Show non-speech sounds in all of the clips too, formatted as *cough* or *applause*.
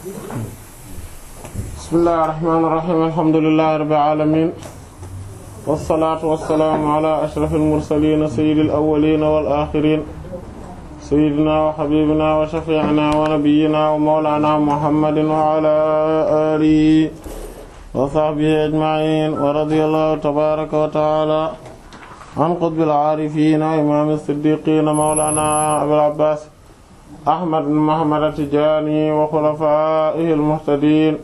bismillahir rahmanir rahim alhamdulillahi rabbil alamin wassalaatu wassalaamu ala ashrafil mursaliin sayyidil awwaliin wal aaxiriin sayyidinaa wa habiibinaa wa shafii'inaa wa nabiyyinaa wa mawlaanaa muhammadin wa ala aalihi wa sahbihi ajma'iin wa radiyallaahu tabaaraka wa ta'aalaa an qutbil aarifiin wa imaami siddiiqiin mawlaanaa abil abbaas ahmad ibn muhammad at wa xulafaa'ihi al-muhtadiin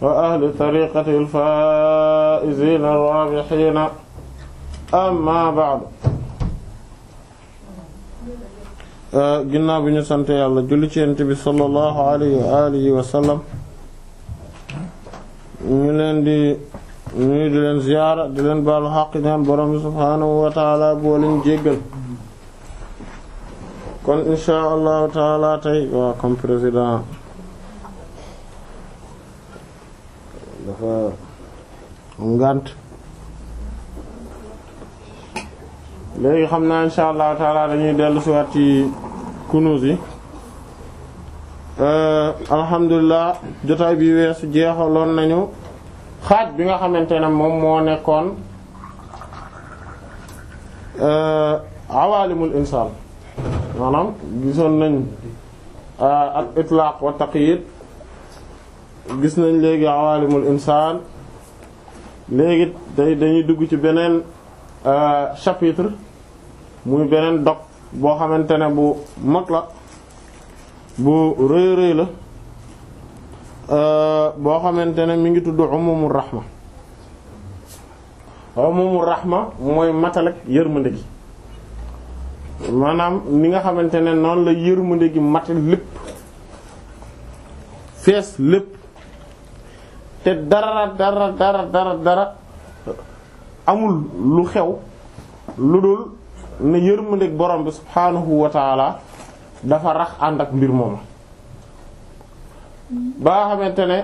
wa ahli tariqati al-faa'iziina amma ba'd ginnaaw bi ñu sant yàlla julli ci yonent bi sallallahu alayhi wa alihi wa sallam ñu leen di di leen ziyaara di leen baalu xaq ñaan subhaanahu wa ta'aala boo leen jéggal kon insha allahu taala tey waa comme président dafa ngànt léegi xam naa insha allahu taala dañuy dellu si waat ci kunuz yi euh, alhamdulilah jotaay bi weesu jeexaloon nañu xaaj bi nga xamante ne moom moo nekkoon euh, awalimul insaan maanaam gisoon nañ euh, ak itlaaq wa taqyid gis nañ léegi awalimul insaan léegi day dañuy dugg ci beneen euh, chapitre muy beneen dog boo xamante ne bu mag la bu rëy rëy la euh, boo xamante ne mi ngi tudd umumur rahma umumur rahma mooy matalek yërmande gi maanaam ni nga xamante ne noonu la yërmande gi mate lépp fees lépp te dara dara dara dara amul lu xew lu dul ne yërmandeeg borom bi subhaanahu wa taala dafa rax ànd ak mbir mooma ba xamante ne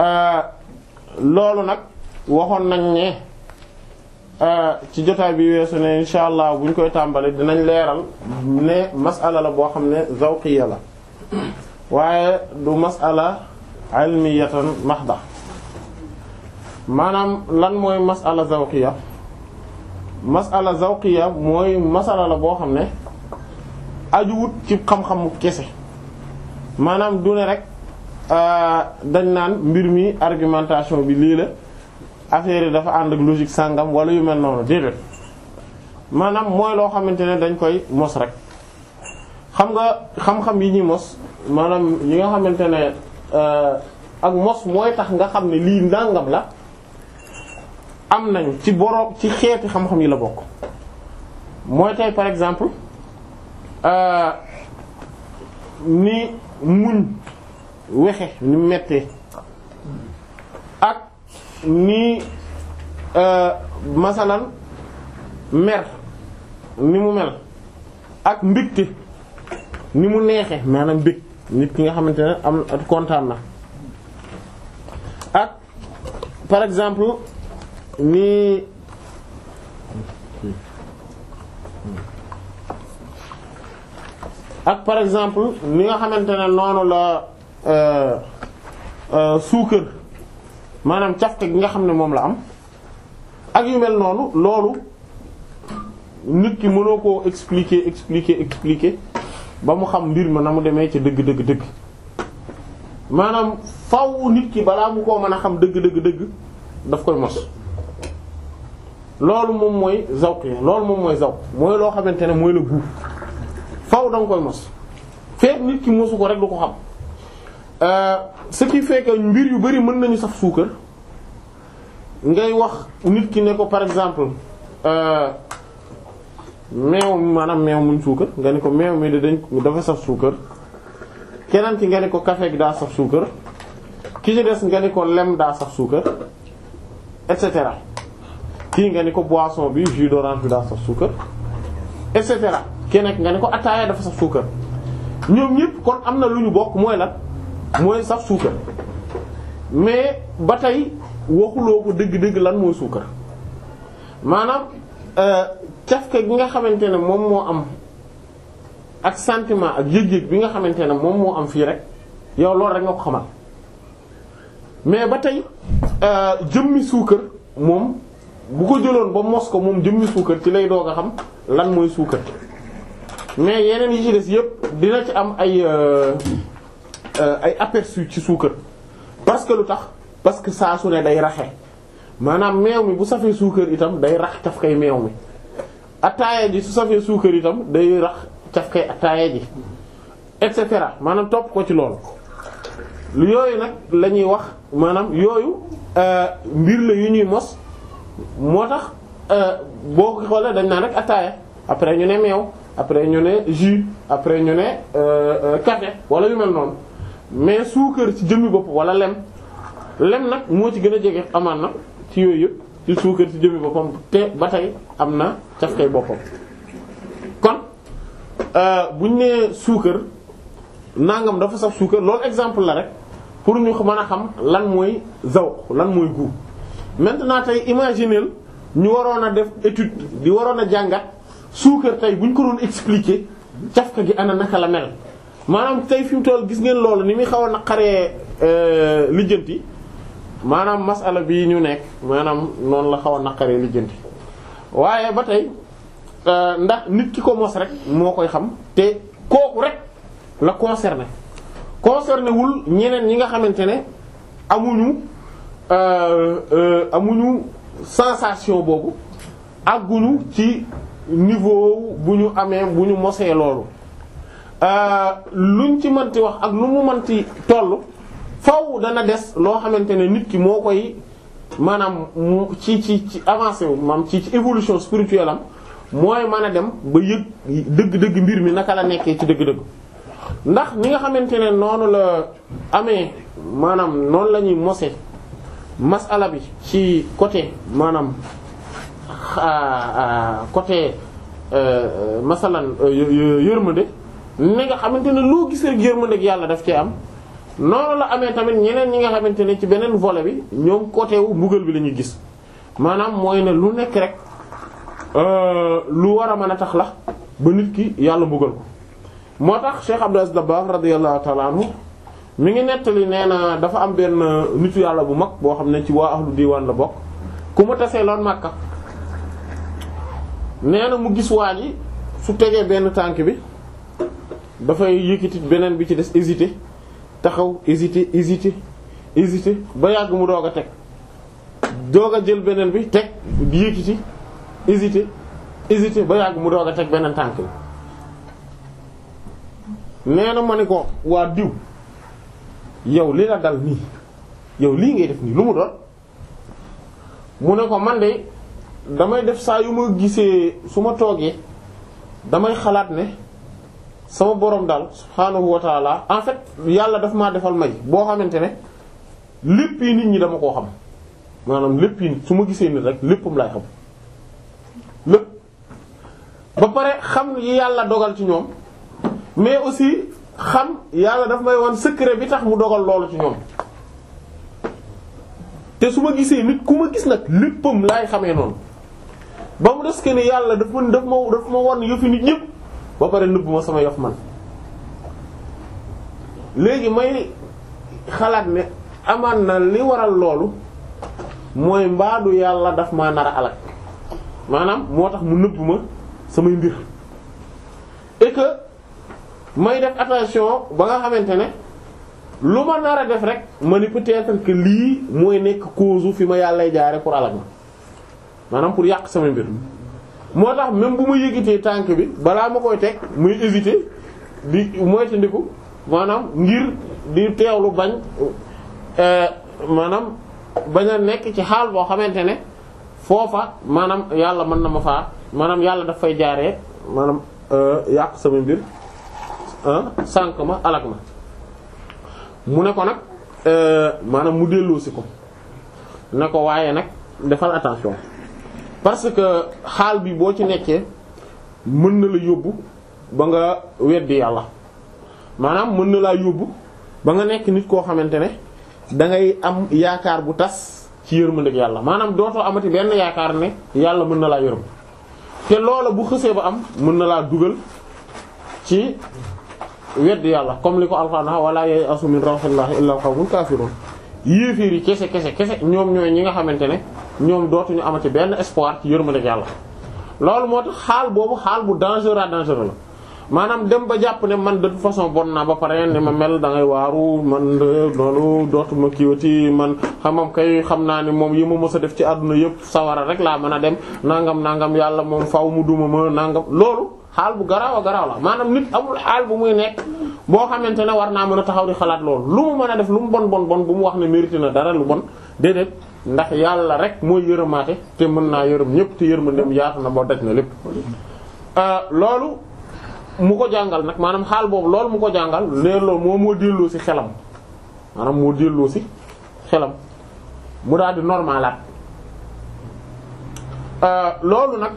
euh, loolu nag waxoon nañ ne Euh, ci jotaay bi weesu ne insha allah bu ñu koy tàmbali dinañ leeral ne masala la boo xam ne zawqiya la waaye du masala ilmiyatan mahda maanaam lan mooy masala zawqiya masala zawqiya mooy masala la boo xam ne ajuwut ci xam-xamu kese maanaam du ne rek euh, dañ naan mbir mi argumentation bi lii la affaire yi dafa ànd ak logique sàngam wala yu mel noonu déedéet maanaam mooy loo xamante ne dañ koy mos rek xam nga xam-xam yi ñuy mos maanaam yi nga xamante ne euh, ak mos mooy tax nga xam ne lii ndàngam la am nañ ci boroom ci xeeti xam-xam yi la bokk mooy tey par exemple euh, ni muñ wexe ni mettee ni euh, masalan mer ni mu mel ak mbégte ni mu neexe maanaam mbég nit ki nga xamante ne am kontaan na ak par exemple ni ak par exemple ni nga xamante ne noonu la euh, euh, suukar maanaam cafka gi nga xam ne moom la am ak yu mel noonu loolu nit ki mënoo ko expliquer expliquer expliquer ba mu xam mbir ma na mu demee ca dëgg dëgg dëgg maanaam faw nit ki balaa mu koo mën a xam dëgg dëgg dëgg daf koy mos loolu moom mooy zawq loolu moom mooy zawq mooy loo xamante ne mooy la gu faw danga koy mos feet nit ki mosu ko rek du ko xam Euh, ce qui fait mbir yu bari mën nañu saf suukar ngay wax nit ki ne ko par exemple euh, meew maanaam meew muñ suukar nga ne ko meew mi dañ dafa saf suukar keneen ki nga ne ko café gi daa saf suukar ki ci des nga ne lem daa saf suukar et cetera kii nga ne ko boisson bi jus d'orange bi daa saf suukar et cetera keneen ki nga ne ko attaaya dafa saf suukar ñoom ñëpp kon am na lu ñu bokk mooy la mooy saf suukar mais ba tey waxuloo ko dëgg-dëgg lan mooy suukar maanaam euh, cafka gi nga xamante ne moom moo am ak sentiment ak yëg-yëg bi nga xamante ne moom moo am fii rek yow loolu rek nga ko xamal mais ba tey euh, jëmmi suukar moom bu ko jëloon ba mos ko moom jëmmi suukar ci lay doog a xam lan mooy suukar mais yeneen yi ci des yépp dina ci am ay. Euh, Euh, ay aperçu ci suukar parce que lu tax parce que saa su ne day raxe maanaam meew mi bu safee suukar itam day rax cafkay meew mi attaaya ji su safee suukar day rax cafkay attaaya ji et cetera maanaam topp ko ci loolu yooyu nag la ñuy wax maanaam yooyu euh, mbir la yu ñuy mos moo tax euh, boo ko xoolee dañ naa nag attaaya après ñu ne meew après ñu ne jus après ñu ne café wala yu mel noonu mais suukar ci jëmmi bopp wala lem lem nag moo ci gën a jege amaan na ci yooyu yëpp ci suukar ci jëmmi boppam te ba tey am na cafkay boppam kon euh, buñ nee suukar nangam dafa saf suukar loolu exemple la rek pour ñu mën a xam lan mooy zawq lan mooy goût maintenant tey imagineel ñu waroon a def étude di waroon a jàngat suukar tey buñ ko doon expliquer cafka gi ana naka la mel maanaam tey fi mu toll gis ngeen loolu ni muy xaw a naqaree euh, lijjanti maanaam masala bi ñu nekk maanaam noonu la xaw a naqaree lijjanti waaye ba tey euh, ndax nit ki ko mos rek moo koy xam te kooku rek la concerné concerné wul ñeneen ñi nga xamante ne amuñu euh, amuñu sensation boobu àgguñu ci niveau bu ñu amee bu ñu mosee loolu luñ ci mënti wax ak lu mu mënti toll faw dana des loo xamante ne nit ki moo koy maanaam ci ci ci avancé wu maanaam ci ci évolution spirituelle am mooy mën a dem ba yëg dëgg-dëgg mbir mi naka la nekkee ci dëgg-dëgg ndax ñi nga xamante ne noonu la amee maanaam noonu la ñuy mose masala bi ci côté maanaam euh, côté euh, masalan euh, yërmande ne nga xamante ne loo gis rek yërmande yàlla daf cee am noonu la amee tamit ñeneen ñi nga xamante ne ci beneen volet bi ñoom côté wu mbugal bi la ñuy gis maanaam mooy ne lu nekk rek euh, lu war a mën a tax la ba nit ki yàlla mbugal ko moo tax Cheikh Abdou Aziz Dabakh radiyallahu ta'ala anhu mi ngi nettali nee na dafa am benn nitu yàlla bu mag boo xam ne ci waa ahlu diwaan la bokk ku mu tasee loon Makka nee na mu gis waa ji su tegee benn tànk bi. dafay yëkkati beneen bi ci des hésiter taxaw hésiter hésiter hésiter ba yàgg mu doog a teg doog a jël beneen bi teg yëkkati hésiter hésiter ba yàgg mu doog a teg beneen tànk bi nee na ma ne ko waa diw yow li la dal nii yow lii ngay def nii lu mu doon mu ne ko man de damay def saa yu ma gisee su ma toogee damay xalaat ne sama borom daal subhaanahu wa taala en fait yàlla daf maa defal may boo xamante ne lépp nit ñi dama koo xam maanaam lépp yi su ma gisee nit rek léppam laay xam lépp ba pare xam yi yàlla dogal ci ñoom mais aussi xam yàlla daf may wan secret bi tax mu dogal loolu ci te su ma gisee nit ku ma gis nag léppam laay xamee noonu ba mu des que ni yàlla daf ma daf ma daf ma wan yëfi nit ñëpp ba pare nëbb ma sama yof man léegi may xalaat ne amaan na li waral loolu mooy mbaadu yàlla daf maa nar a maanaam moo tax mu nëbb ma samay mbir et may def attention ba nga xamante ne lu ma nar def rek ma ni peut-être que lii mooy nekk cause fi ma yàllay jaare pour alak ma maanaam pour yàq samay mbir moo tax même bu ma yëgitee tànk bi balaa ma koy teg muy hésiter di moytandiku maanaam ngir di teewlu bañ euh, maanaam bañ nekk ci xaal boo xamante ne foofa maanaam yàlla mën na ma faa maanaam yàlla daf fay jaaree maanaam euh, yàq sama mbir sànq ma alak ma mu ne ko nag euh, maanaam mu delloosi ko ne ko waaye nag defal attention parce que xaal bi boo ci nekkee mën na la yóbbu ba nga weddi yàlla maanaam mën na laa yóbbu ba nga nekk nit koo xamante ne da am yaakaar bu tas ci yërmandeeg yàlla maanaam dootoo amati benn yaakaar ne yàlla mën na laa yërëm te loola bu xësee ba am mën na laa dugal ci weddi yàlla comme li ko alxaana wala ya'asu min rawhillahi illa al qawmul kafirun yéeféer yi kese kese kese ñoom ñooy ñi nga xamante ne ñoom dootuñu amati benn espoir ci yërmandeeg yàlla loolu moo tax xaal boobu xaal bu dangereux dangereux la maanaam dem ba jàpp ne man de façon bon naa ba pare ni ma mel da ngay waaru man loolu dootuma kiiwati man xamam kay xam naa ne moom yi ma mës a def ci àdduna yëpp sawara rek laa mën a dem nangam nangam yàlla moom faw mu duma ma nangam loolu xaal bu garaaw a garaaw la maanaam nit amul xaal bu muy nekk boo xamante ne war naa mën a taxaw di xalaat loolu lu mën a def lu mu bon bon bon bu mu wax ne mérité na dara lu bon ndax yàlla rek mooy yërëmaate te mën naa yërëm ñépp te yërmandeem yaatu na ba daj na lépp euh, loolu mu ko jàngal nag maanaam xaal boobu loolu mu ko jàngal leer loolu moo delloo ci xelam maanaam moo delloo ci xelam mu daal di normalaat euh, loolu nag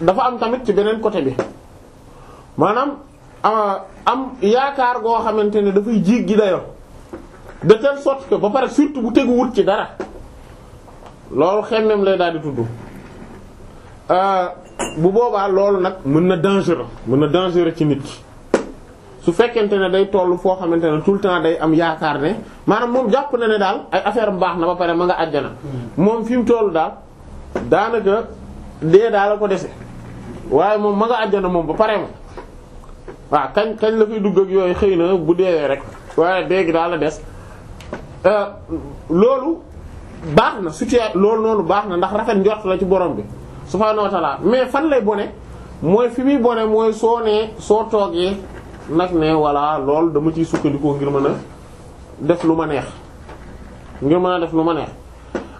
dafa am tamit ci beneen côté bi maanaam euh, am yaakaar goo xamante ne dafay jéggi dayo de telle sorte que ba pare surtout bu tegu wut ci dara loolu xemmem lay daal di tudd euh, bu boobaa loolu nag mën na dangereux mën na dangereux ci nit su fekkente ne day toll foo xamante ne tout le temps day am yaakaar ne maanaam moom jàpp na ne daal ay affaire am baax na ba pare ma nga àjjana hmm. moom fi mu toll daal daanaka dee daal a ko dese waaye moom ma nga àjjana moom ba pare ma waaw kañ kañ la koy dugg ak yooyu xëy na bu deewee rek waaye dee gi daal a des. Euh, loolu baax na situation loolu noonu baax na ndax rafet njort la ci borom bi subhaanahu wa ta'ala mais fan lay bone mooy fi muy bone mooy soo nee soo toogee nag ne voilà lool dama ciy sukkandikoo ngir mën a def lu ma neex ngir mën a def lu ma neex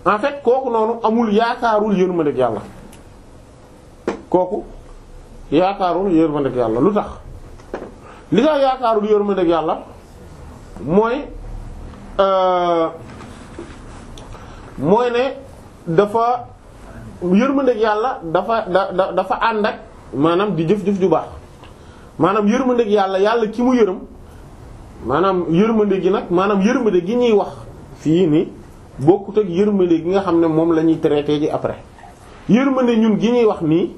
en fait kooku noonu amul yaakaarul yërmandeeg yàlla kooku yaakaarul yërmandeeg yàlla lu tax li tax yaakaarul yërmandeeg yàlla mooy. Euh, mooy ne dafa yërmandeeg yàlla dafa da dafa ànd ak maanaam di jëf-jëf ju baax maanaam yërmandeeg yàlla yàlla ki mu yërëm maanaam yërmande gi nag maanaam yërmande gi ñuy wax fii nii bokkut ak yërmande gi nga xam ne moom la ñuy traité ji après yërmande ñun gi ñuy wax nii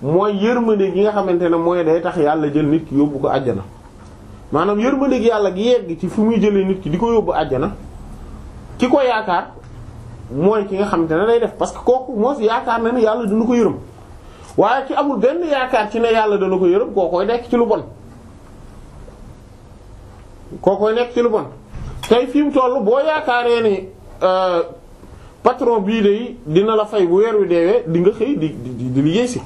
mooy yërmande yi nga xamante ne mooy day tax yàlla jël nit ki yóbbu ko àjjana. maanaam yërmandeeg yàlla gi yegg ci fu muy jëlee nit ki di ko yóbbu àjjana ki ko yaakaar mooy ki nga xamante ne lay def parce que kooku moo yaakaar na ne yàlla dina ko yërëm waaye ci amul benn yaakaar ci ne yàlla dana ko yërëm kookoy nekk ci lu bon kookoy nekk ci lu bon tey fi mu toll boo yaakaaree ni euh, patron bii de dina la fay bu weer wi deewee di nga xëy di di liggéey si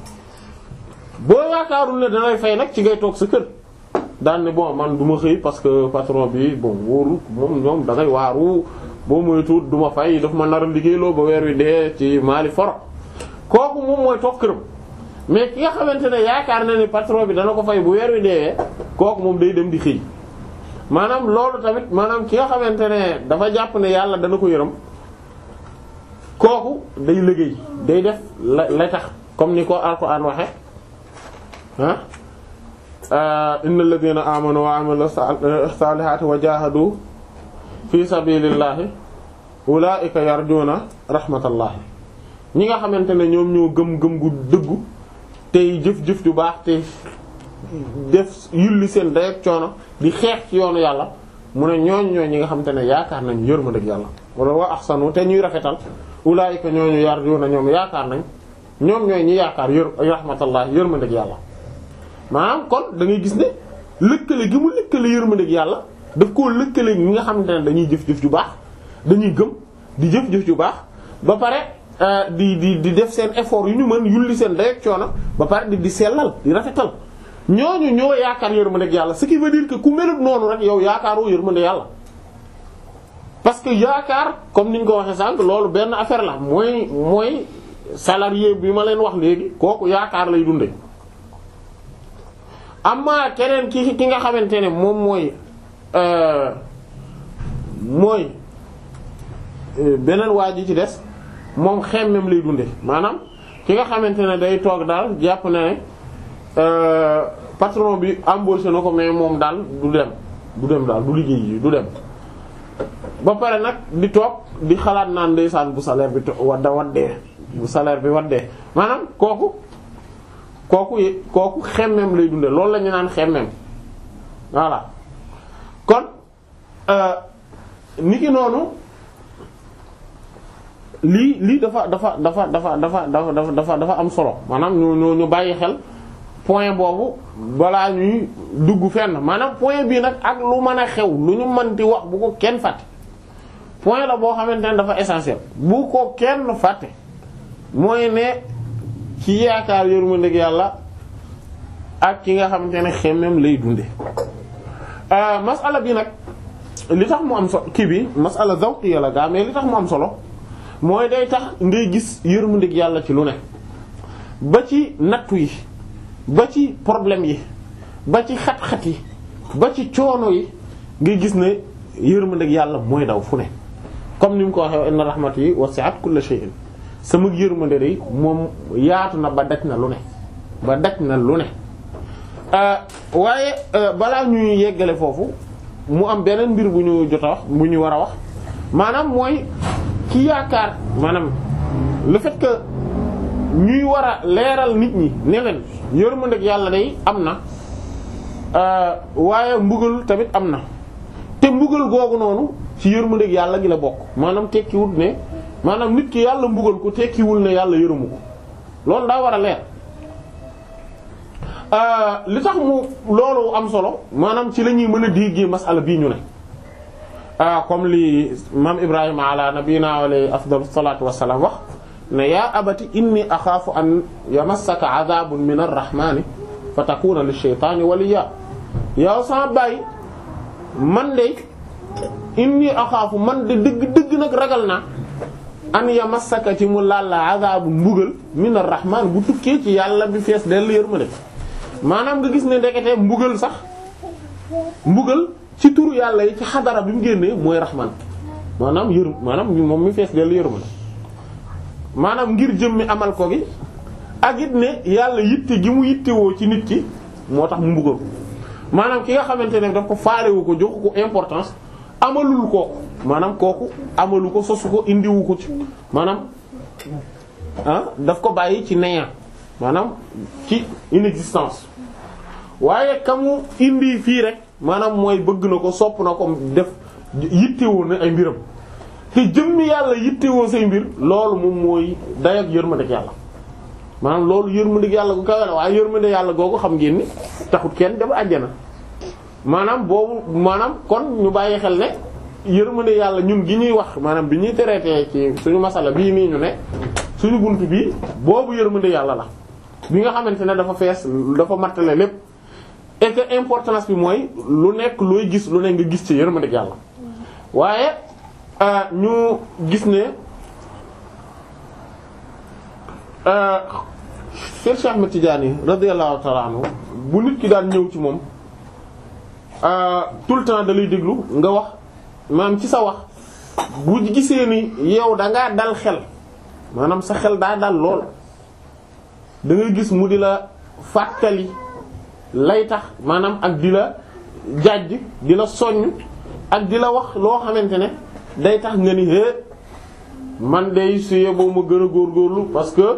boo yaakaarul ne danay fay nag ci ngay toog sa kër. daan ne man du ma xëy parce que patron bi bon wóorul moom ñoom da ngay waaru boo moytuwul du ma fay daf ma nar a liggéeyloo ba weer wi dee ci maali foro kooku moom mooy toog këram mais ki nga xamante ne yaakaar na ne patron bi dana ko fay bu weer wi dee kooku moom day dem di xëy maanaam loolu tamit maanaam ki nga xamante ne dafa jàpp ne yàlla dana ko yërëm kooku day liggéey day def lay tax comme ni ko Alxuraan waxe ah? innal ladina amanu wa amilu salihati wa jahadu fi sabilillahi ulaika yarjuna rahmatallahi ñi nga xamante ne ñoom ñoo gëm gëm gu dëggu tey jëf jëf ju baax te def yulli seen day ak coono di xeex ci yoonu yàlla mu ne ñooñ ñooñ ñi nga xamante ne yaakaar nañ yërmande ak yàlla wala wa ahsanu te ñuy rafetal ulaika ñooñu yarjuna ñoom yaakaar nañ ñoom ñooy ñi yaakaar yër rahmatallahi yërmande yàlla maanaam kon da ngay gis ne lëkkale gi mu lëkkale yërmandeeg yàlla daf koo lëkkale ñi nga xam ne dañuy jëf-jëf ju baax dañuy gëm di jëf-jëf ju baax ba pare euh, di di di def seen effort yu ñu mën yulli seen dayeg coono ba pare di di sellal di rafetal ñoo ñooñu ñoo yaakaar yërmandeeg yàlla ce qui veut dire que ku melut noonu rek yow yaakaaroo yërmande yàlla parce que yaakaar comme ni ñu ko waxee sànq loolu benn affaire la mooy mooy salarié bi ma leen wax léegi kooku yaakaar lay am amma keneen ki ki nga xamante ne moom mooy euh, mooy euh, beneen waa ji ci des moom xemmem lay dunde maanaam ki nga xamante ne day toog daal jàpp na ne euh, patron bi embauché na ko mais moom daal du dem du dem daal du liggéey yi du dem ba pare nag di toog di xalaat naan ndeysaan bu salaire bi to wadda waddee bu salaire bi waddee maanaam kooku kooku kooku xemmem lay dunde loolu la ñu naan xemmem voilà kon euh, niki noonu lii lii dafa dafa dafa dafa dafa dafa dafa dafa am solo maanaam ñu ñu ñu bàyyi xel point boobu balaa ñuy dugg fenn maanaam point bii nag ak lu mën a xew lu ñu mën di wax bu ko kenn fàtte point la boo xamante ne dafa essentiel bu ko kenn fàtte mooy ne. ki yaakaar yërmandeeg yàlla ak ki nga xamante ne xemmeem lay dunde euh, masala bi nag li tax mu am solo kii bi masala zawqiya la gaa mais li tax mu am solo mooy day tax ngay gis yërmandeeg yàlla ci lu ne ba ci nattu yi ba ci problème yi ba ci xat-xat yi ba ci coono yi ngay gis ne yërmandeeg yàlla mooy daw fu ne comme ni mu ko waxee inna rahmati wasi'at kulla shay'in sama yërmande day moom yaatu na ba daj na lu ne ba daj na lu ne euh, waaye euh, balaa ñuy yeggale foofu mu am beneen mbir bu ñu jot a wax bu ñu war a wax maanaam mooy ki yaakaar maanaam le fait ñuy war a leeral nit ñi ne leen yërmande yàlla day am na euh, waaye mbugal tamit am na te mbugal googu noonu ci yërmande yàlla gi la bokk maanaam tekkiwut ne. maanaam nit ki yàlla mbugal ko tekkiwul ne yàlla yërëmu ko loolu daa wara leer euh, li tax mu loolu am solo maanaam ci la ñuy mën a déggee masala bii ñu ne ah comme li maam Ibrahima ala nabina alayhi afdalu salaatu wassalaam wax ne yaa abati inni axaafu an yamassaka adabun min arrahmani fa man de inni dëgg dëgg nag ragal na an massaka ci mu laal la azaabu mbugal min ar-rahmaan bu tukkee ci yàlla bi fees dell yërmande maanaam nga gis ne ndekete mbugal sax mbugal ci turu yàlla yi ci xadara bi mu génnee mooy rahmaan maanaam yër maanaam moom mi fees dell yërmande maanaam ngir jëmmi amal ko gi ak it ne yàlla yitte gi mu yittewoo ci nit ki moo tax mu mbugal maanaam ki nga xamante ne daf ko faalewu ko joxu ko importance amalul kooku maanaam kooku amalu ko sosu ko indiwu ko ci maanaam ah daf ko bàyyi ci néant maanaam ci inexistence waaye kamu indi fii rek maanaam mooy bëgg na ko sopp na ko def yittewoo na ay mbiram te jëmmi yàlla yittewoo say mbir loolu moom mooy dayak yërmandeeg yàlla maanaam loolu yërmandeeg yàlla gu kawe la waaye yërmandeeg yàlla googu xam ngeen ni taxut kenn dem àjjana maanaam boobu maanaam kon ñu bàyyi xel ne yërmande yàlla ñun gi ñuy wax maanaam bi ñuy traité ci suñu masala bii nii ñu ne suñu bunt bii boobu yërmande yàlla la bi nga xamante ne dafa fees dafa mattale lépp et que importance bi mooy lu nekk looy gis lu nekk nga gis ci yërmande yàlla waaye euh, ñu gis ne euh, Cheikh Ahmed Tidiane radiyallahu ta'ala anhu bu nit ki daan ñëw ci moom Euh, tout le temps da lay déglu nga wax maanaam ci sa wax bu gisee ni yow da ngaa dal xel maanaam sa xel daa dal lool da ngay gis mu di la fàttali lay tax maanaam ak di la jàjj di la soññ ak di la wax loo xamante ne day tax nga ni hé man day suyee boo ma gën a góor góorlu parce que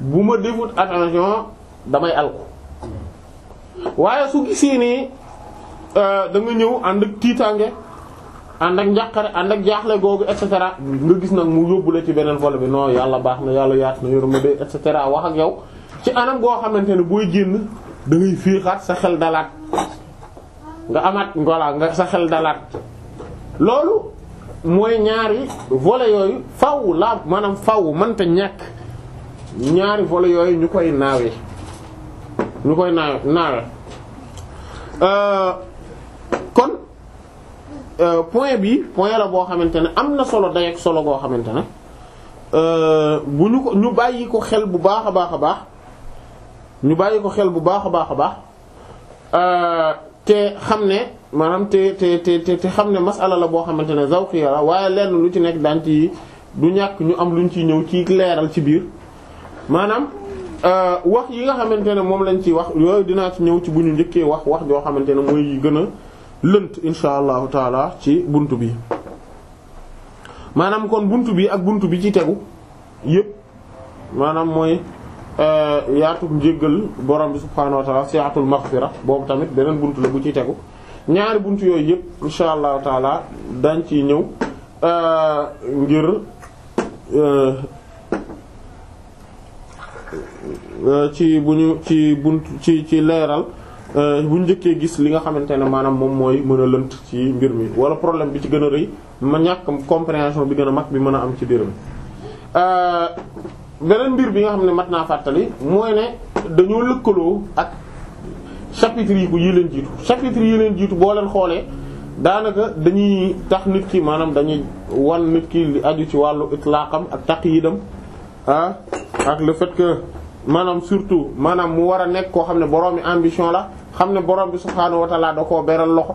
bu ma defut attention damay alku waaye su gisee nii Euh, da nga ñëw ànd ak tiitaange ànd ak njàqare ànd ak jaaxle googu et cetera nga gis nag mu yóbbule ci beneen volet bi non yàlla baax na yàlla yaat na yërmande et cetera wax ak yow ci anam goo xamante ne booy génn da ngay sa xel dalaat nga amaat ngolaa nga sa xel dalaat loolu mooy ñaari volet yooyu faw la maanaam faw mënta ñekk ñaari volet yooyu ñu koy naawe ñu koy naawe naawe euh, kon euh, point bi point la boo xamante ne am na solo day ak solo goo xamante ne euh, bu ñu ko ñu bàyyi ko xel bu baax a baax a baax ñu bàyyi ko xel bu baax a baax a baax euh, te xam ne maanaam te te te te xam ne masala la boo xamante ne zawqiya la waaye lenn lu ci nekk daan ci du ñàkk ñu am lu luñ ciy ñëw ci leeral ci biir maanaam wax yi nga xamante ne moom lañ ciy wax yooyu dinaa ci ñëw ci bu ñu njëkkee wax wax joo xamante ne mooy yi gën a lënt insha allahu taala ci bunt bi maanaam kon bunt bi ak bunt bi ci tegu yépp maanaam mooy euh, yaatu njéggal borom bi subhaanahu wa taala siatul maghfira boobu tamit beneen bunt la bu ci tegu ñaari bunt yooyu yépp insha allahu taala dañ ci ñëw euh, ngir euh, ci bu ñu ci bunt ci ci leeral Euh, bu njëkkee gis li nga xamante ne maanaam moom mooy mën a lënt ci mbir mi wala problème bi ci gën a rëy ma ñàkk compréhension bi gën a mag bi mën a am ci biir mi euh, beneen mbir bi nga xam ne mat naa fàttali mooy ne dañoo lëkkaloo ak chapitres yi ko yi leen jiitu chapitres yi leen jiitu boo leen xoolee daanaka dañuy tax nit ki maanaam dañuy wan nit ki li aju ci wàllu itlaaqam ak taqyidam ah ak le fait que maanaam surtout maanaam mu war a nekk koo xam ne boroomi ambition la xam ne borom bi subhaanahu wa taala da koo beral loxo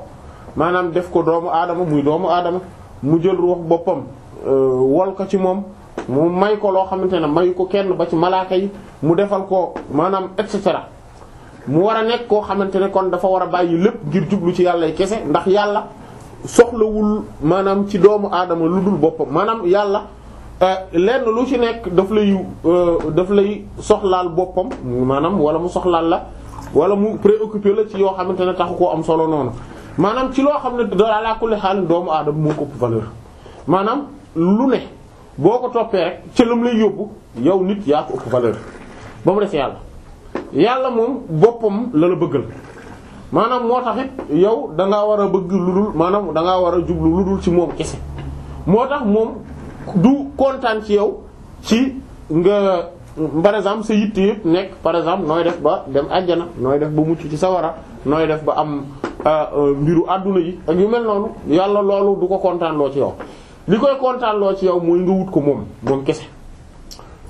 maanaam def ko doomu aadama muy doomu aadama mu jël ruux boppam euh, wol ko ci moom mu may ko loo xamante ne mayu ko kenn ba ci malaaka yi mu defal ko maanaam et cetera mu war a nekk koo xamante ne kon dafa war a bàyyi lépp ngir jublu ci yàllay kese ndax yàlla soxlawul maanaam ci doomu aadama lu dul boppam maanaam yàlla euh, lenn lu ci nekk daf lay euh, daf lay soxlaal boppam maanaam wala mu soxlaal la wala mu préoccupé la ci yoo xamante ne taxu koo am solo noonu maanaam ci loo xam ne dalaa laa kulli xaalin doomu aadama moo ko ëpp valeur maanaam lu ne boo ko toppee rek ca lam yóbbu yow nit yaa ko ëpp valeur ba mu des yàlla yàlla moom boppam la la bëggal maanaam moo tax it yow da ngaa war a bëgg lu dul maanaam da ngaa war a jublu lu dul ci moom kese moo tax moom du kontaan ci yow ci nga par exemple sa yitte yëpp nekk par exemple nooy def ba dem àjjana nooy def ba mucc ci sa war a nooy def ba am euh, euh, mbiru àdduna yi ak yu mel noonu yàlla loolu du ko kontaanloo ci yow li koy kontaanloo ci yow mooy nga wut ko moom moom kese.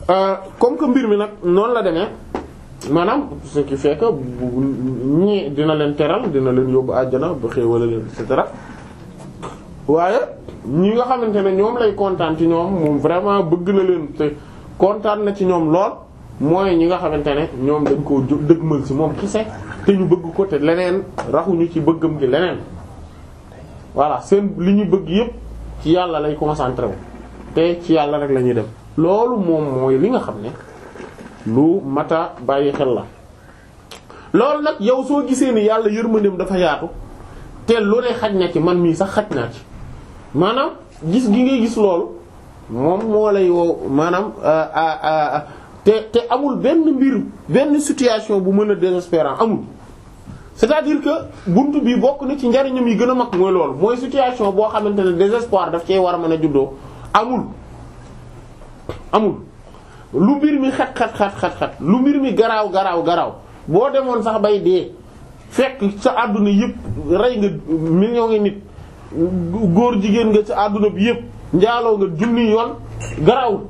Euh, comme que mbir mi nag noonu la demee maanaam ce qui fait ñii dina leen teral dina leen yóbbu àjjana ba xéewala leen et cetera waaye ñi nga xamante ne ñoom lay kontaan ci ñoom moom vraiment bëgg na leen kontaan na ci ñoom lool mooy ñi nga xamante ne ñoom dañ koo dëgmal ci moom kese te ñu bëgg ko te leneen raxuñu ci bëggam gi leneen voilà seen li ñu bëgg yépp ci yàlla lay concentré wu te ci yàlla rek la ñuy dem loolu moom mooy li nga xam ne lu mata bàyyi xel la loolu nag yow soo gisee ni yàlla yërmandeem dafa yaatu te lu ne xaj na ci man mii sax xaj naa ci maanaam gis gi ngay gis loolu moom moo lay wow maanaam euh, euh, euh, te te amul benn mbir benn situation bu mën a désespérant amul c'est-à-dire que buntu bi bokk na ci njariñam yi gën a mag mooy loolu mooy situation boo xamante ne désespoir daf cee war a mën a juddoo amul amul lu mbir mi xat xat xat lu mbir mi garaaw garaaw garaaw boo demoon sax bay dee fekk sa àdduna yëpp rey nga million ngi nit góor jigéen nga sa àdduna bi yëpp njaaloo nga junni yoon garawul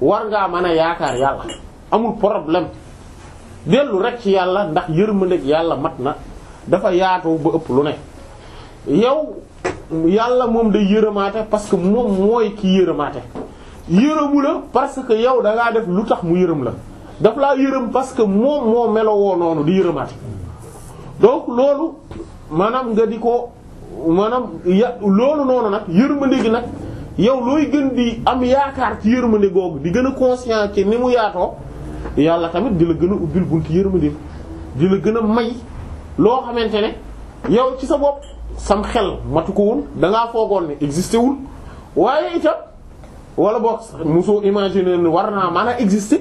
war ngaa mën a yaakaar yàlla amul problème dellu rek ci yàlla ndax yërmandeeg yàlla mat na dafa yaatu ba ëpp lu ne yow yàlla moom da yërëmaate parce que moom mooy kii yërëmaate yërëmu la parce que yow da ngaa def lu tax mu yërëm la daf laa yërëm parce que moom moo melowoo noonu di yërëmaate donc loolu maanaam nga di ko maanaam ya loolu noonu nag yërmande gi nag yow looy gën di am yaakaar ci yërmande googu di gën a conscient ci ni mu yaatoo yàlla tamit di la gën a ubbil buntu yërmande di la gën a may loo xamante ne yow ci sa bopp sam xel matu ko woon da ngaa foogoon ne existé wul waaye itam wala boog mosoo imaginer ni war naa mën a exister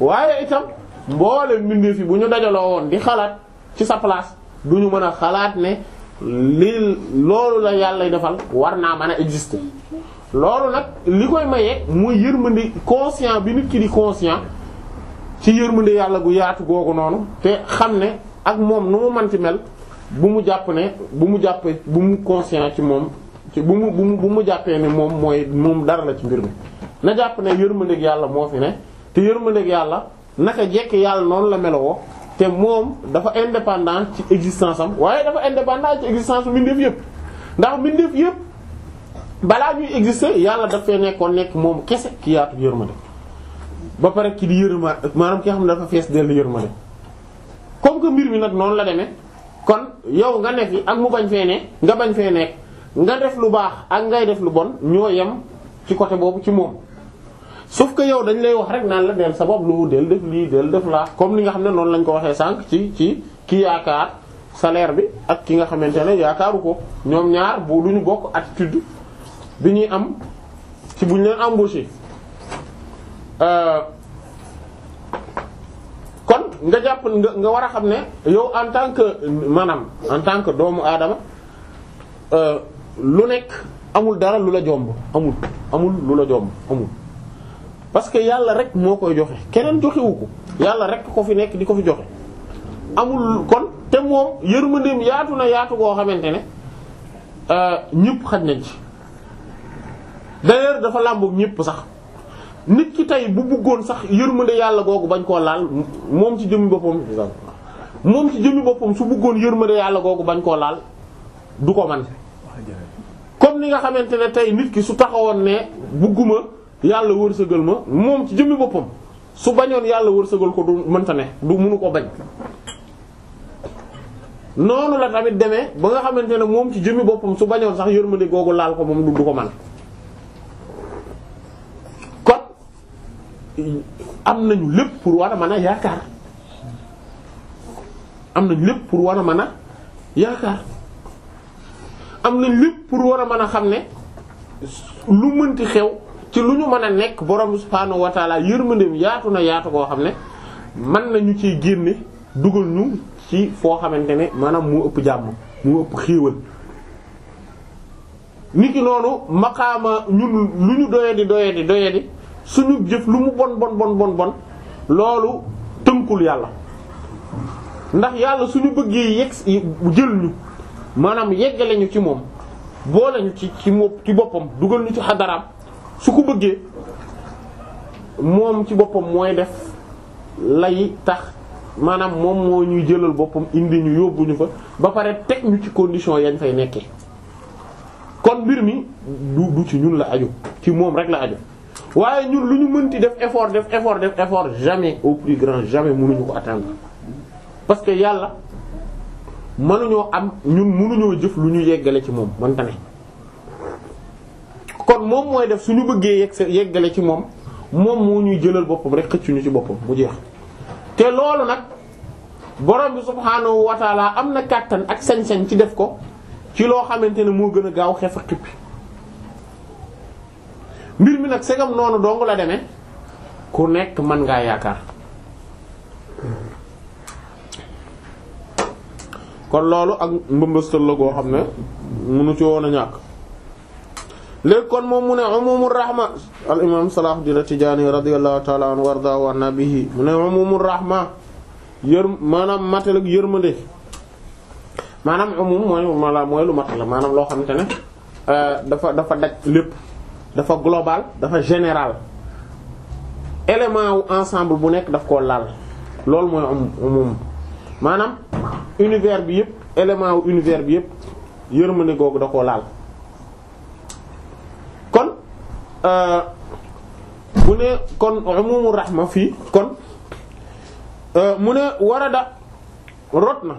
waaye itam mboole mbindeef yi bu ñu dajaloo woon di xalaat ci sa place du ñu mën a xalaat ne. lii loolu la yàlla defal war naa mën a exister loolu nag li koy mayee muy yërmande conscient bi nit ki di conscient ci yërmande yàlla gu yaatu googu noonu te xam ne ak moom nu mu manti mel bu mu jàpp ne bu mu jàppee bu mu conscient ci moom ci bu mu bu mu bu mu jàppee ne moom mooy moom dara la ci mbir mi na jàpp ne yërmandeeg yàlla moo fi ne te yërmandeeg yàlla naka jekk yàlla noonu la meloo te moom dafa indépendant ci existence am waaye dafa indépendant ci existence mbindeef yépp ndax mbindeef yëpp balaa ñuy exister yàlla dafay nekkoon nekk moom kese ki yaatu yërmande ba pare ki di ma maanaam ki nga xam ne dafa fees dellu yërmande comme que mbir mi nag noonu la demee kon yow nga ne fi ak mu bañ fee ne nga bañ fee nekk nga def lu baax ak ngay def lu bon ñoo yem ci côté boobu ci moom. sauf que yow dañ lay wax rek naan la deel sabab lu del def lii del def laa comme li nga xam ne noonu lañ ko waxee sànq ci ci ki yaakaar saleer bi ak ki nga xamante ne yaakaaru ko ñoom ñaar bu lu ñu bokk attitude bi ñuy am ci bu ñu leen embauché euh, kon nga jàpp nga nga war a xam ne yow en tant que maanaam en tant que doomu aadama euh, lu nekk amul dara lu la jomb amul amul lu la jomb amul parce que yàlla rek moo koy joxe keneen joxewu ko yàlla rek ko fi nekk di ko fi joxe amul kon te moom yërmandeem yaatu na yaatu goo xamante ne euh, ñëpp xaj nañ ci d'ailleurs dafa làmboog ñëpp sax nit ki tey bu bëggoon sax yërmande yàlla googu bañ koo laal moom ci jëmmi boppam moom ci jëmmi boppam su bëggoon yërmande yàlla googu bañ koo laal du ko man comme ni nga xamante ne tey nit ki su taxawoon ne bëgguma yàlla wërsëgal ma moom ci jëmmi boppam su bañoon yàlla wërsëgal ko du mënta ne du mënu ko bañ noonu la tamit deme ba nga xamante ne moom ci jëmmi boppam su bañoon sax yërmande googu laal ko moom du ko man kon am nañu lépp pour war a mën a yaakaar am na lépp war a mën a yaakaar am nañ lépp pour war a mën a xam ne lu mënti xew ci lu ñu mën a nekk borom subhaanahu wa taala yërmandeem yaatu na yaatu koo xam ne mën nañu ciy génne dugal ñu ci foo xamante ne maanaam mu ëpp jàmm mu ëpp xiiwal niki noonu maqaama ñun lu ñu doyadi doyadi doyadi suñu jëf lu mu bon bon bon bon bon loolu tënkul yàlla ndax yàlla suñu bëggee yegg jël ñu maanaam yeggale ñu ci moom boole ñu ci ci ci boppam dugal ñu ci xadaraam su ko bëggee moom ci boppam mooy def lay tax maanaam moom moo ñuy jëlal boppam indi ñu yóbbu ñu fa ba pare teg ñu ci condition yañ fay nekkee kon mbir mi du du ci ñun la aju ci moom rek la aju waaye ñun lu ñu mënti def effort def effort def effort jamais au plus grand jamais mënuñu ko atteindre parce que yàlla mënuñoo am ñun mënuñoo jëf lu ñu yeggale ci moom man tamit kon moom mooy def suñu bëggee yegg yeggale ci moom moom moo ñuy jëlal boppam rek xëccuñu ci boppam mu jeex te loolu nag borom bi subhaanahu wa taala am na kàttan ak sañ-sañ ci def ko ci loo xamante ne moo gën a gaaw xef ak xippi mbir mi nag segam noonu dong la deme ku nekk mën ngaa yaakaar kon loolu ak mbëmbëstal la goo xam ne mënu ci woon a ñàkk léegi kon moom mu ne umumur rahma al imam Salahuddin Tijaani radiyallahu ta'ala anhu warda wa nabihi mu ne umumur rahma yër maanaam matal ak yërmande maanaam umum mooy mala mooy loo xamante ne euh, dafa dafa daj lépp dafa global dafa général élément wu bu nekk daf koo laal loolu mooy umum univers bi yëpp élément wu univers bi yëpp yërmande googu da koo laal Euh, mu ne kon umumu rahma fii kon euh, mu ne warada rot na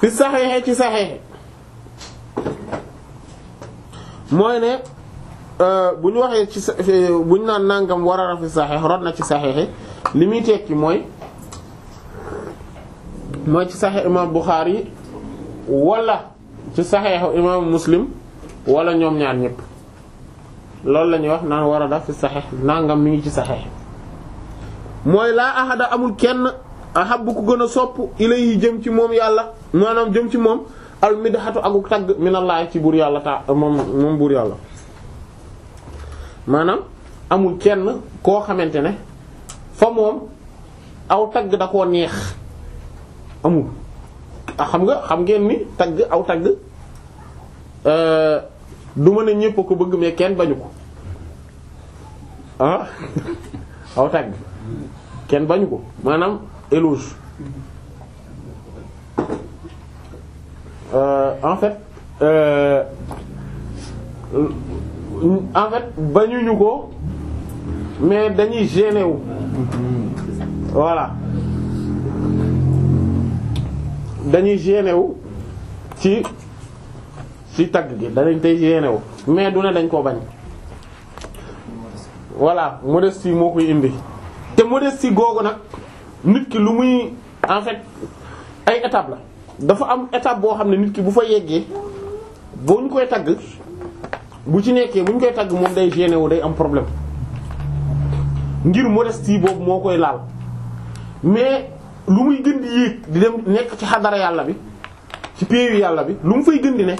fi saxeexe ci saxeexe mooy ne euh, bu ñu waxee ci bu ñu naan nangam warada fi saxeex rot na ci saxeexe li muy tekki mooy mooy ci saxeex imam Bukhari wala ci saxeexu imam Muslim wala ñoom ñaar ñëpp loolu lañuy wax naan war a daf fi saxex nangam mi ngi ci saxe mooy laa ahada amul kenn bu ku gën a sopp yi jëm ci moom yàlla maanaam jëm ci moom al midhatu akuk tagg ci buur yàlla ta moom moom maanaam amul kenn koo xamante ne fa aw tagg da neex amul xam nga xam ngeen ni tagg aw tagg euh, du ma ne ñépp ko bëgg mais kenn bañu ko ah *laughs* aw tàgg kenn bañu ko maanaam éloge euh, en fait euh, en fait bañuñu ko mais dañuy gêné wu voilà dañuy gêné wu ci si tagg gi danañ tey yéene mais du ne dañ koo bañ voilà modestie moo koy indi te modestie googu nag nit ki lu muy en fait ay étape la dafa am étape boo xam ne nit ki bu fa yeggee boo ñu koy tagg bu ci nekkee bu koy tagg moom day gêné wu day am problème ngir modestie boobu moo koy laal mais lu muy gën di yéeg di dem nekk ci xadara yàlla bi ci péeyu yàlla bi lu mu fay gën di ne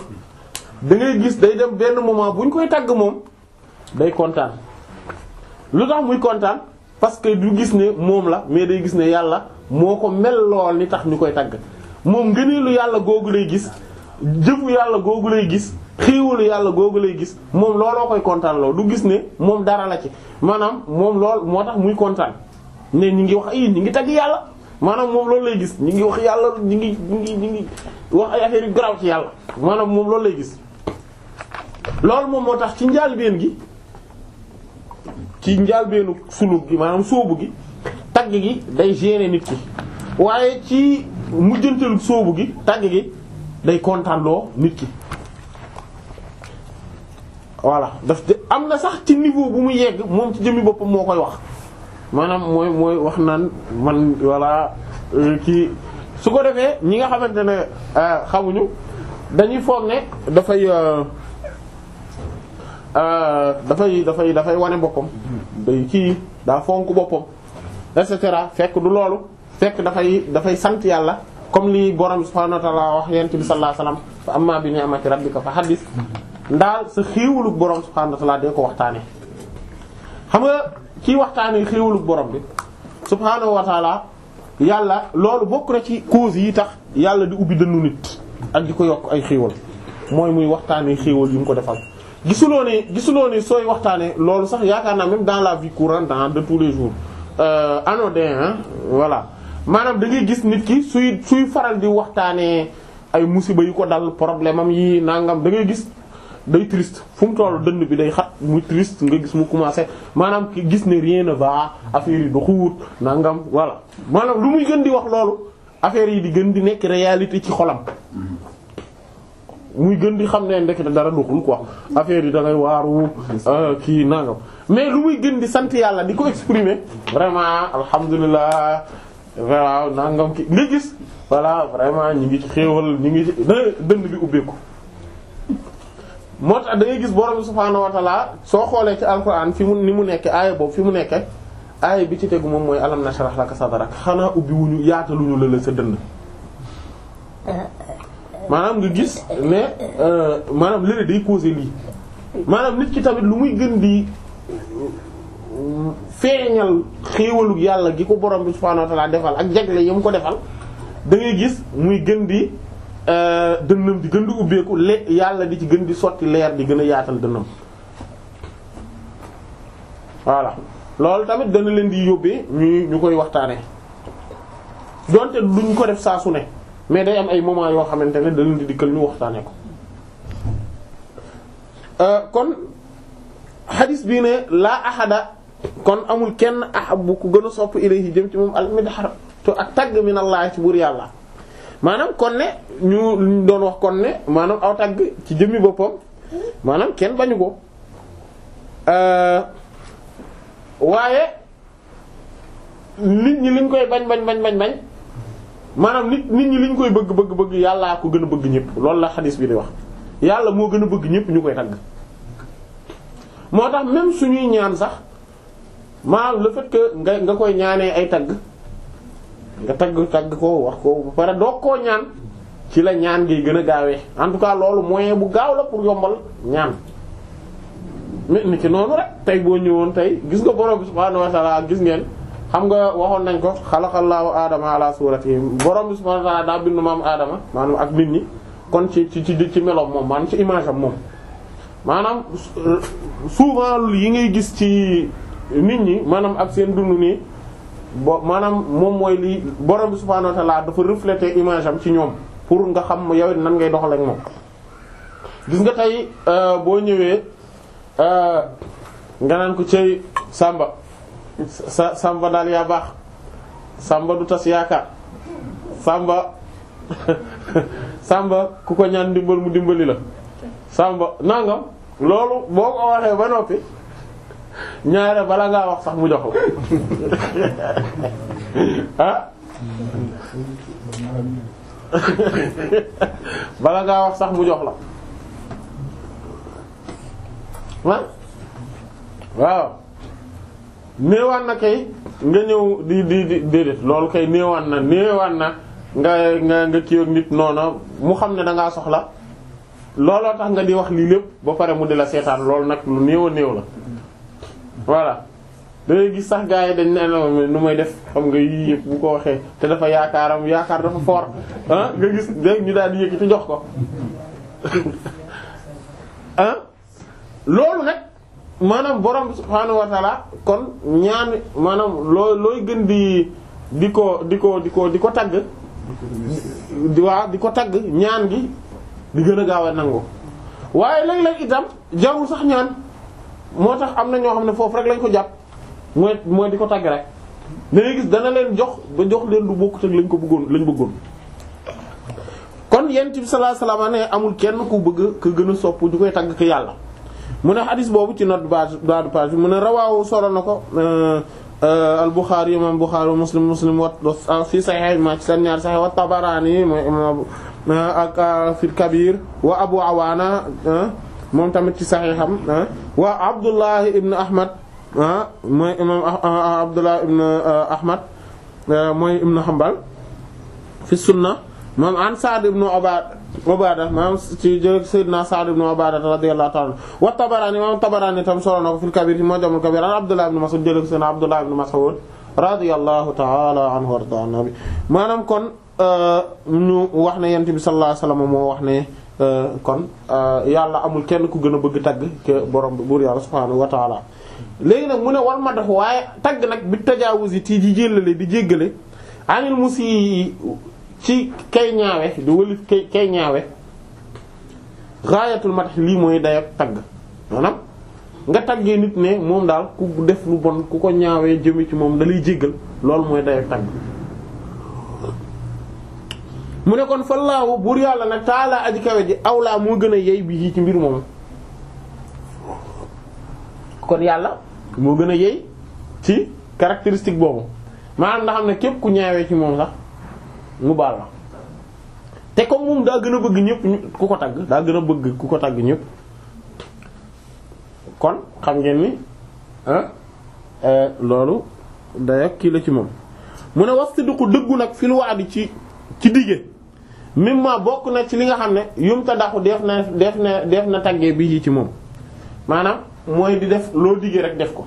da ngay gis day dem benn moment bu ñu koy tàgg moom day kontaan lu tax muy kontaan parce que du gis ne moom la mais day gis ne yàlla moo ko mel lool ni tax ñu koy tàgg moom ngëneelu yàlla googu lay gis jëfu yàlla googu lay gis xéewalu yàlla googu lay gis moom looloo koy kontaan lool du gis ne moom dara la ci maanaam moom lool moo tax muy kontaan ne ñi ngi wax ay ñi ngi tagg yàlla maanaam moom loolu lay gis ñi ngi wax yàlla ñi ngi ñi ngi ñi ngi wax ay affaire yu garaaw maanaam moom loolu lay gis loolu moom moo tax ci njaalbeen gi ci njaalbeenu suluk gi maanaam sóobu gi tagg gi day gêner nit ki waaye ci mujjantalu soobu gi tagg gi day kontaanloo nit ki voilà daf de am na sax ci niveau bu mu yegg moom ci jëmmi boppam moo koy wax maanaam mooy mooy wax naan man voilà euh, kii su ko defee ñi nga xamante ne euh, xamuñu dañuy foog ne dafay euh, Euh, dafay dafay dafay wane boppam day daa fonk boppam et cetera fekk du loolu fekk dafay dafay sant yàlla comme lii borom subhaanahu wa ta'aala wax yent bi sallallahu alayhi wa sallam fa amma bi ni'mati rabbika ndaal sa xéewalu borom subhaanahu wa ta'aala dee ko waxtaane xam nga kii waxtaane xéewalu borom bi subhaanahu wa yàlla loolu bokk na ci cause yi tax yàlla di ubbi dënnu nit ak di ko yokk ay xéewal mooy muy waxtaane xéewal yu mu ko defal gisuloo ne gisuloo ne sooy waxtaanee loolu sax yaakaar naa même dans la vie courante de tous les jours euh, anodin hein, voilà maanaam da ngay gis nit ki suy suy faral di waxtaanee ay musiba yu ko dal problème am yi nangam da ngay gis day triste fu mu toll dënn bi day xat muy triste nga gis mu commencé maanaam ki gis ne rien ne va affaire yi doxuwut nangam voilà maanaam lu muy gën di wax loolu affaire yi di gën di nekk réalité ci xolam. muy gën di xam ne ndekete dara doxul quoi affaire yi da ngay waaru euh, kii nangam mais lu muy gën di sant yàlla di ko exprimer vraiment alhamdulilah waaw nangam ki nga gis voilà vraiment ñu ngi ci xéewal ñu ngi ci dënd bi ubbeeku moo tax da ngay gis borom subhaanahu wa soo xoolee ci alquran fi mu ni mu nekke aaya boobu fi mu nekke aaya bi ci tegu moom mooy alam nashrah laka sadrak xanaa ubbi wuñu ñu la la sa dënd eh, maanaam nga gis ne euh, maanaam léeg day causé lii maanaam nit ki tamit lu muy gën di feeñal xéewalug yàlla gi ko borom bi subhaanahu wa ta'ala defal ak jagle yi mu ko defal da gis muy gën di euh, dënnam di gën di ubbeeku le yàlla di ci gën di sotti leer di gën a yaatal dënnam voilà loolu tamit dana leen di yóbbee ñuy ñu koy waxtaane doonte duñ ko def saa su ne mais day am ay moment yoo xamante ne da leen di dikkal ñu waxtaanee ko euh, kon xadis bii ne laa ahada kon amul kenn ahabu ku gën a sopp ilayhi jëm ci moom al midhar to ak nag minallaahi ci buur yàlla maanaam kon ne ñu doon wax kon ne maanaam aw tagg ci jëmmi boppam maanaam kenn bañu ko euh, waaye nit ñi liñ koy bañ bañ bañ bañ bañ maanaam nit nit ñi li ñu koy bëgg bëgg bëgg yàllaa ko gën a bëgg ñëpp loolu la xadis bi di wax yàlla moo gën a bëgg ñëpp ñu koy tagg moo tax même suñuy ñaan sax maanaam le fait nga nga koy ñaanee ay tagg nga tagg tagg ko wax ko ba pare doog koo ñaan ci la ñaan gi gën a gaawee en tout cas loolu moyen bu gaaw la pour yombal ñaan mais ni ki noonu rek tey boo ñëwoon tey gis nga borom subhaanahu wa ta'ala gis ngeen xam nga waxoon nañ ko xalaqallaahu aadama ala suratihi borom bi subhaanahu wa ta'aala daa bind maam aadama maanaam ak nit ñi kon ci ci ci ci meloom moom maanaam ci image am moom yi ngay gis ci nit ñi maanaam ak seen dund nii bo maanaam moom mooy lii borom bi subhaanahu wa ta'aala dafa refléter image am ci ñoom pour nga xam yow nan ngay doxal ak moom gis nga tey euh, boo ñëwee euh, nga naan ko cey Samba sa sàmba daal yaa baax sàmba du tas yaakaar sàmba sàmba *laughs* ku ko ñaan dimbal mu dimbali la sàmba nangam loolu boo ko waxee ba noppi ñaare bala ngaa wax sax mu jox la *laughs* ah *laughs* bala ngaa wax sax mu jox la ah waaw néewaan na kay nga ñëw di di di déedéet loolu kay néewaan na néewaan na nga nga nga kii nit noona mu xam ne da soxla looloo tax nga di wax lii lépp ba pare mu di la seetaan loolu nag lu néew a néew la voilà. dangay gis sax gaa yi dañ ne nu may def xam nga yii yëpp bu ko waxee te dafa yaakaaram yaakaar dafa fort ah nga gis dégg ñu daal di yëkkati jox ko *laughs* ah loolu rek maanaam borom bi subhaanahu wa kon ñaan maanaam loo looy gën di di ko di ko di ko di ko tagg di waa di ko tagg ñaan gi di gën a gaaw a nangu waaye léeg lekk itam jarul sax ñaan moo tax am na ñoo xam ne foofu rek lañ ko jàpp mooy mooy di ko tagg rek da gis dana leen jox ba jox leen du bokkut ak lañ ko bëggoon lañ bëggoon kon yent bi sallallahu alayhi wasallam ne amul kenn ku bëgg ku gën a sopp di koy tagg ko yàlla mu ne xadis boobu ci note page dadu page bi mu ne rawaawu solo na ko euh, euh, al Buxaari imam Buxaari muslim muslim wa ah, fi saxiix ma ci seen wa Tabaraani mooy imam ah, ak ah, fil Kabir wa Abu Awaana moom tamit ci saxiixam wa mooy imam Abdullahi ibn Ahmad mooy ibn Hanbal fi sunna moom an Sa'd ibn Ubaad Ubaada maanaam ci jël Seydina Sa'd wa Tabaraani maanaam Tabaraani tam solo na ko fil Kabiir ci Mu'jamul Kabiir an Abdullah ibn Mas'ud jël Seydina Abdullah ibn Mas'ud radiyallahu ta'ala anhu warda nabi maanaam kon euh, ñu wax ne yent bi sallallahu alayhi moo wax ne euh, kon euh, yàlla amul kenn ku gën a bëgg tag ke borom bi buur yàlla subhaanahu wa ta'ala léegi nag mu wal madax waaye tagg nag bi tajaawuzi tii di jéllale di jéggale anil musii ci kay ñaawe di wëlif kay kay ñaawe raayatul matax lii mooy day ak tagg nga taggee nit ne moom daal ku def lu bon ku ko ñaawee jëme ci moom dalay jéggal loolu mooy day ak tagg mu ne kon fallaahu buur yàlla nag taalaa aji kawe ji awlaa moo gën a yey bi ci mbir moom kon yàlla moo gën a yey ci caractéristique boobu maanaam nga ne képp ku ñaawee ci moom sax mu baal ma te ko moom daa gën a bëgg ñëpp ku ko tagg daa gën a bëgg ku ko tagg ñëpp kon xam ngeen ni ah, eh, loolu day ak kii la ci moom mu ne was sidqu dëggu nag fil wa'di ci ci dige même bokk na ci li nga xam ne yum ta daxu def na def na def na taggee bi ci moom maanaam mooy di def loo dige rek def ko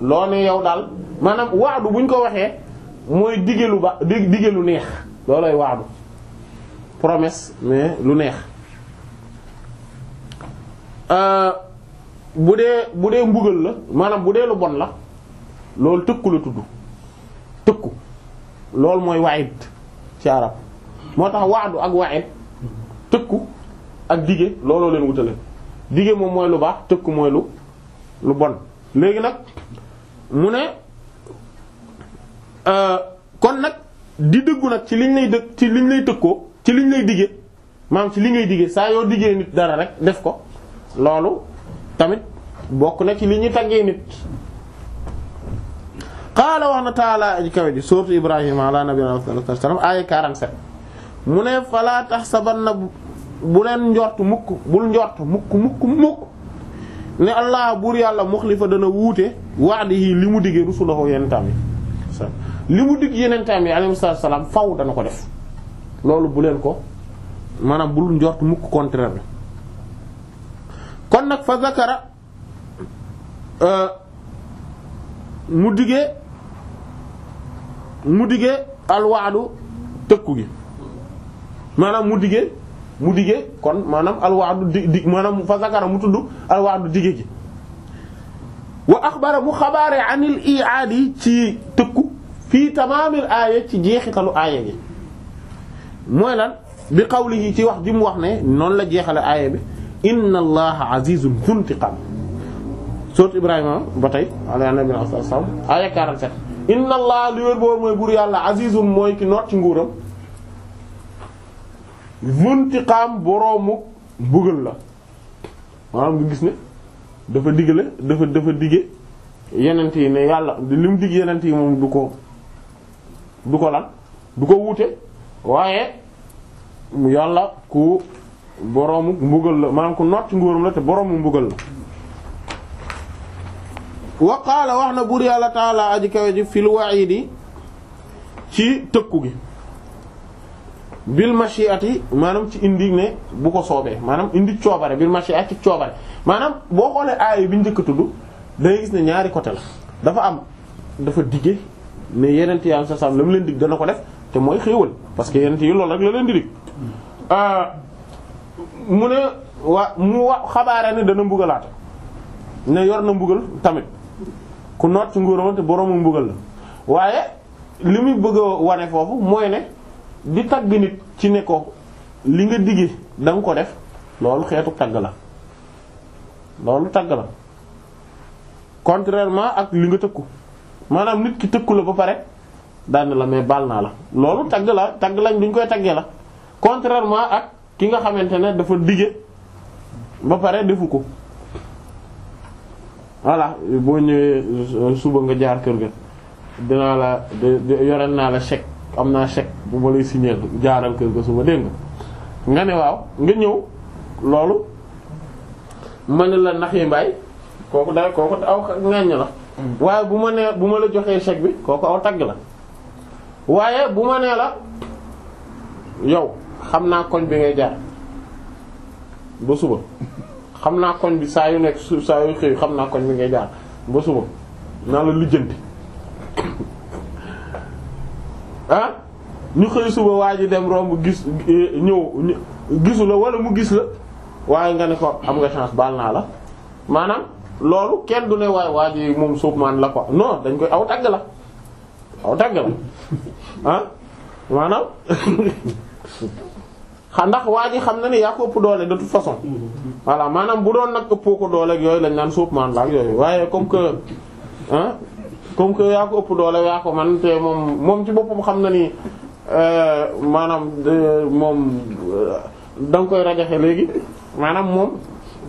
loo ne yow daal maanaam waadu buñ ko waxee mooy dige lu ba dige lu neex loolay waadu promes mais lu neex euh, bu dee bu dee mbugal la maanaam bu dee lu bon la loolu tëkku la tudd tëkku loolu mooy waayit ci moo tax waadu ak waayit tëkku ak dige looloo leen wutale dige moom mooy lu baax tëkku mooy lu lu bon léegi nag mu ne Euh, kon nag di dëggu nag ci liñ lay dëgg ci liñ lay tëkkoo ci liñ lay diggee maam ci li ngay diggee saa yoo diggee nit dara rek def ko loolu tamit bokk na ci li ñuy taggee nit qaala wax na taalaa aji kawe ji sourate ibrahima ala nabi sallam aaya 47 mu ne falaa tahsabanna bu leen njort mukk bul njort mukk mukk mukk ne allah buur yàlla muxlifa dana wuute wa'dihi li mu diggee rusulahu yenn tamit li mu dig yenentaam yi alayhi salaam faw dana ko def loolu bu leen ko maanaam bul njort mukk contraire bi kon nag fa zakara euh, mu digee mu digee alwaadu tëkku maanaam mu digee mu digee kon maanaam al di di maanaam fa zakara mu tudd alwaadu digee gi wa axbara mu xabaare anil i'aadi ci tëkku fii tamaamil aaya ci jeexitalu aaya bi mooy lan bi qawlihi ci wax ji mu wax ne noonu la jeexale aaya bi inna allaha azizun zuntiqam sourate ibrahima ba tey ala nabi sallallahu aaya 47 inna allaha mooy yàlla azizun mooy ki noot ci nguuram zuntiqam boroomu mbugal la maanaam nga gis ne dafa digale dafa dafa dige yenent yi ne yàlla li mu dig yenent yi moom du ko du ko lan du ko wuute waaye yàlla ku boroomu mbugal la maanaam ku not ci nguuram la te boroomu mbugal la wa wax na buur yàlla taala aji kawe ji fil wa'idi ci tëkku gi bil yi maanaam ci indi ne bu ko soobee maanaam indi coobare bil mashiati coobare maanaam boo xoolee aaya bi njëkk tudd dangay gis ne ñaari côté la dafa am dafa digge mais yenent yàlla sa sam la mu leen dig dana ko def te mooy xéewal parce que yenent yi loolu rek la leen di dig euh, mu ne waa mu wax xabaare ne dana mbugalaate ne yor na mbugal tamit ku noot ci nguuram te boroomu mbugal waaye li bëgg a wane foofu mooy ne di tagg nit ci ne ko li nga digg danga nga ko def loolu xeetu tagg la loolu tagg la contrairement ak li nga tëkku maanaam nit ki tëkku la ba pare daan la mais baal naa la loolu tagg la tagg lañ duñ koy taggee la contrairement ak ki nga xamante ne dafa dige ba pare defu ko voilà boo ñëwee euh, suba nga jaar kër gi dinaa la yoreel naa la chèque am naa chèque bu ma lay signer jaaral kër ga suba dégg nga ne waaw nga ñëw loolu mën la nax yi mbaay kooku day kooku aw ngañ la waaye bu ma nee bu ma la joxee chèque bi kooku aw tagg la waaye bu ma nee la yow xam naa koñ bi ngay jaar ba suba xam naa koñ bi yu nekk su saa xam naa koñ bi ngay jaar ba suba naa la lijjanti ah ñu xëy suba waa ji dem romb gis ñëw gisu la wala mu gis la waaye nga ne ko am nga chance baal naa la maanaam loolu kenn du ne waay waa ji moom suufmaan la ko non dañ koy aw tàgg la aw tàgg la ah maanaam *laughs* xa ndax waa xam na ne yaa ko ëpp doole de toute façon voilà maanaam bu doon nag ëppoo ko dooleek ak yooyu lañ naan suufmaan la ak yooyu waaye comme que ah comme que yaa ko ëpp doole yaa ko man te moom moom ci boppam xam na ni euh, maanaam euh, moom euh, da koy rajaxe léegi maanaam moom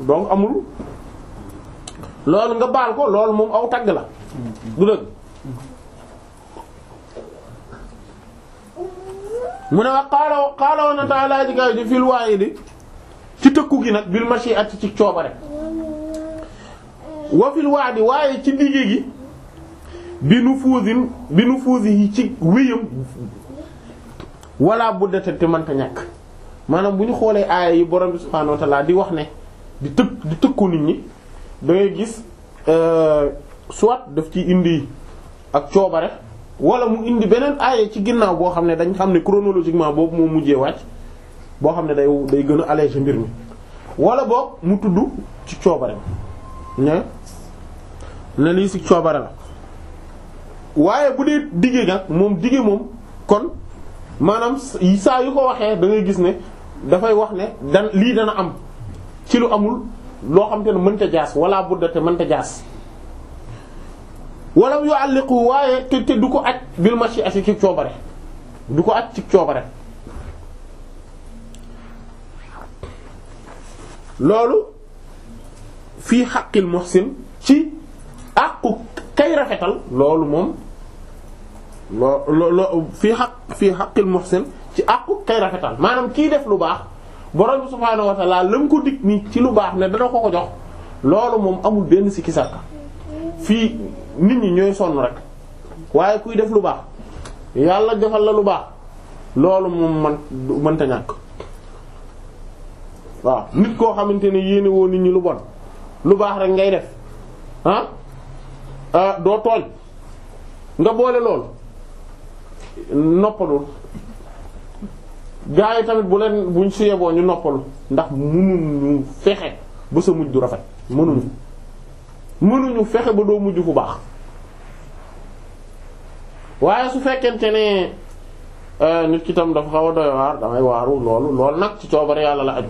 donc amul loolu nga baal ko loolu moom aw tagg la du dëgg mu ne wax xaala xaala na taalaa ji yi ji fil di ci tëkku gi nag bil machi at ci coobare wa fil di waaye ci digge gi bi nu fuusin bi nu fuusi yi ci wéyam wala bu dete te mënta ñàkk maanaam bu ñu xoolee aaya yi borom bi subhaanahu wa di wax ne di tëkk di tëkku nit ñi da ngay gis euh, soit daf ci indi ak coobare wala mu indi beneen aaya ci ginnaaw boo xam ne dañ xam ne chronologiquement boobu moo mujjee wàcc boo xam ne day day gën a alléger mbir mi wala boo mu tudd ci coobare ne ne lii ci coobare la waaye bu dee digge nag moom digge moom kon maanaam saa yu ko waxee dangay gis ne dafay wax ne dan lii dana am ci lu amul loo xam te ne mënta jaas wala budda te mënta jaas wala yu àlliqu waaye te du ko aj bil machi asi ci coobare du ko aj ci coobare loolu fii xaqil muhsin ci àqu kay rafetal loolu moom loo loo fii xaq fii xaqil muhsin ci àqu kay rafetal maanaam kii def lu baax borom bi subhaanahu wa ta'ala la ko dig ni ci lu baax ne dana ko ko jox loolu moom amul benn sikki sàkka fii nit ñi ñooy sonn rek waaye kuy def lu baax yàlla defal la lu baax loolu moom man mënta ñàkk waaw nit koo xamante ne yéene woo nit ñi lu bon lu baax rek ngay def ah, ah doo tooñ nga boole loolu noppalul gaa yi tamit bu leen buñ suyeboo ñu noppalu ndax mënuñu fexe ba sa mujj du rafet mënuñu mënuñu fexe ba doo mujj fu baax waaye su fekkente ne euh, nit ki tam dafa xaw a doy waar damay waaru loolu lool nag ci coobare yàlla la aju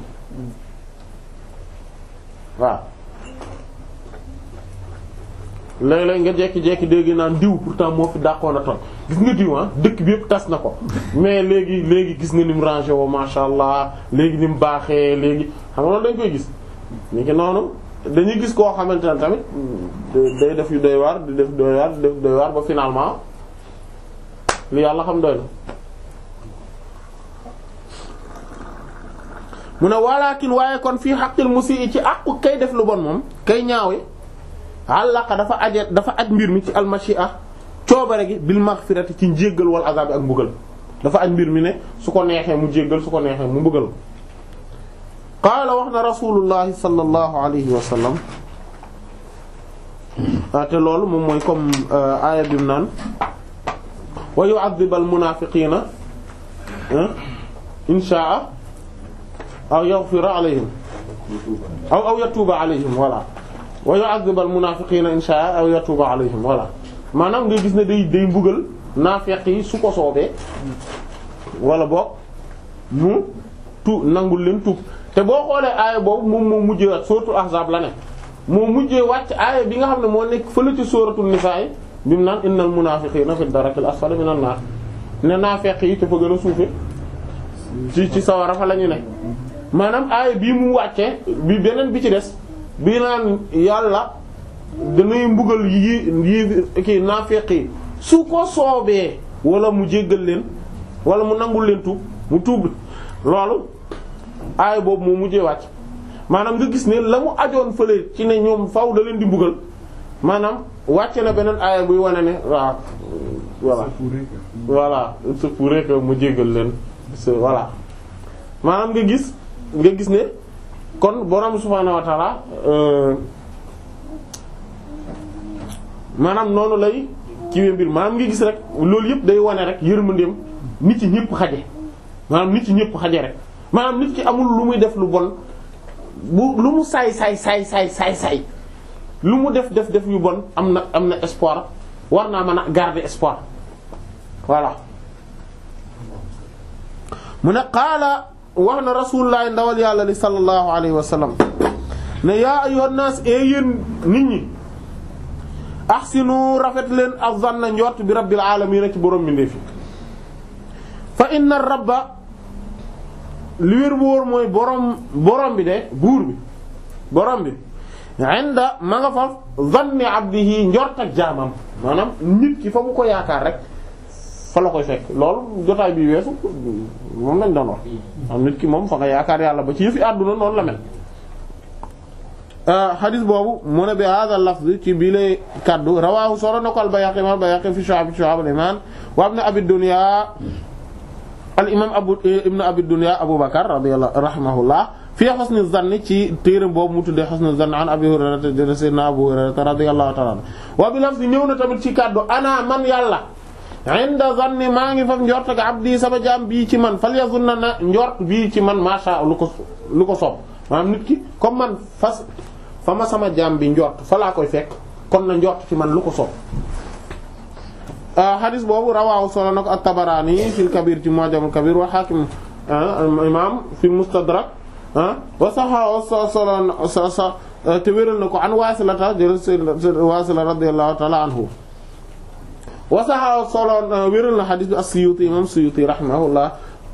waaw léeg léegi nga jekki-jekki dégg naan diw pourtant moo fi dàqoon a toj gis nga diw ah, dëkk bi yëpp tas na ko mais léegi léegi gis nga ni mu rangé woo macha allah léegi ni mu baaxee léegi xam nga dañ koy gis ñu ngi noonu dañuy gis koo xamante ne tamit day def yu doy waar di def doy waar di def doy waar ba finalement li yàlla xam doy na mu ne walakin waaye kon fii xaqil musii ci àqu kay def lu bon moom kay ñaawe àllaqa dafa aje dafa aj mbir mi ci almashia coobare gi bil maghfirati ci njéggal wal azab ak mbugal dafa aj mbir mi ne su ko neexee mu jéggal su ko neexee mu mbugal qaala wax na rasulullahi sallallahu alayhi wa ah, te loolu moom mooy comme euh, aaya bi mu naan wa yu'adhibal munafiqina insha'a aw yaghfira alayhim aw aw yatuba alayhim voilà wa yu'adhibal a in shaa'a aw yatuuba alayhim voilà maanaam ngay gis ne day day mbugal naafeq yi su ko soobee wala boog mu tu nangul leen tuub te boo xoolee aaya boobu moom moo mujjee wàcc sóoratu ahzaab la ne moo mujjee wàcc aaya bi nga xam ne moo nekk fële ci sóoratu nisaa yi bi mu naan innal munaafiqiina fi darakil asfali minan naar ne naafeq yi te fa gën a suufe ci ci sawara fa la ñu ne maanaam aaya bii mu wàccee bi beneen bi ci des. bi yàlla danay mbugal yi yi kii naafeq yi su ko soobee wala mu jéggal leen wala mu nangul leen tuub mu tuub loolu aay boobu moo mujjee wàcc maanaam nga gis ne la mu ajoon fële ci ne ñoom faw da leen di mbugal maanaam wàcce na beneen aaya buy wane ne waaw voilà voilà c'est pour que mu jéggal leen voilà maanaam nga gis nga gis ne kon borom subhaanahu wa taala euh, maanaam noonu lay kiiwee mbir maanaam nga gis rek loolu yëpp day wane rek yërmandeem nit ci ñëpp xaje maanaam nit ci ñëpp xaje rek maanaam nit ci amul lu muy def lu bon bu lu mu saay saay saay saay saay saay lu mu def def def yu bon am na am na espoir war naa mën a garder espoir voilà mu ne qaala wax na rasulullah ndawal yàlla li sallallahu alayhi wa sallam ya yaa ayyuhan naas ee yéen nit ñi ahsinu rafet leen azanna njort bi rabbil alamin ci borom bindee fi fa inna rabba li wér mooy borom bi de buur bi borom bi inda ma nga faf zanni abdihi njort ak jaamam maanaam nit ki fa mu ko yaakaar rek fa la koy fekk loolu jotaay bi weesu moom lañ doon wax nit ki moom fa nga yaakaar yàlla ba ci yëfi àdduna noonu la mel euh, xadis boobu mu ne bi hada lafz ci bi lay kaddu rawahu solo na ko al Bayhaqi imaam Bayhaqi fi Shu'ab Shu'ab al iman wa Abi Dunya Abi Bakar radiyallahu rahimahullah fi husn zann ci téeram boobu mu tuddee husn zann an Abi Hurayra sayyidina Abu Hurayra radiyallahu bi lafz ñëw na tamit ci kaddu ana man yàlla inda zanni maa ngi faf njort ga abdi sama jaam bii ci man fal yazunna na njort bi ci man macha lu ko lu ko soob maanaam nit ki comme man fas fa sama jaam bi njort fa laa koy fekk kon na njort ci man lu ko soob xadis ah, boobu rawaahu solo na ko at-Tabarani fil kabir ci mu'jamul kabir wa hakim ah, imam fil mustadrak ah, wa saxaaw solo te wéral na ko an waasilata jël waasilata radiyallahu ta'ala anhu wasaxaaw solo euh, wéral na xadis bi as-Suyuti imam Suyuti rahimahullah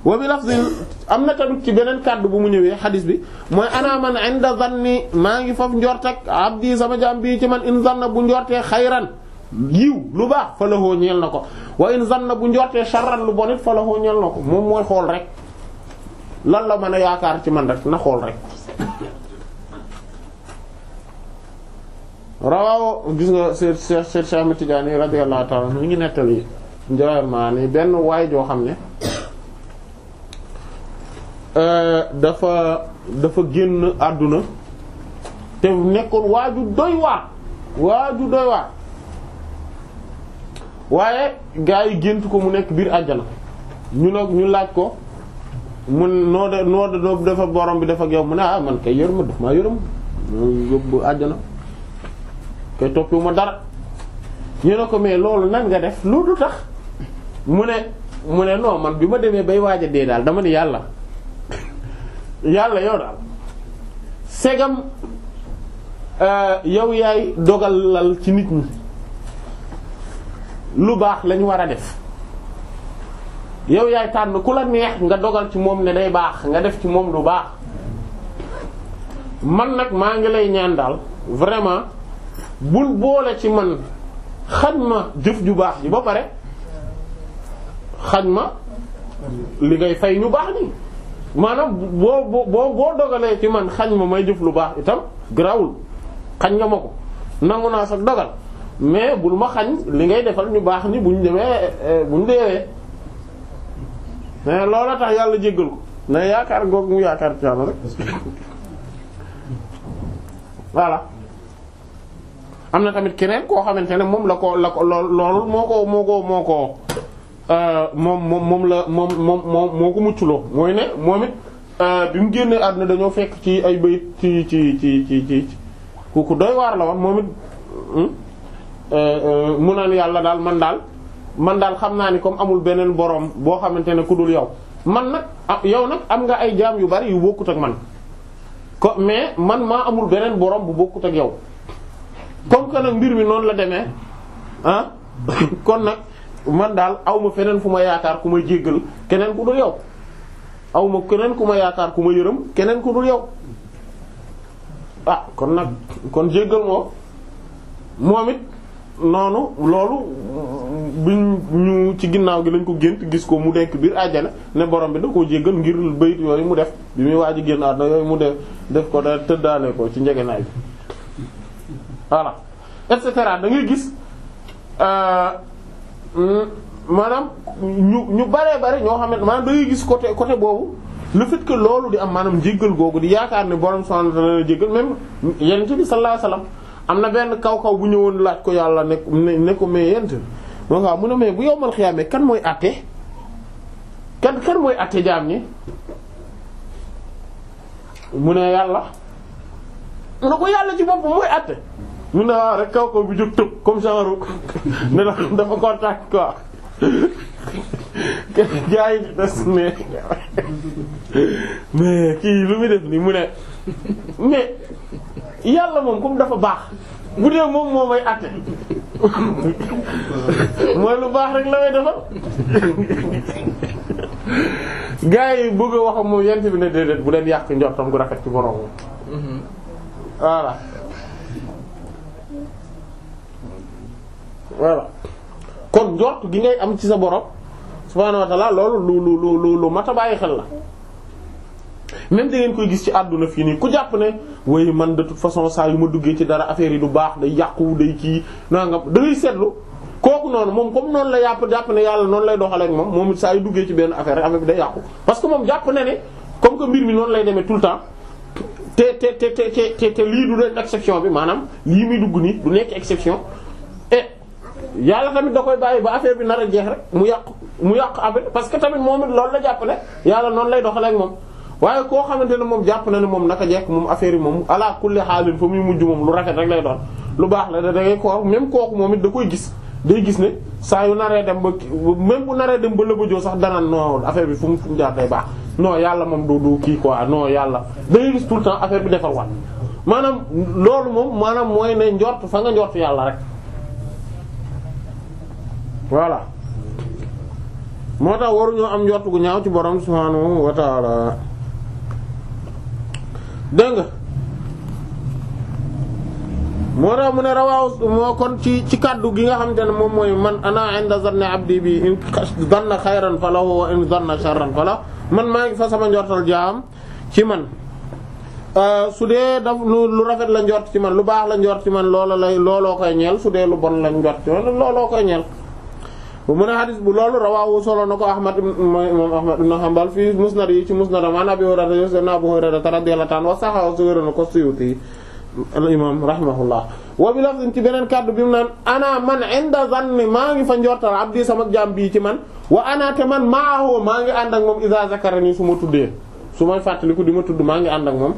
wa bi lafzin am na tamit ci beneen kàddu bu mu ñëwee xadis bi mooy ana man inda zanni maa ngi foofu njort ak abdi ci man in zanna bu njortee xayran yiw lu baax fa lahoo ñeel na ko wa in na bu njorte sharran lu bonit fa lahoo ñeel na ko moom mooy xool rek lan la mën a yaakaar ci man rek na xool rek rawaaw gis nga Seydou Cheikh Cheikh Cheikh Ahmed Tidiane radiyallahu ta'ala mi ngi nettali Ndiaye maanaam benn waay joo xam ne euh, dafa dafa génn àdduna te nekkoon waaju doy waar waaju doy waar waaye gaa yi gént ko mu nekk biir àjjana ñu ne ñu laaj ko mun noo de noo de dafa borom bi dafa ak yow mu ne ah man kay yërëm ma daf maa yërëm yóbbu àjjana. koy toppiwu ma dara ñu ne ko mais loolu nan nga def loolu tax mu ne mu ne non man bi ma demee bay waaja dee daal dama ni yàlla *laughs* yàlla yow daal segam euh, yow yaay dogalal ci nit ñi lu baax lañ war a def yow yaay tànn ku la neex nga dogal ci moom ne day baax nga def ci moom lu baax man nag maa ngi lay ñaan daal vraiment bul boole ci man xañ ma jëf ju baax ji ba pare xañ ma li ngay fay ñu baax ni maanaam boo boo boo dogalee ci man xañ ma may jëf lu baax itam grawul xañ nga ma ko nangu naa sax dogal mais bul ma xañ li ngay defal ñu baax ni buñ demee eh, buñ deewee mais loola tax yàlla jéggal ko na yaakaar googu mu yaakaar ci yàlla rek *laughs* voilà am na tamit keneen koo xamante ne moom la ko la ko loolu moo ko moo ko moo ko euh, moom moom moom la moom moom moom moo ko muccloo mooy ne moom it euh, bi mu àdduna dañoo fekk ci ay bayit ci ci ci ci ci ku ku waar la woon moom it hmm? euh, mu naan yàlla daal man daal man daal xam naa ni comme amul beneen boroom boo xamante ne ku dul yow man nag ah, yow nag am nga ay jaam yu bari yu bokkut ak man ko mais man maa amul beneen boroom bu bokkut ak yow comme que mbir mi noonu la demee ah *laughs* kon nag man daal awma feneen fu ma yaakaar ku ma jéggal keneen ku dul yow aw keneen ku ma yaakaar ku ma yërëm keneen ku dul yow ah kon nag kon jéggal moom moom it noonu loolu bu ñu ci ginnaaw gi lañ ko gént gis ko mu denk biir àjjana ne borom bi da koo jéggal ngir bayit yooyu mu def bi muy waaj a génn àdduna yooyu mu def def ko da tëddaale ko ci njëgënaay bi. voilà et cetera da gis euh, maanaam ñu ñu baree bare ñoo xam ne maanaam da gis côté côté boobu le fait loolu di am maanaam jéggal googu di yaakaar ne borom subhanahu wa ta'ala la jéggal même yent bi sallallahu alayhi am na benn kaw-kaw bu ñëwoon laaj ko yàlla ne ne ko mais yent bi mu ne mais bu yowmal xiyaamee kan mooy àtte kan mooy àtte jaam ñi mu ne yàlla mu ne ko yàlla ci boppam mooy àtte ñu ne waaw rek kaw kaw bi jóg tëb comme genre ne *laughs* dafa contact quoi *laughs* gaa yi des ne *laughs* mais kii lu muy def nii mu ne mais yàlla moom comme dafa baax bu dee moom moo may àtte mooy lu baax rek la may defal gaa yi bëgg a wax moom yent bi ne déedéet bu leen yàq njortam gu rafet ci borom mhm. voilà voilà kon njort gi ngay am ci sa borom subhaanahu wa ta'ala loolu lu lu lu lu lu mat bàyyi xel la même da ngeen koy gis ci àdduna fii nii ku jàpp ne way man de toute façon saa yu ma duggee ci dara affaire yi du baax day yàqu day kii naa nga da ngay seetlu kooku noonu moom comme noonu la yàpp jàpp ne yàlla noonu lay doxalee ak moom moom saa yu duggee ci benn affaire rek affaire bi day yàqu parce que moom jàpp na ne comme que mbir mi noonu lay demee tout le temps te te te te te te lii du nekk exception bi maanaam lii muy dugg nii du nekk exception yàlla tamit da koy bàyyi ba affaire bi nar a jeex rek mu yàq mu yàq affaire parce que tamit moom it loolu la jàpp ne yàlla noonu lay doxalee ak moom waaye koo xamante ne moom jàpp na ne moom naka jekk moom affaire yi moom ala kulli xaalin fa muy mujj lu rafet rek lay lu baax la da ngay koo même kooku moom it da koy gis day gis ne saa yu naree dem ba même bu naree dem ba lëbëjoo sax danaan non affaire bi fu mu fu mu jaar day baax non yàlla moom du du kii quoi non yàlla day gis tout temps affaire bi defar waat maanaam loolu moom maanaam mooy ne njort fa nga njort yàlla rek voilà moo tax waruñoo am njort gu ñaaw ci borom subhaanahu wa ta'ala dégg nga moo tax mu ne rawaaw moo kon ci ci kàddu gi nga xamante ne moom mooy man ana inda zanni abdi bi in zanna xayran falahu wa man maa ngi fa sama njortal jaam ci man euh, su dee daf lu rafet la njort ci man lu baax la njort ci man loola lay looloo koy ñel su dee lu bon la njort ci man looloo koy ñeel mu ne xadis bu loolu rawaawu solo na ko Ahmad mooy moom Ahmad ibn Hanbal fii musnad yi ci musnadam an Abi Hurayra sayyidina Abu Hurayra radiyallahu anhu wa saxaw si wéra na ko Suyuti al imam rahimahullah wa bi lafzin ci beneen kàddu bi mu naan ana man inda zanni maa ngi fa njortal abdi sama jaam bii ci man wa ana man maahu maa ngi ànd ak moom iza zakarani su ma tuddee su may fàttaliku di ma tudd maa ngi ànd ak moom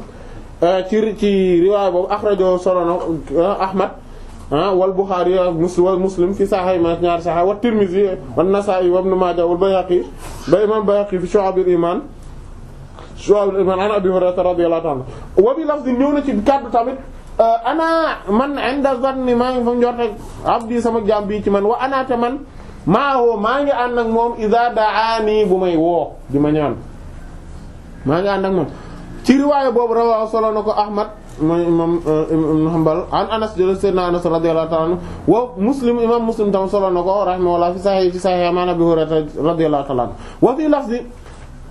ci ci riwaay boobu axrajo solo na ah, Ahmad Ah, wal Bukhari wal Muslim fi sahih ma ñaari sahih wa Tirmidhi wa Nasa'i wa Ibn Majah wal Bayhaqi ba imam Bayhaqi fi Shu'ab al-Iman Shu'ab al-Iman an Abi Hurayra radiyallahu anhu wa bi na ci kaddu eh, man inda zanni maa ngi abdi sama jaam bi ci man wa ana te man maa woo maa ngi ànd ak moom iza da'ani bu may woo di ma ñaan maa ngi ànd moom ci riwaaya boobu rawa solo na ko Ahmad mooy imam eh, ibn Hanbal an Anas jël sayyidina Anas radiyallahu ta'ala anhu wa Muslim imam Muslim tam solo na ko rahimahullah fi sahih fi sahih maana Abi Hurayra radiyallahu ta'ala anhu wa fi lafzi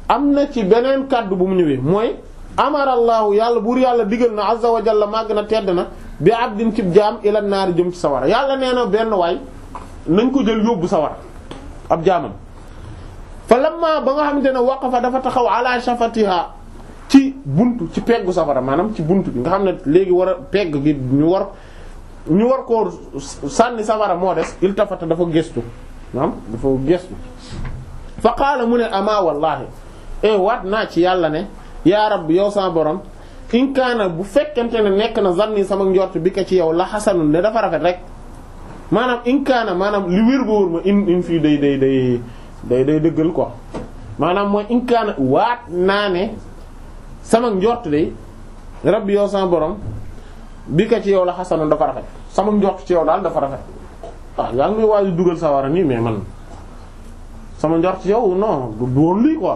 am na ci beneen kàddu bu mu ñëwee mooy amarallaahu yàlla buur yàlla digal na azza wa jalla màgg na tedd na bi abdin cib jaam ila naari jëm ci sawara yàlla nee na benn waay nañ ko jël yóbbu sawara ab jaamam fa lamma ba nga xamante ne waqafa dafa taxaw ala shafatiha ci bunt ci peggu safara maanaam ci bunt bi nga xam ne léegi war a pegg gi ñu war ñu war koo sànni safara moo des il tafata dafa gestu maanaam dafa gestu fa qaala mu ne ama wallahi e eh, waat naa ci yàlla ne yaa rabb yow sa borom in kaana bu fekkente ne nekk na zanni sama njort bi ko ci yow la xasanun ne dafa rafet rek maanaam in maanaam li wér ba wóor ma in in fii day day day day day dëggal quoi maanaam mooy in waat naa ne sama njort de rab yow sama borom bi ka ci yow la xasanu dafa rafet sama njort ci yow daal dafa rafet waaw yaa ngi may waaju dugal sa war a nii mais man sama njort ci yow non du woon lii quoi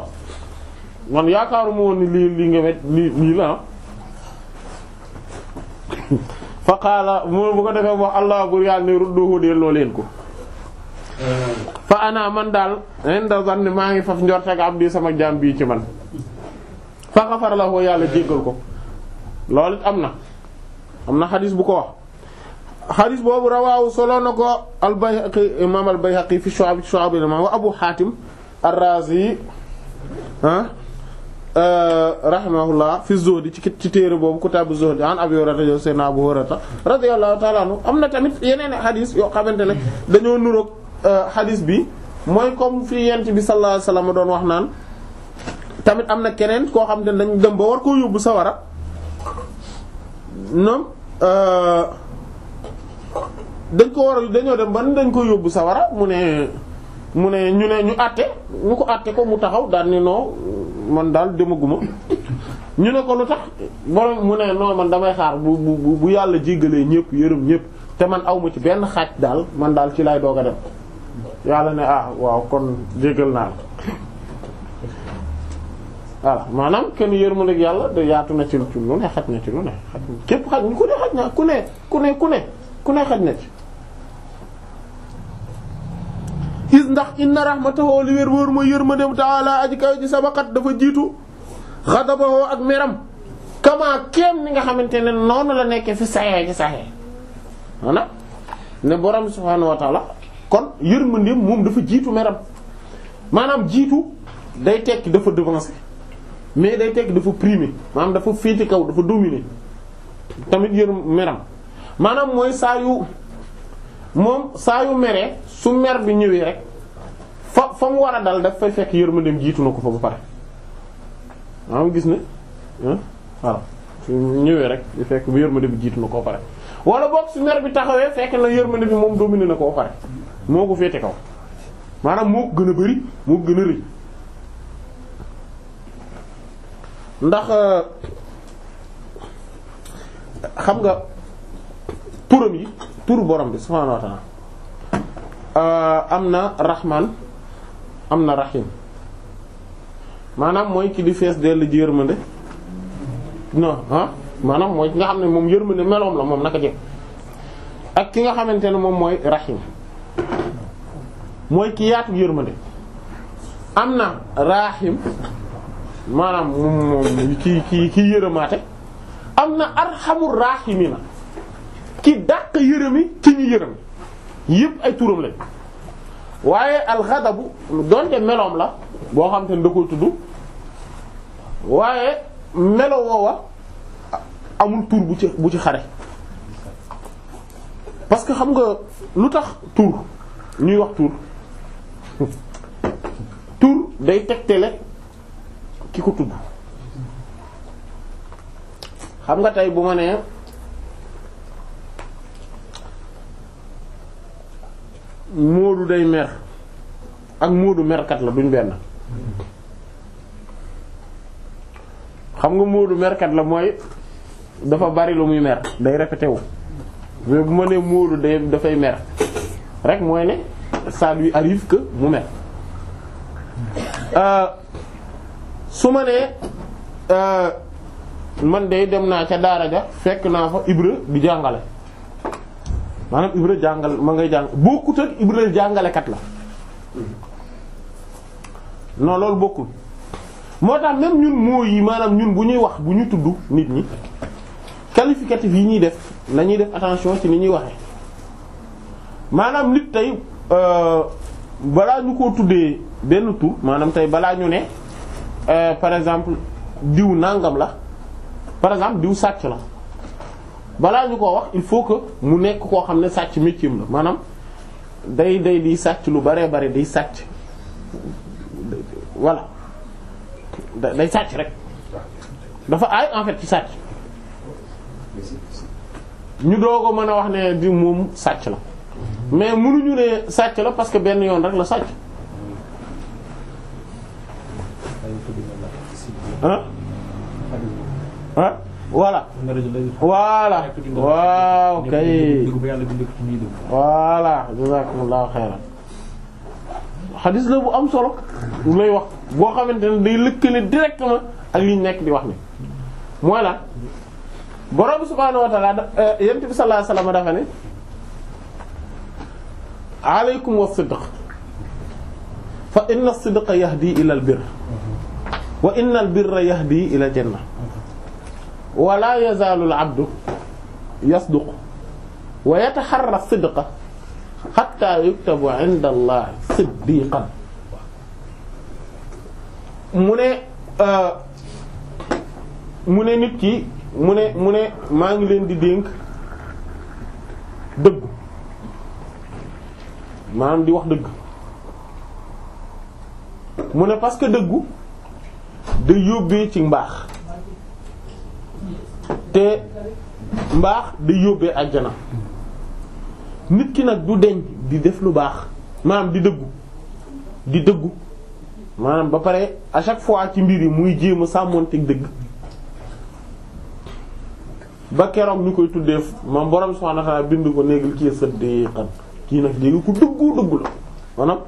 man yaakaaruma woon ni lii lii nga lii la *laughs* fa qaala mu bu defee wax allah bur yàlla ne rudduhu delloo leen ko hmm. fa ana man daal inda zanni maa ngi faf njorte ak abdi sama jaam bii ci man fa xafara lahu yàlla jéggal ko loolu am na am na xadis bu ko wax xadis boobu rawaawu solo na ko al Bayhaqi imaam al Bayhaqi fi Shu'ab Shu'ab al wa Abu Hatim ar-Razi ah, euh, fi Zuhdi ci ci téere boobu kutaabu Zuhdi an Abi Abu Hurayrata radiyallahu ta'ala anhu am na tamit yeneen xadis yoo xamante ne dañoo nuroog euh, xadis bi mooy comme fi yent bi sallallahu alayhi wasallam doon wax naan tamit am na keneen koo xam ne dañ dem ba war koo yóbbu sawara ñoom euh, dañ ko war dañoo dem ba dañ koo yóbbu sawara mu ne mu ne ñu ne ñu àtte ñu ko àtte ko mu taxaw daal ni non man daal demaguma ñu ne ko lu tax borom mu ne non man damay xaar bu bu bu yàlla jéggalee ñépp yërëm ñëpp te man awma ci benn xaaj daal man daal ci lay doog a dem yàlla ne ah waaw kon jéggal naa la voilà maanaam kenn yërmandeeg yàlla da yaatu na ci lu ne xaj na ci lu ne xaj képp xaj ku xaj na ku ne ku ne ku ne ku ne xaj na ci is ndax inna rahmatahu li wér wóor mooy yërmandeem ta'ala aji kaw ji sabaqat dafa jiitu ghadabahu ak meram kama kenn ni nga xamante ne noonu la nekkee fi saxee ci saxee maanaam ne borom subhaanahu wa kon yërmandeem moom dafa jiitu meram maanaam jiitu day tekki dafa devancer mais day tekki dafa primé maanaam dafa féete kaw dafa dominé tamit yër meram maanaam mooy saayu moom saa yu meree su mer bi ñëwee rek fa fa mu war a dal daf fay fekk yërmandeem jiitu na ko fa ba pare maanaam gis ne voilà ñëwee rek di fekk bu yërmande bi jiitu ko ba pare wala boog su mer bi taxawee fekk na yërmande bi moom dominé na koo ba pare moo ko féete kaw maanaam moo ko gën a bari moo gën a rëy ndax euh, xam nga turam yi turu borom bi subhaanahu wa euh, am na rahman am na rahim maanaam mooy ki di fees dell ji yërmande non ah maanaam mooy ki nga xam ne moom yërmande meloom la moom naka jëkk ak ki nga xamante ne moom mooy rahim mooy ki yaatu yërmande am na rahim maanaam moom moom ki ki ki yërëmaate am na arhamur rahimina ki dàq yërëmi ci ñu yërëm yëpp ay turam lañ waaye alxadabu donte meloom la boo xam te ne da koy tudd waaye melo woowa amul tur bu ci bu ci xare parce que xam nga lu tax tur ñuy wax tur *laughs* tur day tegtale ki ko tudd xam nga tey bu ma nee Moodu day mer ak Moodu merkat la duñ benn xam nga Moodu merkat la mooy dafa bari lu muy mer day répété mais bu ma nee Moodu day dafay mer rek mooy ne ça lui arrive que mu mer. Euh, su ma nee euh, man de dem naa ca daara ja fekk naa fa Ibra di jàngale maanaam Ibra jàngal ma ngay jàng bokkut ak Ibra jàngalekat la noon loolu bokkul moo tax même ñun moo yi maanaam ñun bu ñuy wax bu ñu tudd nit ñi qualificatif yi ñuy def nañuy def attention ci ni ñuy waxee maanaam nit tey euh, balaa ñu ko tuddee benn tu maanaam tey balaa ñu ne Euh, par exemple diw nangam la par exemple diw sàcc la balaa ñu ko wax il faut que mu nekk koo xam ne sàcc métier la maanaam day day di sàcc lu baree bare di sàcc voilà day sàcc rek dafa aay en fet ci sàcc ñu doo ko mën a wax ne di moom sàcc la mais munuñu ne sàcc la parce que benn yoon rek la sàcc ah ah voilà voilà waaw kay voilà jazakumullahu xayran xadis la bu am solo lay wax boo xamante ne day lëkkale directement ak li nekk di wax ni mooy la borom subhaanahu wa ta'ala yent bi sallallahu alayhi dafa ne alaykum was-sidq fa inna as-sidqa yahdi ila al wa innal birra yahdi ila janna wa la yazaalu al abdu yasduqu wa yataharra sidqa hatta yuktabu inda allahi siddiqan mu ne euh, mu ne nit ki mu ne mu ne maa ngi leen di dénk dëgg maanaam di wax dëgg mu ne parce que dëggu da yóbbee ci mbaax te mbaax da yóbbee àjjana nit ki nag du deñ di def lu baax maanaam di dëggu di dëggu maanaam ba pare à chaque fois ci mbir yi muy jéem a sàmmoonteeg dëgg ba keroog ñu koy tuddee maam borom subhanahu wa ta'ala bind ko néegil kii sëddiqan kii nag léegi ku dëggu dëggu la maanaam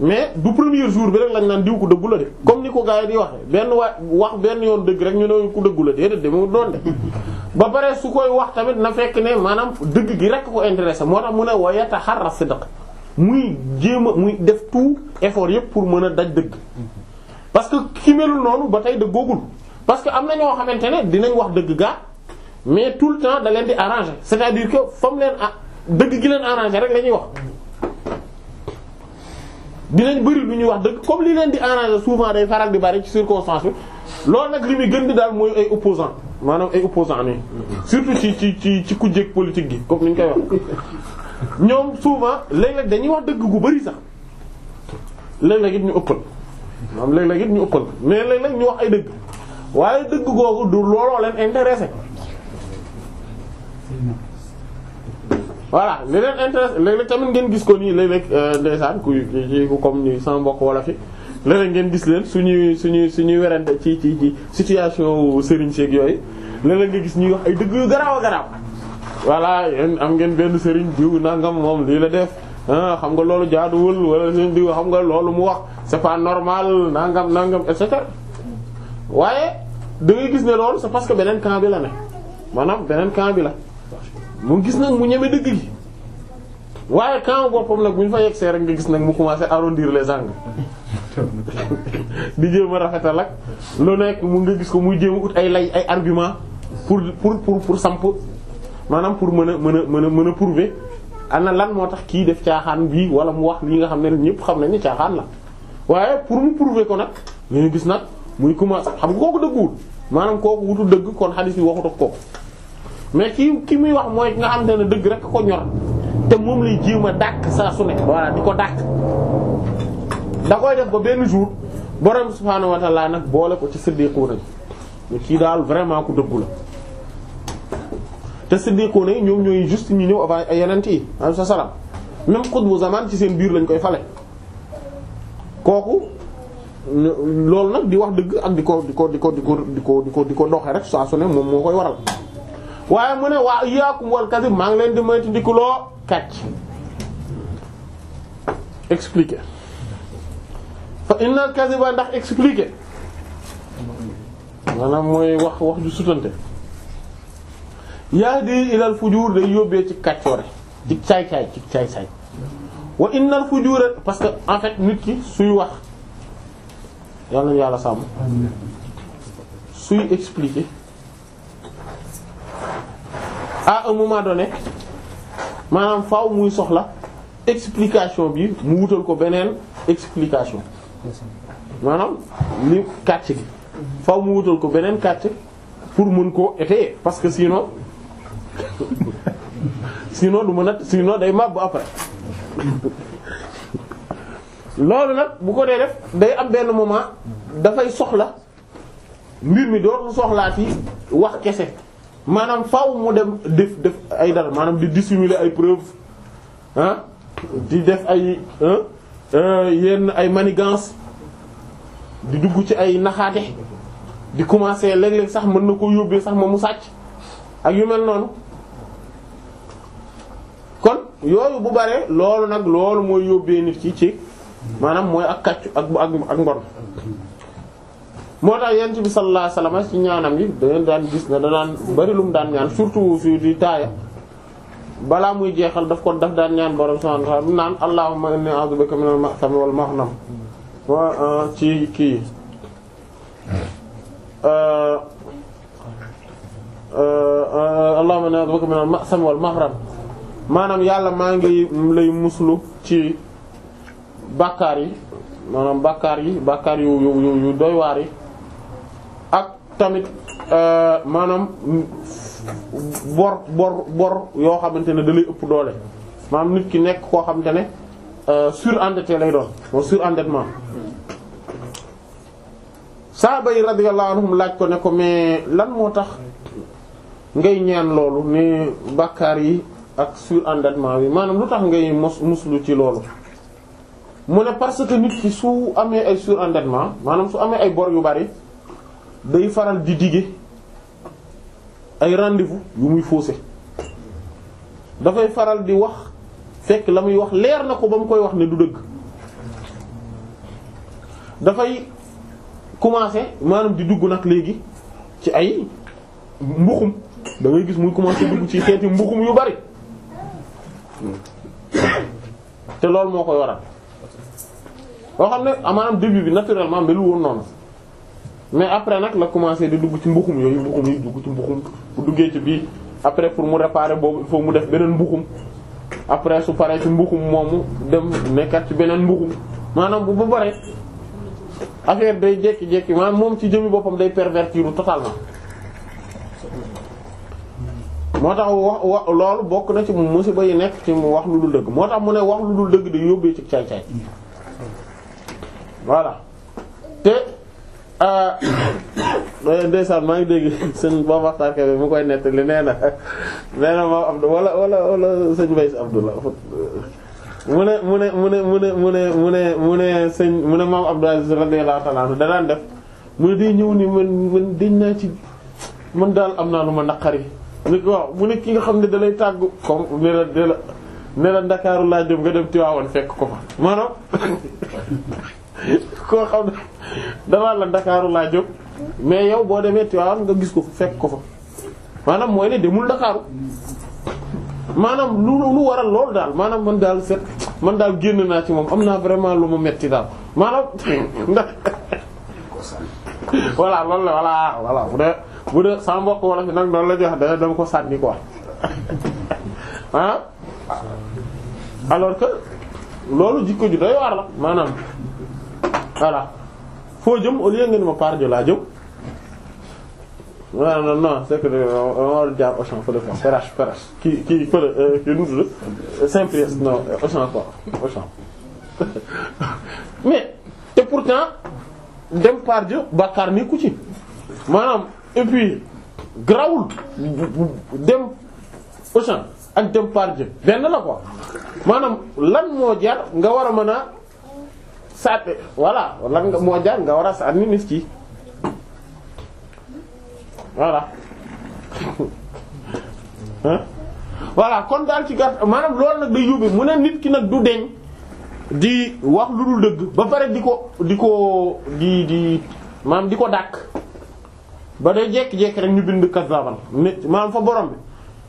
mais du premier jour bi rek lañ naan diw ko dëggu de comme ni ko gars yi di waxe benn wa wax benn yoon dëgg rek ñu ne ko dëggu la déedéet noon de ba pare su koy wax tamit na fekk ne maanaam dëgg gi rek ko intéressé moo tax mu ne wa yataharra sidq muy jéem a muy def tout effort yëpp pour mën a daj dëgg parce que ki melul noonu ba tey dëggoogul parce que am na ñoo xamante ne dinañ wax dëgg gaa mais tout le temps da leen di arranger c'est-à-dire que fa leen ah dëgg gi leen arranger rek la ñuy wax. dinañ bëri lu ñuy wax dëgg comme li leen di arranger souvent day faral di bari ci circonstance bi lool nag li muy gën di daal mooy ay opposant maanaam ay opposant nii surtout ci ci ci ci kujjeeg politique gi comme ni ñu koy wax ñoom souvent léeg-léeg dañuy wax dëgg gu bëri sax léeg-léeg it ñu ëppal maanaam léeg-léeg it ñu ëppal mais léeg-léeg ñu wax ay dëgg waaye dëgg googu du looloo leen intéressé voilà li leen intéresse léeg-léeg tamit ngeen gis ko nii léeg-léeg euh, ndeysaan ku ci ku comme ni sama mbokk wala fi léeg ngeen gis leen suñuy suñuy suñuy werante ci ci ci situation sëriñ seeg yooyu léeg-léeg nga gis ñuy wax ay dëgg yu garaaw a garaaw voilà yéen am ngeen benn sëriñ diw nangam moom lii la def ah, xam nga loolu jaaduwul wala seen diw xam nga loolu mu wax c'est pas normal nangam nangam et cetera waaye da gis ne loolu c'est parce que beneen camp bi la ne maanaam beneen bi la mu gis nag mu ñeme dëgg gi waaye quand boppam nag bu ñu fa yegsee rek nga gis nag mu commencé arrondir les angles *laughs* di jéem a rafetal ak lu nekk mu nga gis ko mu jéem a ut ay lay ay argument pour pour pour pour samp maanaam pour mën a mën a mën a mën a prouver ana lan moo tax kii def caaxaan bii wala mu wax lii nga xam ne ñëpp xam nañ ne caaxaan la waaye pour mu prouver ko nag nga gis nag muy commencé xam nga kooku dëgguwul maanaam kooku wutul dëgg kon xadis bi waxut ak kooku. mais ki ki muy wax mooy nga xam te ne dëgg rekk ko ñor te moom lay jéem ma dàkk sa su ne voilà di ko dàkk da koy def ba benn jour borom subhaanahu wa nag boole ko ci siddiqoona yi kii daal vraiment ku dëggu la te siddiqoona yi ñoom ñooy juste ñu ñëw avant ay yeneen yi alayhi salaam même xutbu zaman ci seen biir lañ koy fale kooku loolu nag di wax dëgg ak di ko di ko di ko di ko di ko di ko di ko doxe rek saa su moom moo koy waral waaye mu ne waa iyyaakum wal kadhib maa ngi leen di moytu ndikuloo kàcc expliqué fa innal kadhiba ndax expliqué maanaam mooy wax wax ju sutante yahdi ilal fujuur day yóbbee ci kàccoore ci caay caay ci caay caay wa innal fujuura parce que en fait nit ki suy wax yàlla na yàlla sàmm suy expliqué ah un moment donné maanaam faw muy soxla explication bi mu wutal ko beneen explication maanaam li kàcc gi faaw mu wutal ko beneen kàcc pour mën koo étayer parce que sinon *laughs* sinon du mën a sinon day màbb après loolu nag bu ko dee def day am benn moment dafay soxla mbir mi dootul soxlaati wax kese. maanaam faw mu dem def def ay dara maanaam di dissimuler ay preuves ah di def ay euh, yenn ay manigance di dugg ci ay naxaate di commencer léeg-léeg sax mën na koo yóbbee sax ma mu sàcc ak yu mel noonu kon yooyu bu bare loolu nag loolu mooy yóbbee nit ki ci maanaam mooy ak kàccu ak ak ak mbon moo tax yonent bi sallallahu alayhi wasallam ci ñaanam yi dangeen daan gis ne danaan bari lu mu daan ñaan surtout su di taaya balaa muy jeexal daf ko daf daan ñaan borom subhanahu wa naan allahumma inni a'udhu bika minal ma'thami wal mahnam uh, kii uh, uh, allahumma inni mahram maanaam yàlla maa ngi lay muslu ci bàkkaar yi maanaam bàkkaar yi bàkkaar yu yu doy waar yi tamit euh, maanaam bor bor bor yoo xamante ne da ëpp doole maanaam nit ki nekk koo xamante ne sur euh, surendetté lay doon moom surendettement saaba yi radiyallahu anhum laaj ko ne ko mais lan moo tax ngay ñaan loolu ne bàkkaar yi ak sur surendettement bi maanaam lu tax ngay mos muslu ci loolu mu ne parce que nit ki su amee ay surendettement maanaam su amee ay bor yu bari day faral di dige ay rendez-vous muy faussé dafay faral di wax fekk la muy wax leer na ko ba mu koy wax ne du dëgg dafay commencer maanaam di dugg nag léegi ci ay mbuxum da ngay gis muy commencer dugg ci xeeti mbuxum yu bari te loolu moo koy waral loo xam ne maanaam début bi naturellement melu woon noonu mais après nag la commencé di dugg ci mbuxum yooyu mbuxum yi dugg ci mbuxum bu duggee ci bii après pour mu réparer boobu il mu def beneen mbuxum après su paree ci mbuxum moomu dem nekkat ci beneen mbuxum maanaam bu bari bare affaire day jékki-jékki maanaam moom ci jëmi boppam day pervertir totalement moo tax wax wax loolu bokk na ci si yi nekk ci mu wax lu dul dëgg moo tax mu ne wax lu dul dëgg day yóbbee ci caay-caay voilà te Ah, *coughs* ndeysaan maa ngi dégg sëñ ba mu koy nettali nee na nee na ma Abdou wala wala wala sëñ Baye mu ne mu ne mu mu mu ne mu sëñ mu ne maam Abdou Aziz radiyallahu ta'ala danaan def mu ne ñëw ni man man naa ci man daal am naa lu ma naqari ni ko waaw mu ne ki nga xam ne dalay tàggu comme ne la ne la ne la Ndakaaru laa jëm nga dem Tivaouane fekk ko fa maanaam *laughs* koo xam ne damaa la ndakaaru laa jóg mais yow boo demee Tivaouane nga gis ko fa fekk ko fa maanaam mooy ne demul Dakaaru maanaam lu lu waral loolu daal maanaam man daal set man daal génn naa ci moom am naa vraiment lu mu metti daal maanaam *laughs* ndax *laughs* loolu la voilà voilà bu dee bu dee sama mbokk wala fi nag noonu la jox da dama ko sànni quoi *laughs* ah alors que loolu jikko ju doy waar la maanaam voilà foo jëm au lieu ngeen ma par laa jëm non non non c'est que war euh, jaar Auchan fële quoi Perrache Perrache kii kii fële kii euh, nu euh, Saint-Pierre non Auchan quoi Auchan *laughs* mais te pourtant dem par Dieu bàkkaar ni ku ci maanaam et puis grawul dem Auchan ak dem par Dieu benn la quoi maanaam lan moo jar nga war a mën a. saat voilà lan nga moo jaar nga war a saat ni nit ki voilà *laughs* voilà kon daal ci gàtt maanaam loolu nag day yóbbe mu ne nit ki nag du deñ di wax lu dul dëgg ba pare di ko di ko di di maanaam di ko dàkk ba day jekki-jekki rek ñu bind kazaban ne maanaam fa borom bi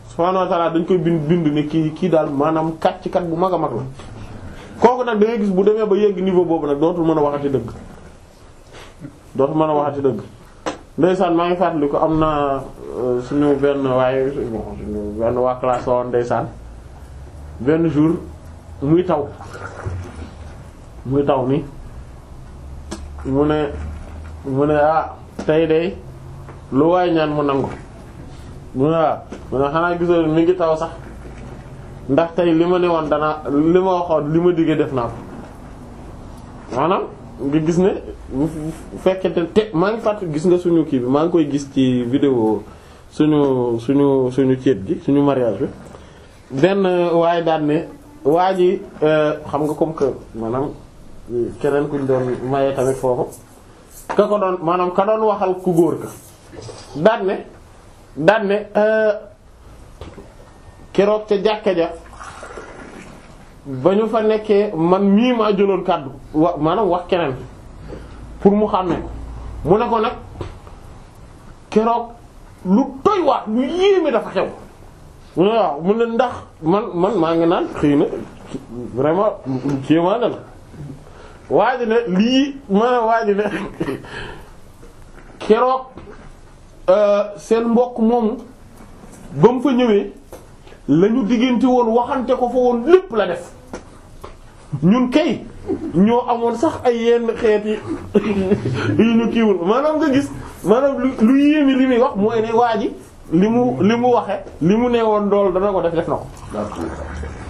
subhaanahu wa dañ koy bind bind ne kii kii daal maanaam kàcc kat bu mag a mag la kooku nag da gis bu demee ba yéeg niveau boobu nag dootul mën a waxati dëgg dootul mën a waxati dëgg ndeysaan maa ngi fàttali ko am na euh, suñu benn waaye suñu benn waa classe woon ndeysaan benn jour muy taw muy taw ni mu ne mu ne ah tey de lu waay ñaan mu nangu mu ne ah mu ne xanaa gisoo mi ngi taw sax ndax tey li ma ne woon danaa li ma waxoon li ma diggee def naa ko maanaam nga gis ne bu fekkente te maa ngi fàtt gis nga suñu kii bi maa ngi koy gis ci vidéo suñu suñu suñu ceet gi suñu mariage bi benn waaye daan ne waa ji euh, xam nga comme que maanaam keneen kuñ doon maye tamit foofu ka ko doon maanaam ka doon waxal ku góor ka daan ne daan ne euh, keroog ca jàkka ja ba ñu fa nekkee man mii maa jëloon wax keneen pour mu xam mu ne ko nag keroog lu ndax man maa ngi naan xëy na lii maanaam *laughs* euh, seen mbokk moomu ba mu fa ñëwee la ñu diggante woon waxante ko fa woon lépp la def ñun kay ñoo amoon sax ay yenn xeet yi *laughs* yu ñu kiiwul maanaam nga gis maanaam lu lu yéemi li muy wax mooy ne waa ji li mu li mu waxe li mu nee woon dool dana ko def def na ko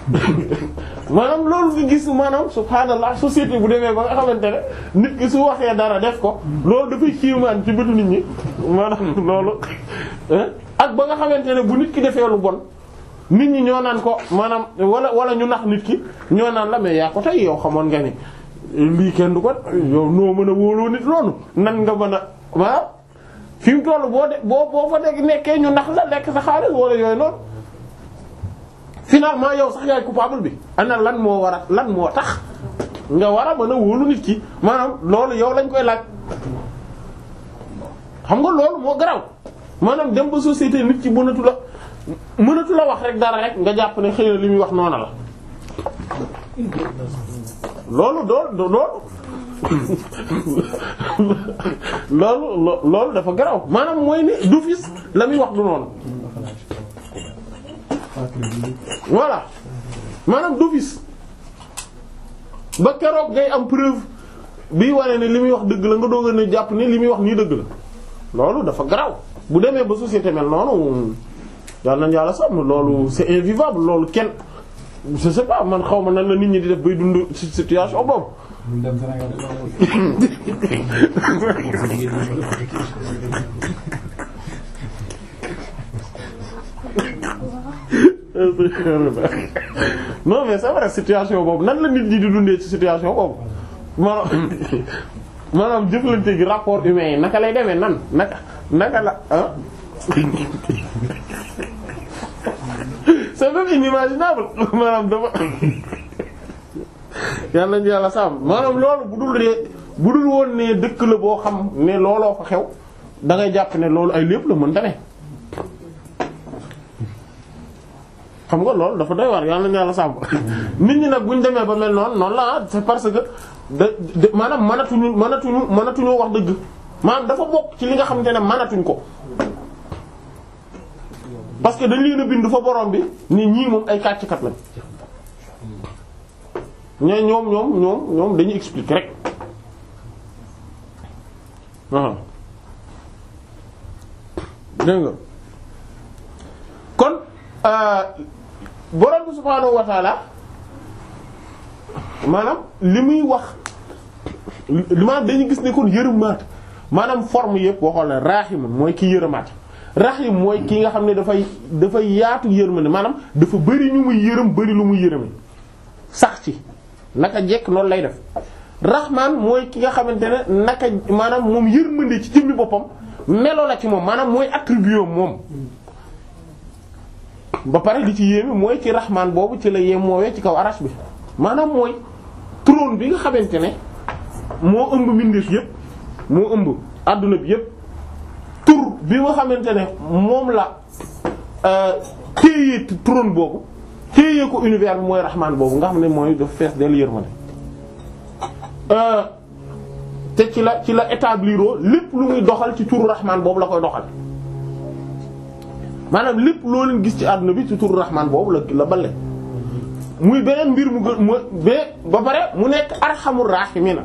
*laughs* maanaam loolu fi gis maanaam subhaanallah société bu demee ba nga xamante ne nit ki su waxee dara def ko loolu dafay xiimaan ci bëtu nit ñi maanaam loolu ak ba nga xamante ne bu nit ki defee lu bon nit ñi ñoo naan ko maanaam wala wala ñu nax nit ki ñoo naan la mais yaa ko tey yow xamoon nga ni lii kenn du ko yow noo mën a wóoloo nit loolu nan nga mën waaw fi mu toll boo de boo boo fa dégg nekkee ñu nax la lekk sa xaalis wala yooyu noonu finalement yow sax yaay coupable bi ana lan moo war lan moo tax nga war a mën a nit ki maanaam loolu yow lañ koy laaj xam nga loolu moo garaw maanaam dem ba société nit ki mënatu mënatu la wax rek dara rek nga jàpp ne xëy na li muy wax noona la loolu doo *laughs* loolu loolu dafa garaw maanaam mooy ni du fis la muy wax du noonu voilà maanaam du fis ba keroog ngay am preuve bi wane ne li muy wax dëgg la nga doog a jàpp ne li muy wax nii dëgg la loolu dafa garaw bu demee ba société mel noonu yàlla nañ yàlla sàmm loolu c'est invivable loolu kenn je sais pas man xaw ma nan la nit ñi di def dund si situation boobu. non boobu nan la nit ñi di dundee ci situation boobu maanaam maanaam jëflante gi rapport humain yi naka lay demee nan naka naka la ah. même inimaginable maanaam dafa yàlla nañu yàlla sàmm maanaam loolu bu dul ree bu dul woon ne dëkk la boo xam ne looloo fa xew dangay jàpp ne loolu ay lépp la mën ta ne xam nga loolu dafa day war yàlla nañu yàlla sàmm nit ñi nag bu demee ba mel noonu noonu la ah parce que da maanaam mënatuñu mënatuñu mënatuñoo wax dëgg maanaam dafa bokk ci li nga xamante ne mënatuñ ko parce que dañ leen a bind fa borom bi ni ñii moom ay kàcckat lañ ñee ñoom ñoom ñoom ñoom dañuy expliquer rek kon euh, borom bi subhaanahu wa maanaam li muy wax maanaam dañuy gis ne kon yërëmaat maanaam forme yëpp waxoon na raaximun mooy ki yërëmaat rahim mooy ki nga xam ne dafay dafay yaatu yërmande maanaam dafa bari ñu muy yërëm bëri lu muy yërëme sax ci naka jekk noonu lay def rahman mooy ki nga xamante ne naka maanaam moom yërmande ci jëmmi boppam melo la ci moom maanaam mooy attribut moom ba pare li ci yéeme mooy ci rahman boobu ci la yemoowee ci kaw arash bi maanaam mooy trône bi nga xamante ne moo ëmb mbindeef yépp moo ëmb àdduna bi yépp tur bi nga xamante ne moom la euh, téye trône boobu téye ko univers bi mooy raxmaan boobu nga xam ne mooy def fees del yërmande euh, te ci la ci la établir lépp lu muy doxal ci turu raxmaan boobu la koy doxal maanaam lépp loolu leen gis ci àdduna bi ci turu raxmaan boobu la la bale muy beneen mbir mu gën ba pare mu nekk arxamur raximina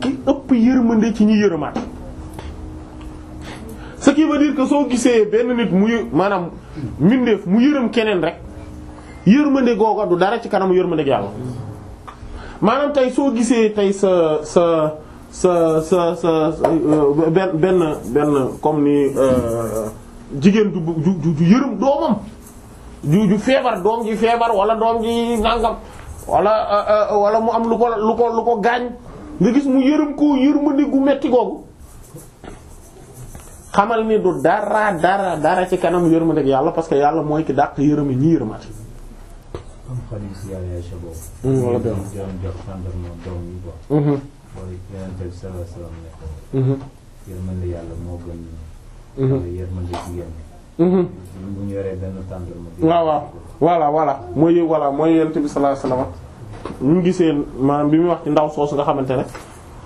ki ëpp yërmande ci ñi yërëmaat ce qui veut dire que soo gisee benn nit muy maanaam mbindeef mu yërëm keneen rek yërmande googa du dara ci kanamu gi yàlla maanaam tey soo gisee tey sa sa sa sa euh, benn benn benn comme ni euh, jigéen du du du yërëm doomam ju ju feebar doom ji feebar wala doom ji nangam wala euh, wala mu am lu ko lu ko lu ko gaañ nga gis mu yërëm ko yërmande gu metti googu xamal ni du dara dara dara ci kanam yërmandeeg yàlla parce que yàlla mooy ki dàq yërëmi ñi yërmati. am xadiis yaa yaa sa boobu. Mm, wala doom yi mm-hmm. mm-hmm. moo gën. Mm-hmm. wala yërmande jigéen ñi. bu ñu yoree waaw waaw voilà voilà mooy voilà mooy yonent bi sallallahu alayhi wasallam ñu gisee bi muy wax ci ndaw soosu nga xamante ne.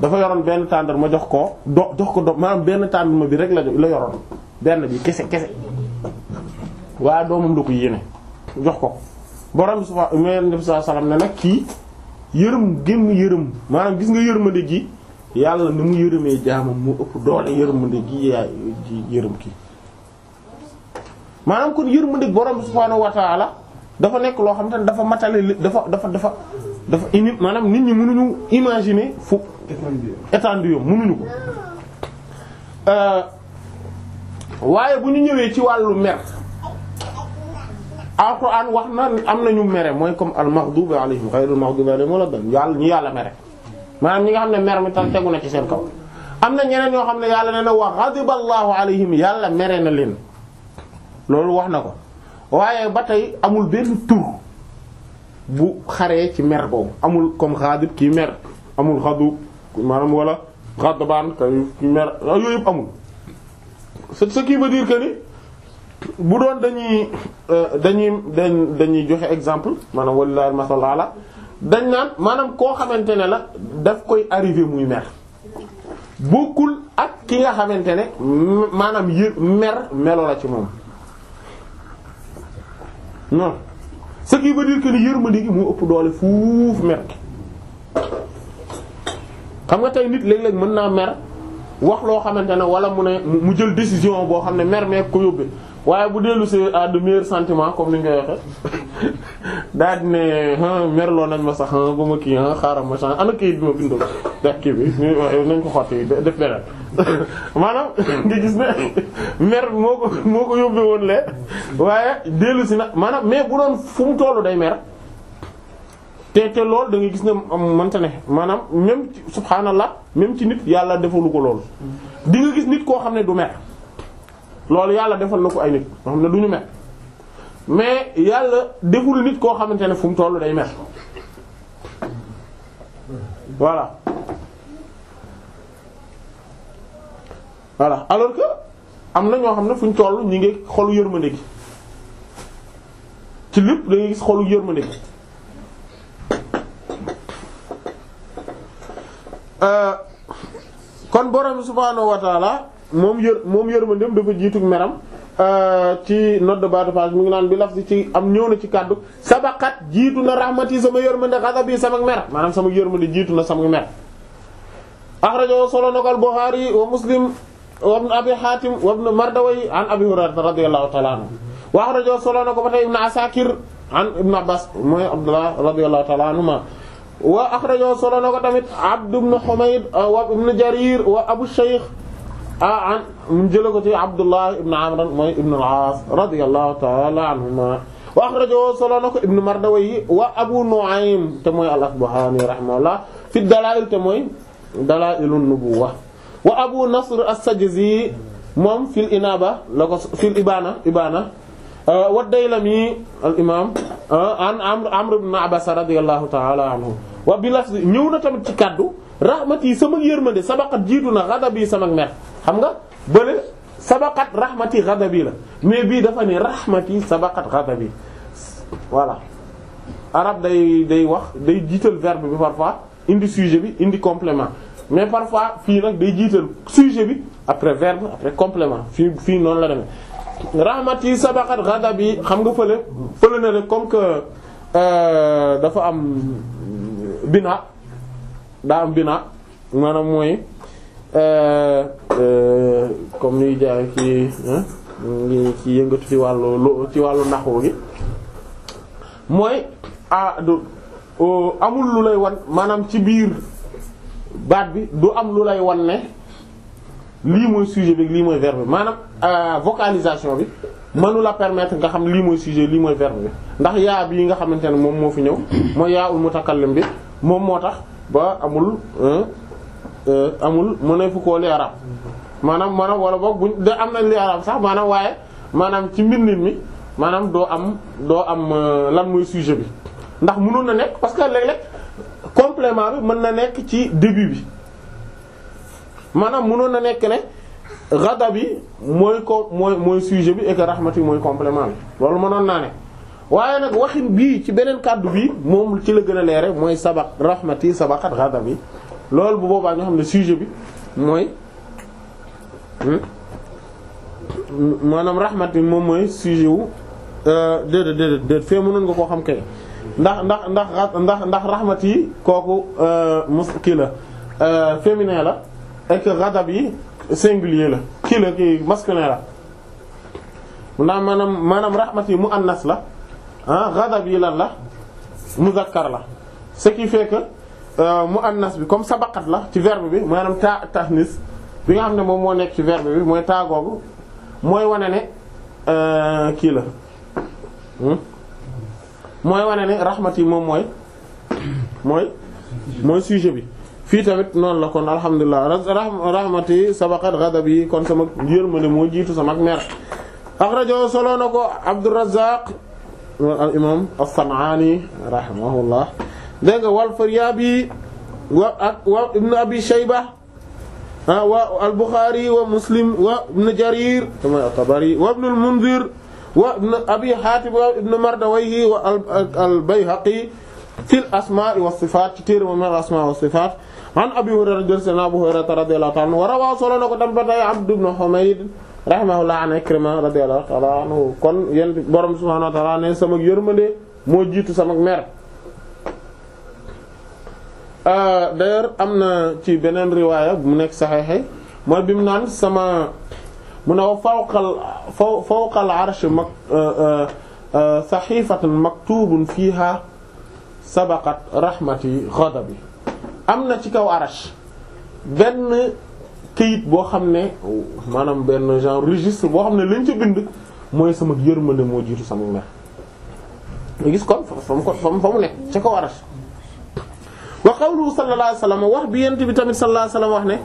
dafa yoroon benn tàndar ma jox ko do jox ko do maanaam benn tàndar bi rek la la yoroon benn bi kese kese waaye doomam la ko yéene jox ko borom subha Yonent bi sallallahu alayhi wasallam ne nag kii yërëm gémm yërëm maanaam gis nga yërmande gi yàlla ni mu yërëmee jaamam mu ëpp doole yërmande gi yaay ji yërëm kii maanaam kon yërmande borom subhaanahu wa ta'ala dafa nekk loo xam te ne dafa matale dafa dafa dafa dafa ini maanaam nit ñi mënuñu imaginer fu étendue yom mënuñu ko euh, waaye bu ñu ñëwee ci wàllu mer alxuraan wax na am na ñu mere mooy comme al maghdubi alayhim ghayril maghdubi alayhim wala dan yàlla ñu yàlla mere maanaam ñi nga xam ne mer mi tan tegu na ci seen kaw am na ñeneen yoo xam ne yàlla nee na wa ghadiba allahu alayhim yàlla mere na leen loolu wax na ko waaye ba tey amul benn tur bu xaree ci mer boobu amul comme xaadib kii mer amul xadu maanaam wala xadabaan kii mer ah, yooyu yëpp amul ce qui veut dire que ni bu doon dañuy euh, dañuy dañ dañuy joxe exemple maanaam walilahi masal ala dañ naan maanaam koo xamante ne la daf koy arrivé muy mer bokkul ak ki nga xamante ne maanaam yë mer melo la ci moom ce qui ba dire que ni yërmande gi moo ëpp doole fuuf mer xam nga tey nit léeg-léeg mën naa mer wax loo xamante ne wala mu ne mu jël décision boo xam ne mer meek ko yóbbee waaye bu dellu si à de meilleurs comme ni nga waxe *laughs* daal di ne merloo nañ ma sax ba ma kii xaaral ma change ana kayit bi ma bindoo dak kii bi nañ ko xotti def beneen *laughs* maanaam nga gis ne mer moo ko moo ko yóbbee woon lee waaye dellu si na maanaam mais bu doon fu mu tollu day mer te te lool da gis ne mënta ne maanaam même subhaanallah même ci nit yàlla defalu ko lool di nga gis nit koo xam ne du mer loolu yàlla defal na ko ay nit nga xam ne du ñu mer mais yàlla deful nit koo xamante ne fu mu tollu day mer voilà voilà alors que am na ñoo xam ne fu ñu toll ñu ngi xolu yërmande gi ci lépp da ngay gis xolu yërmande gi euh, kon borom subhaanahu wa taala moom yër moom yërmandeem dafa jiitu meram euh, ci note de bas de mu ngi naan bi laf si ci am ñëw na ci kàddu sabaxat jiitu na rahmati sama yërmande xasabi sama mer maanaam sama yërmande jiitu na sama mer axrajo solo nokal Bukhari wa Muslim wabnu abi hatim wabnu mardawayh an abi hurayrata radiyallahu ta'ala anhu wa akhrajahu solo na ko ba tey ibnu asakir an ibnu abbas mooy abdullah radiyallahu ta'ala anhuma wa akhrajahu solo na ko tamit abd ibn humayd uh, wa ibnu jarir wa abu shaykh a uh, an jële ko ci abdullah ibnu amr mooy ibnu al-aas radiyallahu ta'ala anhuma wa akhrajahu solo na ko ibnu mardawayh wa abu nu'aym te mooy al-asbahani rahimahullah fi dalail te mooy dalailun nubuwah wa abu nasr as-sajzi moom fil inaba la ko fil ibana ibana euh, wa daylami al imam euh, an amr amr ibn abasa radiyallahu ta'ala anhu wa bi lafz ñëw na tamit ci kaddu rahmati sama yërmande sabaqat jiitu na ghadabi sama mer xam nga bële sabaqat rahmati ghadabi la mais bii dafa ne rahmati sabaqat ghadabi voilà arab day day wax day jiital verbe bi parfois indi sujet bi indi complément mais parfois fii nag day jiital sujet bi après verbe après complément fii fii noonu la demee rahmati sabaqat ghadabi xam nga fële fële na rek comme que euh, dafa am bina daa am bina maanaam mooy euh, euh, comme ñuy jaay ci yëngatu ci wàllu wàllu naxu gi mooy ah du oh, amul lu lay wan maanaam ci biir baat bi du am lu lay wan ne lii mooy sujet bi lii mooy verbe bi maanaam euh, vocalisation bi mënu la permettre nga xam lii mooy sujet lii mooy verbe bi ndax yaa bii nga xamante ne moom moo fi ñëw mooy yaa ul mutakallim bi moom moo tax ba amul euh, amul mëneefu koo li arab maanaam maanaam wala boog buñ da am na li arab sax maanaam waaye maanaam ci mbindin mi maanaam doo am doo am euh, lan mooy sujet bi ndax mënoon na nekk parce que léeg complément bi mën na nekk ci début bi maanaam mënoon na nekk ne ghadab bi mooy ko mooy mooy sujet bi et que mooy complément bi loolu mënoon naa ne waaye nag waxin bii ci beneen kàddu bi moom ci la gën a leere mooy sabaq raxmati yi sabaqat ghadab bi loolu bu boobaa ñoo xam ne sujet bi mooy hmm? maanaam rahmat moom mooy sujet wu euh, déedéet déedéet déet fee mënoon nga koo xam kay ndax ndax ndax ndax ndax raxmat yi kooku euh, mus kii la euh, féminin la et que ghadab yi singulier la kii la kii masculin la ndax maanaam maanaam raxmat yi mu annas la ah ghadab yi lan la muzakkar la ce qui fait que euh, mu annas bi comme sabaqat la ci verbe bi maanaam ta tahnis bi nga xam ne moom moo nekk ci verbe bi mooy taagoogu mooy wane ne kii la. Hmm? mooy wane ne rahmat moom mooy mooy mooy sujet fii tamit noon la kon alhamdulilah rahmati sabaqat ghadabi kon sama yërmande moo jiitu sama mer akhrajo solo na ko Abdurrazzaq al imam as-San'ani rahimahullah dégg wal Faryaabi wa ak Abi Shayba ah, wa al-Bukhari wa Muslim wa ibn Jarir wa Tabari wa ibn al-Mundhir wa ibn abi hatim wa ibn mardawayhi wa al bayhaqi fil asmaa'i was sifaat ci téere moom al asmaa was sifaat an abi hurayra jël seen abu hurayra radiyallahu ta'ala anhu wa rawaa solo na ko tam ba tay abd ibn humayd rahimahullah an ikrima radiyallahu ta'ala anhu kon yéen borom subhaanahu wa ta'ala ne sama yërmande moo jiitu sama mer euh, d'ailleurs am na ci beneen riwaaya bu mu nekk saxeexe mooy bi mu naan sama mu ne wa fawqal faw fawqal arsh mag euh, euh, euh, saxiifatun maktubun fiiha sabaqat rahmati ghadabi am na ci kaw arsh benn këyit boo xam ne maanaam benn genre registre boo xam ne lañ ca bind mooy sama yërmande moo jiitu sama mer gis kon fa mu ko fa mu nekk ci kaw arsh wa qawluhu sallallahu alayhi wa sallam wax bi yent bi tamit sallallahu alayhi wa sallam wax ne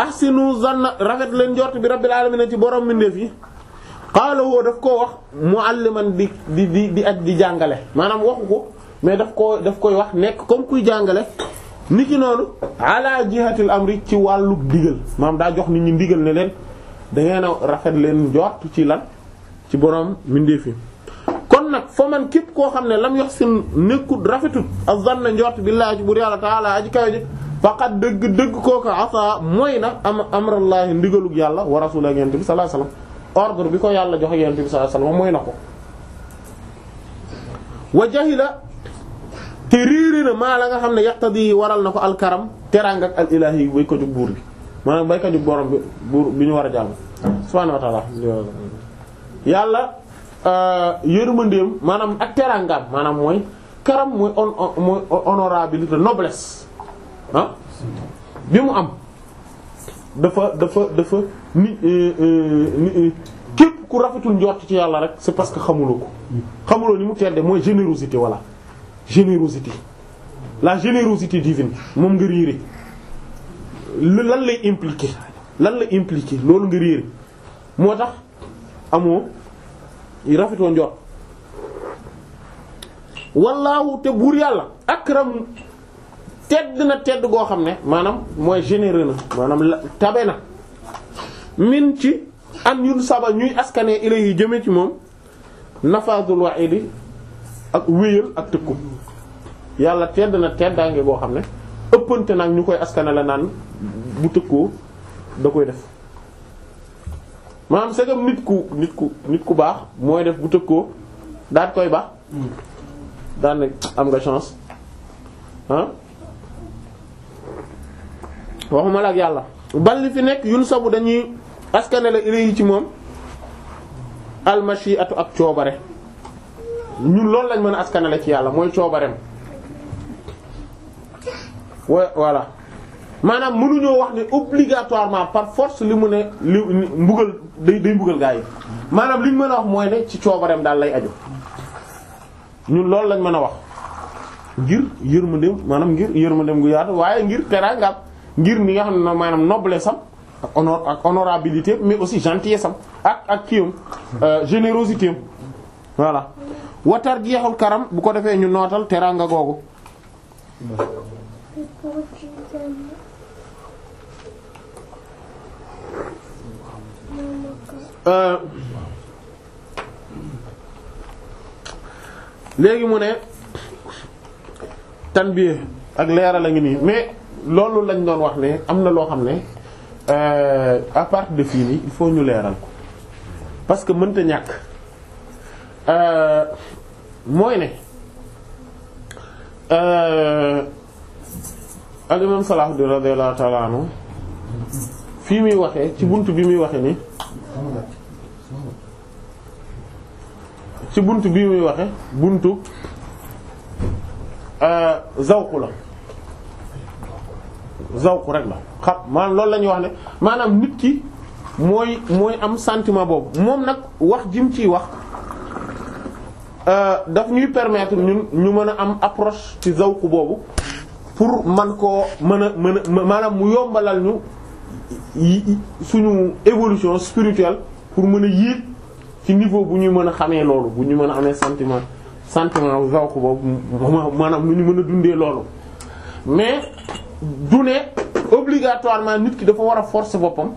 ahsinu zanna rafet leen njort bi rabbil alamin ci borom mbindeef yi qaala huwa daf koo wax mualliman di di di di ak di jàngale maanaam waxu ko mais daf koo daf koy wax nekk kom kuy jàngale ki noonu ala jihatil amri ci wàllu digal maam daa jox nit ñi ndigal ne leen da ngeen a rafet leen njort ci lan ci borom mbindeef yi kon nag fa man képp koo xam ne lam yox sin nekkut rafetut njoot njort billaahi bu yàlla taala aji kawe ji faqat dëgg dëgg kooku asa mooy na am amrallaahi ndigalug yàlla wa rasuula yonent bi sallallahu alayhi wasallam ordre bi ko yàlla joxe yonent bi sallallahu alayhi mooy na ko wa jahila te réeré na maa la nga xam ne di waral na ko alkaram teraanga ak al ilaahi bay ko buur bi maanaam bay ko borom bi buur bi ñu war a jàmm subhaanahu wa ta'aala yàlla Euh, yërmandeem maanaam ak teraangaam maanaam mooy karam mooy on mooy ah? bi mu am dafa dafa dafa ni euh, euh, ni képp ku rafetul njort ci yàlla rek c'est parce que xamuloo ko xamuloo ni mu tedde mooy générosité voilà générosité la générosité divine moom nga réere lan lay impliqué lan la impliquer loolu nga réere moo tax amoo rafetoo njort wallaahu te buur yàlla akram tedd na tedd goo xam ne maanaam mooy généreux na maanaam tabe na min ci an yun saba ñuy askanee ilayhi jëme ci moom nafaadul wa'idi ak wéyal ak tëkku yàlla tedd na teddaange goo xam ne ëppante nag ñu koy askane la naan bu tëkkoo da koy def maanaam segam nit ku nit ku nit ku baax mooy def bu tëkkoo daan koy baax hmm. daan ne am nga chance ah waxuma la ak yàlla bal li fi nekk yun sabu dañuy askane la ilay ci moom almashi atu ak coobare ñun loolu lañ mën a askanale ci yàlla mooy coobareem wa voilà maanaam mënuñoo wax ne obligatoirement par force li mu ne li mbugal day day mbugal gaa yi maanaam li mën a wax mooy ne ci coobareem daal lay aju ñun loolu lañ mën a wax ngir yërmandeem maanaam ngir yërmandeem gu yaatu waaye ngir teraanga ngir ni nga xam ne maanaam noblesse am ak honor ak honorabilité mais aussi gentillesse sam ak ak kiiwam euh, générosité am voilà watar jeexul karam bu ko defee ñu nootal teraanga googu Euh, léegi mu ne tan tanbiih ak leeral a ngi nii mais loolu lañ doon wax ne am na loo xam ne euh, à partir de fii nii il faut ñu leeral ko parce que mënta ñàkk euh, mooy ne ak imam Salah di radiyallahu fii muy waxee ci bunt bi muy waxee nii ci bunt bi muy waxe buntu euh, zawku la zawku rek la xam maanaam loolu la ñuy wax ne maanaam nit ki mooy mooy am sentiment boobu moom nag wax jim ciy wax euh, daf ñuy permettre ñun ñu mën a am approche ci zawku boobu pour man koo mën a mën a maanaam mu yombalal ñu suñu évolution spirituelle pour mën a yéeg ci niveau bu ñu mën a xamee loolu bu ñu mën a amee sentiment sentiment zawq boobu maanaam lu ñu mën a dundee loolu mais du ne obligatoirement nit ki dafa war a forcer boppam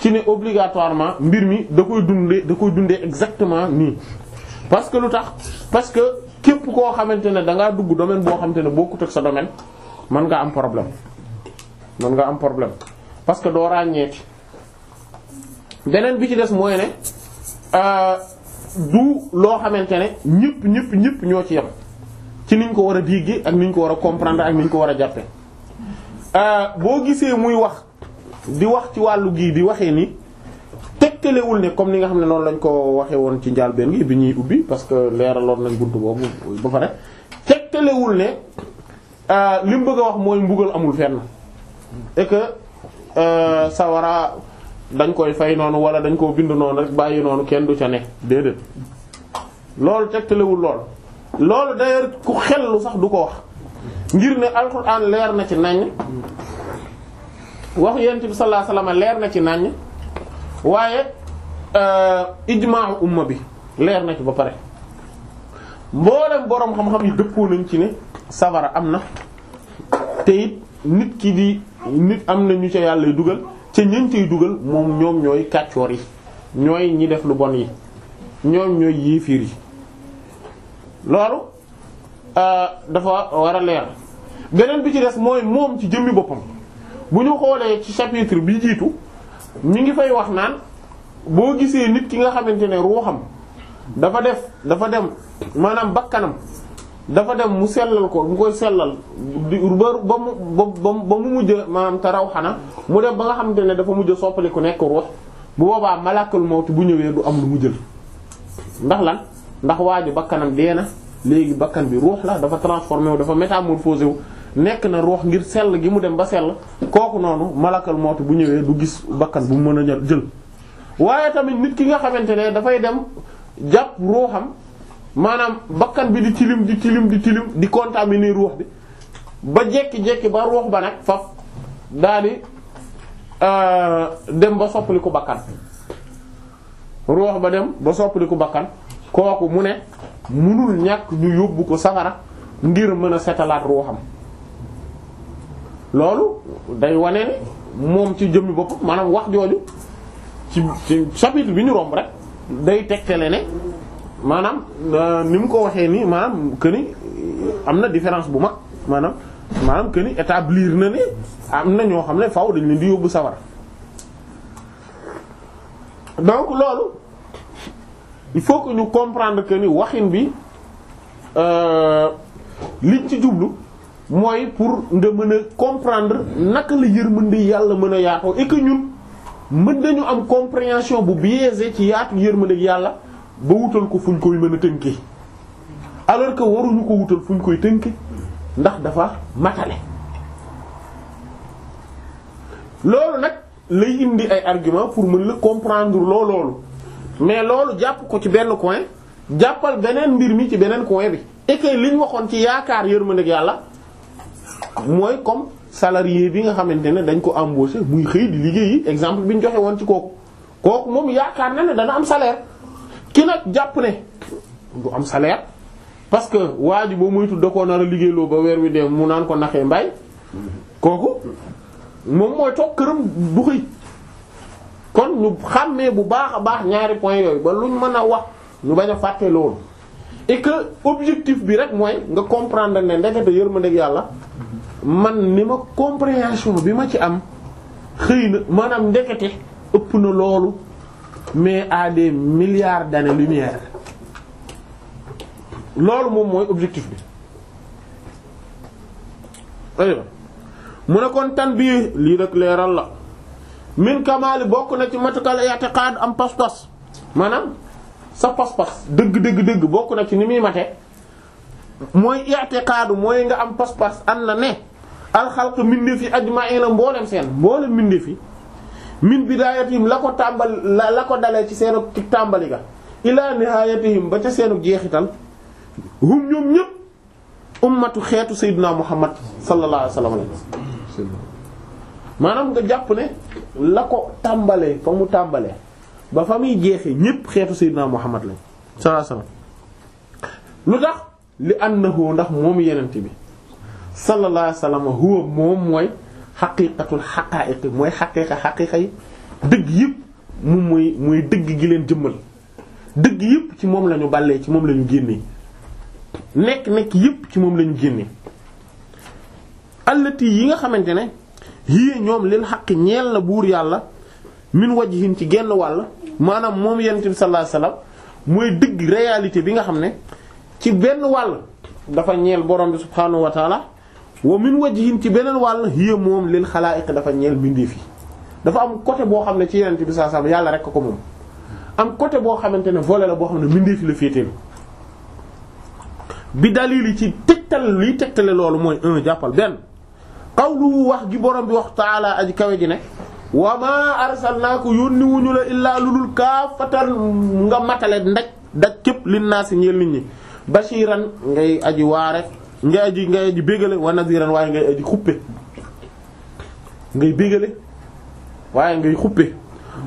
ci ne obligatoirement mbir mi da koy dundee da koy dundee exactement nii parce que lu tax parce que képp koo xamante ne da ngaa dugg domaine boo xamante ne boo bokkut ak sa domaine mën nga am problème mën nga am problème parce que doo ràññeeti beneen bi ci des mooy ne euh, du loo xamante ne ñëpp ñëpp ñëpp ñoo ci yem ci niñ ko war a déggee ak niñ ko war a comprendre ak niñ ko war a jàppe euh, boo gisee muy wax di wax ci wàllu gii di waxee ni tegtalewul ne comme ni nga xam ne noonu lañ ko waxee woon ci njàlbeen gi bi ñuy ubbi parce que leeraloon nañ buntu boobu ba pare tegtalewul ne euh, li mu bëgg a wax mooy mbugal amul fenn et que sawara dañ koy fay noonu wala dañ koo bind noonu rek bàyyi noonu kenn du ca ne déedéet loolu tegtalewul lool loolu d'ailleurs ku xellu sax du ko wax ngir ne alxuraan leer na ci naññ wax yonent leer na ci naññ waaye euh, ijmaa umma bi leer na ci ba pare mboolem boroom xam-xam yi dëppoo nañ ci ne safara am na te it nit ki di nit am na ñu ca yàlla dugal ca ñeentey dugal moom ñoom ñooy kàccoor yi ñooy ñi def lu bon yi ñoom ñooy yéefiir yi loolu euh, dafa war a leer beneen bi ci des mooy moom ci jëmmi boppam bu ñu xoolee ci chapitre bi jiitu ñu ngi fay wax naan boo gisee nit ki nga xamante ne ruuxam dafa def dafa dem maanaam bakkanam dafa dem mu sellal ko mu koy sellal ba ba mu ba mu mujj maanaam te raw xanaa mu dem ba nga xamante ne dafa mujj soppali ku nekk ruux bu boobaa malakul mawt bu ñëwee du am lu mu jël ndax lan ndax waa ji bakkanam dee na léegi bakkan bi ruux la dafa transformé wu dafa métamorphosé wu nekk na ruux ngir sell gi mu dem ba sell kooku noonu malakal mawt bu ñëwee du gis bakkan bu mu mën a jël waaye tamit nit ki nga xamante ne dafay dem jàpp ruuxam maanaam bakkan bi di tilim di tilim di tilim di contaminer ruux bi ba jekki-jekki ba ruux ba nag faf daa di euh, dem ba soppaliku bakkan ruux ba dem ba soppaliku bakkan kooku mu ne munul ñàkk ñu yóbbu ko safara ngir mën a setalaat ruuxam loolu day wane ne moom ci jëmmi ko maanaam wax jooju ci ci chapitre bi ñu romb rek day tegtale ne maanaam euh, ni mu ko waxee nii maanaam que euh, am na différence bu mag maanaam maanaam que ni établir na ne am na ñoo xam ne faw dañ di yóbbu sawar donc loolu il faut que ñu comprendre que ni waxin bi euh, liñ ci jublu mooy pour nga mën a comprendre naka la yërmande yàlla mën a yaatoo et que ñun mën nañu am compréhension bu biaisée ci yaatu yërmande yàlla. ba wutal ko fuñ koy mën a tënkee alors que waruñu ko wutal fuñ koy tënkee ndax dafa matale. loolu nag lay indi ay argument pour mën la comprendre loo loolu mais loolu jàpp ko ci benn coin jàppal beneen mbir mi ci beneen coin bi et que liñ waxoon ci yaakaar yërmandeeg yàlla mooy comme salarié bi nga xamante ne dañ ko embaucher muy xëy di liggéey yi exemple bi ñu joxe woon ci kooku kooku moom yaakaar na ne dana am salaire. ki nag jàpp ne du am salaire parce que waa ji boo moytu da koo nar a liggéeyloo ba weer wi dee mu naan ko naxee mbay kooku moom mooy toog këram du xëy kon ñu xàmmee bu baax a baax ñaari point yooyu ba lu mën a wax ñu bañ a fàtte loolu et que objectif bi rek mooy nga comprendre ne ndekete yërmandeeg yàlla man ni ma compréhension bi ma ci am xëy na maanaam ndekete ëpp na loolu mais à des milliards d'années-lumière loolu moom mooy objectif bi aywa mu ne kon tan bii lii rek leeral la min kamaali bokk na ci matukal i'tiqad am pas-pas maanaam sa pas-pas dëgg dëgg dëgg bokk na ci ni muy mate mooy i'tiqadu mooy nga am pas-pas an na ne alxalq mbindeef yi ajma'ina mboolem seen mboolem mbindeef yi min bidaayatihim la ko tàmbal la ko dalee ci seenu tàmbali ga ilaa nihaayatihim ba ca seenu jeexital hum ñoom ñëpp ummatu xeetu sayyidina muhammad sallallahu alayhi wasallam maanaam nga jàpp ne la ko tàmbalee fa mu tàmbalee ba fa muy jeexee ñëpp xeetu sayyidina muhammad lañ sallallahu alayhi wasallam lu tax li annahu ndax moom yenent bi sallallahu alayhi wasallam huwa moom mooy xaqiiqatul xaqaa'iq mooy xaqiiqa xaqiiqa yi dëgg yëpp moom mooy mooy dëgg gi leen jëmmal dëgg yëpp ci moom lañu ñu bàllee ci moom lañu ñu génnee nekk nekk yëpp ci moom lañu ñu génnee allati yi nga xamante ne yii ñoom leen xaq ñeel na buur yàlla min wajhin ci genn wàll maanaam moom yonent bi sallallahu alayhi mooy dëgg réalité bi nga xam ne ci benn wàll dafa ñeel borom bi subhaanahu wa wa min wajhin ci beneen wàll hiya moom leen xalaa'iq dafa ñeel mbindeef yi dafa am côté boo xam ne ci yeneen bi saa saa yàlla rek ko moom am côté boo xamante ne volet la boo xam ne mbindeef yi la féeteel bi dalili ci tegtal liy tegtale loolu mooy un jàppal benn qawluhu wax gi borom bi wax taala aji kawe ji ne wa maa arsalnaaka yónni wuñu la illaa kaa kaafatan nga matale ndaj daj képp lin naa si ñeel nit ñi bashiran ngay aji waare ngay aji ngay aji bégale wa nadiran waaye ngay aji xuppe ngay bégale waaye ngay xuppe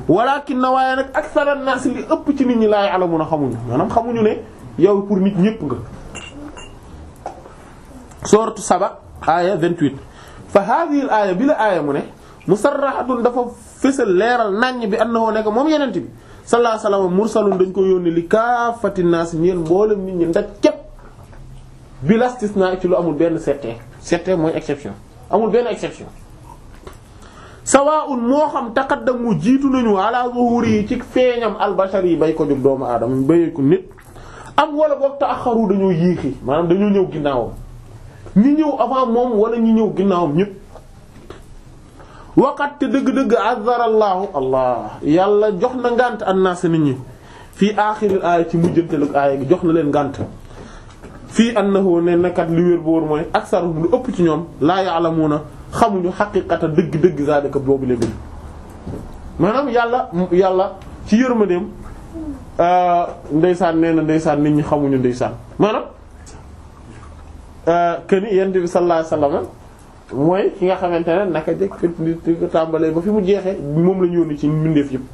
walakin na waaye nag aksara naas li ëpp ci nit ñi laa ya'lamuna xamuñu maanaam xamuñu ne yow pour nit ñépp nga sourate Saba aaya 28 fa hadhihi aaya bi la aaya mu ne musarrahatun dafa fësal leeral naññ bi annahu nekk moom yenent bi sallallahu alayhi wasallam mursalun dañ ko yónni li kaafati naas ñeen mboolem nit ñi ndax képp bi naa ci lu amul benn settee settee mooy exception amul benn exception sawa'un moo xam taqaddamu jiitu nañu ala zuhuri yi ci feeñam albashar yi bay ko doomu aadama bayeeku ko nit am wala boog ta'axxaru dañoo yéexi maanaam dañoo ñëw ginnaawam ñi ñëw avant moom walla ñi ñëw ginnaawam ñëpp waqat te dëgg-dëgg azzarallahu allah yàlla jox na ngànt annaas nit ñi fii aaxiril aaya ci mujjanteelu aaya jox na leen ngànt fii annahu ne nakat li wér boor mooy ak aksaruhum lu ëpp ci ñoom laa ya'lamuna xamuñu xaqiqata dëgg dëgg zalika boobu la dëgg maanaam yàlla yàlla ci yërmandeem euh, ndeysaan nee na ndeysaan nit ñi xamuñu ndeysaan maanaam këni euh, yent bi sallallahu alayhi wasallam ki nga xamante ne naka jëkk ko tàmbalee ba fi mu jeexee moom la ñu ci mbindeef yëpp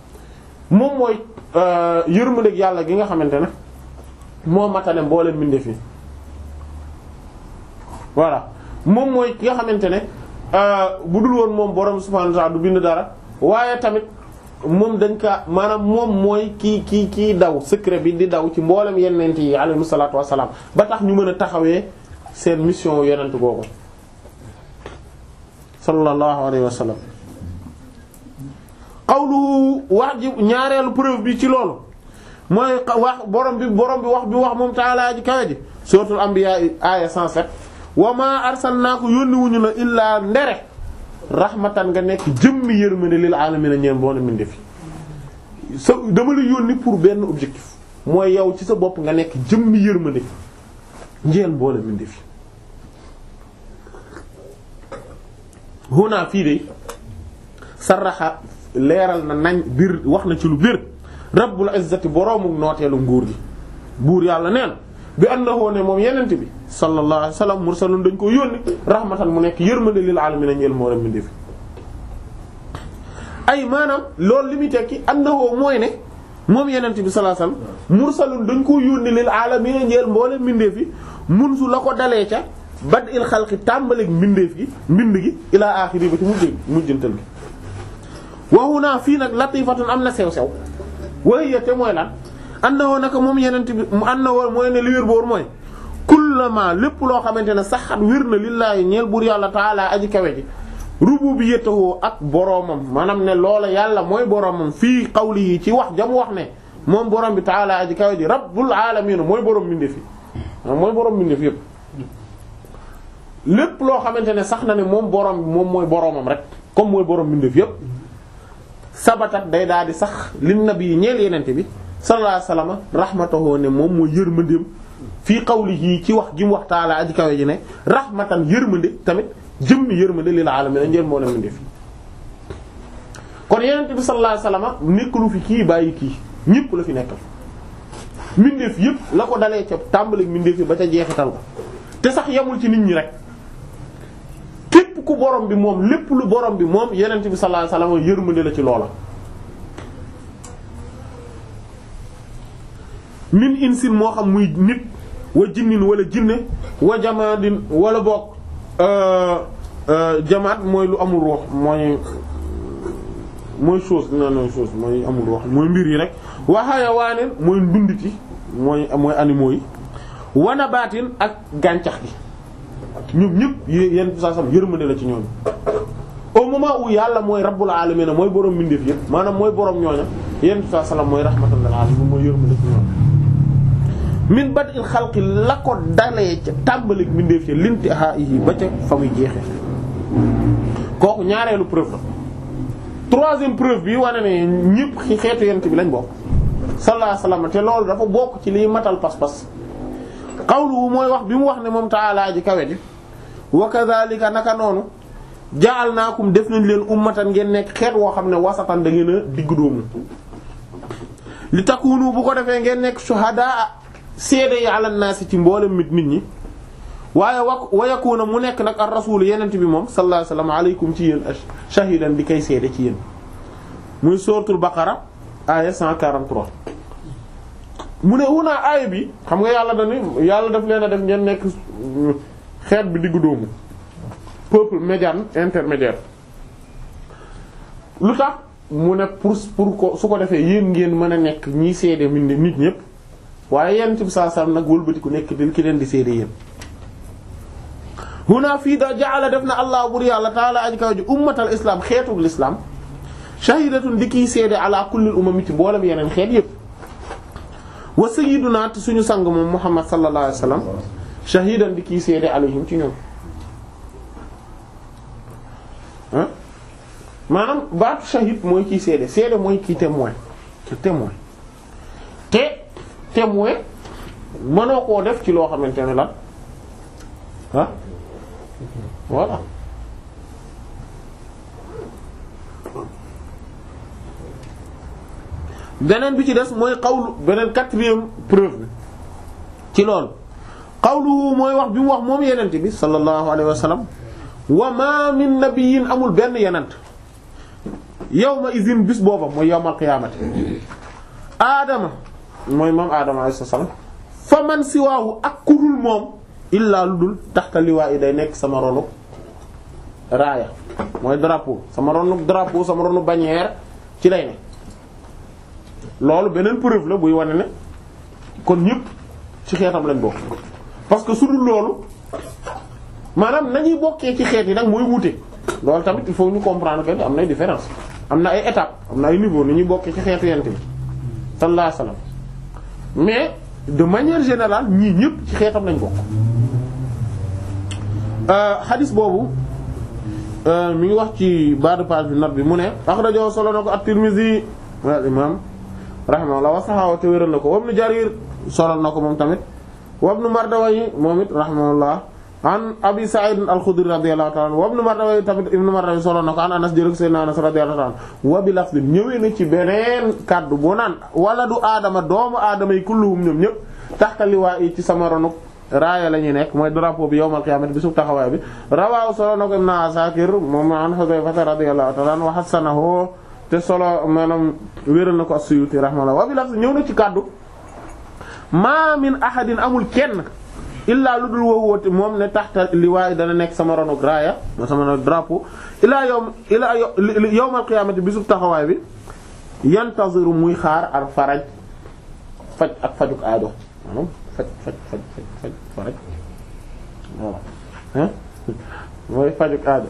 moom mooy euh, yërmandeeg yàlla gi nga xamante ne moo matale mbooleen mbindeef yi voilà moom mooy ki nga xamante ne euh, bu dul woon moom borom subhaanahu wa ta'aala du bind dara waaye tamit moom dañ ka maanaam moom mooy kii kii kii daw secret bi di daw ci mboolem yenent yi alayhi salaatu wassalaam ba tax ñu mën a taxawee seen mission yonent googu sallallahu alayhi wa sallam xawlu wax ji ñaareelu preuve bi ci loolu mooy wax borom bi boroom bi wax bi wax moom taalaa ji kawe ji suratul anbiya aaya 107 wa maa arsalnaaka yónni wuñu la illaa ndere rahmatan nga nekk jëmmi yërmande lil na ñeen boona minde fi sa dama la yónni pour benn objectif mooy yow ci sa bopp nga nekk jëmmi yërmande ñeen boona minde fi huna fii de sarraxa leeral na nañ biir wax na ci lu biir rabbul izzati boroomu nooteelu nguur gi buur yàlla neen bi annahu ne moom yenent bi sallallahu alayhi wa sallam mursalun dañ ko yónni rahmatan mu nekk yërmande lil alamina ñeel moo ram bindeef ay maanaam li muy tekki annahu mooy ne moom yenent bi sallallahu alayhi wa dañ ko yónni lil alamina ñeel mboolem mbindeef yi mun su la ko dalee ca bad il xalqi tàmbaleeg mbindeef gi mbind gi ilaa axiri ba ci mujjantal gi waxu naa fii nag latifatun am na sew-sew waxiya te mooy lan annahu naka moom yenent bi mu annahu mooy ne li boor mooy kullama lépp loo xamante ne saxat wér na lillaahi ñeel yàlla taalaa aji kawe ji rububiyyatuhu ak boroomam maanaam ne loola yàlla mooy boroomam fii qawlihi ci wax jam wax ne moom bi taalaa kawe ji rabbul aalamiin mooy borom mbindeef yi mooy borom mbindeef yépp lépp loo xamante ne sax na ne moom borom bi moom mooy boromam rek comme mooy borom mbindeef yépp sabatat day daal di sax lin nabi ñeel yenente bi sallallahu alayhi wasallam rahmatahu ne moom mooy yërmandeem fii qawlihi ci wax gi mu wax taala aji kawe ji ne rahmatan yërmande tamit jëm yërmande lil alamin njër moo leen def kon yeneen bi sallallahu alayhi wasallam nekkulu fi kii bàyyi kii ñépp la fi nekkal mbindeef yëpp la ko dalee ca tàmbali mbindeef yi ba ca jeexital ko te sax yamul ci nit ñi rek képp ku borom bi moom lépp lu borom bi moom yeneen bi sallallahu alayhi wasallam yërmande la ci loola. min insin moo xam muy nit wa jinnin wala jinne wa jamaadin wala boog euh, euh, jamaat mooy lu amul ruux mooy mooy chose dina nooy chose mooy amul ruux mooy mbir yi rek wa xayawaanin mooy ndunditi mooy mooy animaux yi wa nabaatin ak gàncax gi ñoom ñëpp yenn saa sam yërmande la ci ñooñu au moment mooy yàlla mooy rabbul alamin mooy borom mbindeef yëpp maanaam mooy borom ñooña yenn saa salaam mooy rahmatul alamin mooy yërmande ci ñooñu min bad il xalqi la ko dalee ca tàmbalik mbindeef ca linti aha yi ba ca fa muy jeexe kooku ñaareelu preuve la troisième preuve bi wane ne ñëpp xeetu yent bi lañ bokk sallallahu alayhi wasallam te loolu dafa bokk ci liy matal pas-pas xawluwu mooy wax bi mu wax ne moom taalaa ji kawe ji wa kadhalika naka noonu naa ja'alnaakum def nañ leen ummatan ngeen nekk xeet woo xam ne wasatan da ngeen a diggu doomu li takunu bu ko defee ngeen nekk shuhadaa seede yi ala naasi ci mboolem nit nit ñi waaye wa na mu nekk nag ar rasul yenent bi moom sallallahu alayhi wasallam aleykum ci yéen shahidan di koy seede ci yéen muy suratul baqara aya 143 mu ne wunaa aaya bi xam nga yàlla dani yàlla daf leen a def ngeen nekk xeet bi diggu doomu peuple médiane intermédiaire lu tax mu ne pour pour ko su ko defee yéen ngeen mën a nekk ñiy seede mindi nit ñépp waaye yenn ci saa saam nag wëlbatiku nekk di ki leen di seede yéen. huna fii da jaala def na allah bur yàlla taala aji kaw ji ummatal islam xeetu l'islam shahidatun di kiy seede ala kullil umami ci mboolem yeneen xeet yëpp. wa sayyiduna suñu sang moom muhammad sallallahu alayhi wa sallam shahidan di kiy seede alayhim ci ñoom. maanaam baatu shahid mooy kiy seede seede mooy kiy témoin témoin témoin mënoo koo def ci loo xamante ne lan ah voilà beneen bi ci des mooy xawlu beneen quatrième preuve bi ci loolu xawluhu mooy wax bi mu wax moom yenent bi sallallahu alayhi wa sallam wa ma min nabiyyin amul benn yenent yawma izin bis booba mooy yawmal qiyaamati aadama mooy maam Adama alayhi salaam fa man siwaahu ak kurul moom illaa lu dul taxta liwaa yi day nekk sama ronu raaya mooy drapeau sama ronu drapeau sama ronu bannière ci lay ne loolu beneen preuve la buy wane ne kon ñëpp ci xeetam lañ bokk parce que su dul loolu maanaam nañuy bokkee ci xeet yi nag mooy wuute loolu tamit il ñu comprendre que am na différence am na ay étapes am na ay niveau ni ñuy bokkee ci xeetu yent bi sallallahu alayhi mais de manière générale ñii ñépp ci xeetam nañ bokk xadis euh, boobu euh, mi ngi wax ci bas de bi note bi mu ne axrajahu solo na ko at-Tirmidhi wal imam rahimahullah wa saxaawa te wéral na ko wa ibn Jarir solal na ko moom tamit wa ibn Mardawayh moom it rahimahullah an abi sa'id al-khudri radiyallahu ta'ala wa ibn mardawi tamit ibn na ko an anas jërëk sayyidina anas radiyallahu ta'ala wa bi lafz ñëwee na ci beneen kàddu bu naan wala du aadama doomu aadama yi kulluhum ñoom ñëpp taxta liwaa yi ci sama ronuk raaya la ñuy nekk mooy drapeau bi yawmal qiyaamati bi suf taxawaay bi rawaaw solo na ko ibn asakir moom an hudayfa radiyallahu ta'ala an wa hasanahu te solo maanaam wéral na ko as-suyuti rahimahullah wa bi lafz ñëw na ci kàddu ma min ahadin amul kenn illaa lu dul wowoote moom ne taxta li waaye dana nekk sama ronuk raaya sama ronuk drapeau illaa yow illaa yawmal qiyaamati bisub taxawaay bi yantaziru muy xaar al faraj faj ak fajuk aado maanaam faj faj faj faj faraj voilà mooy fajuk aado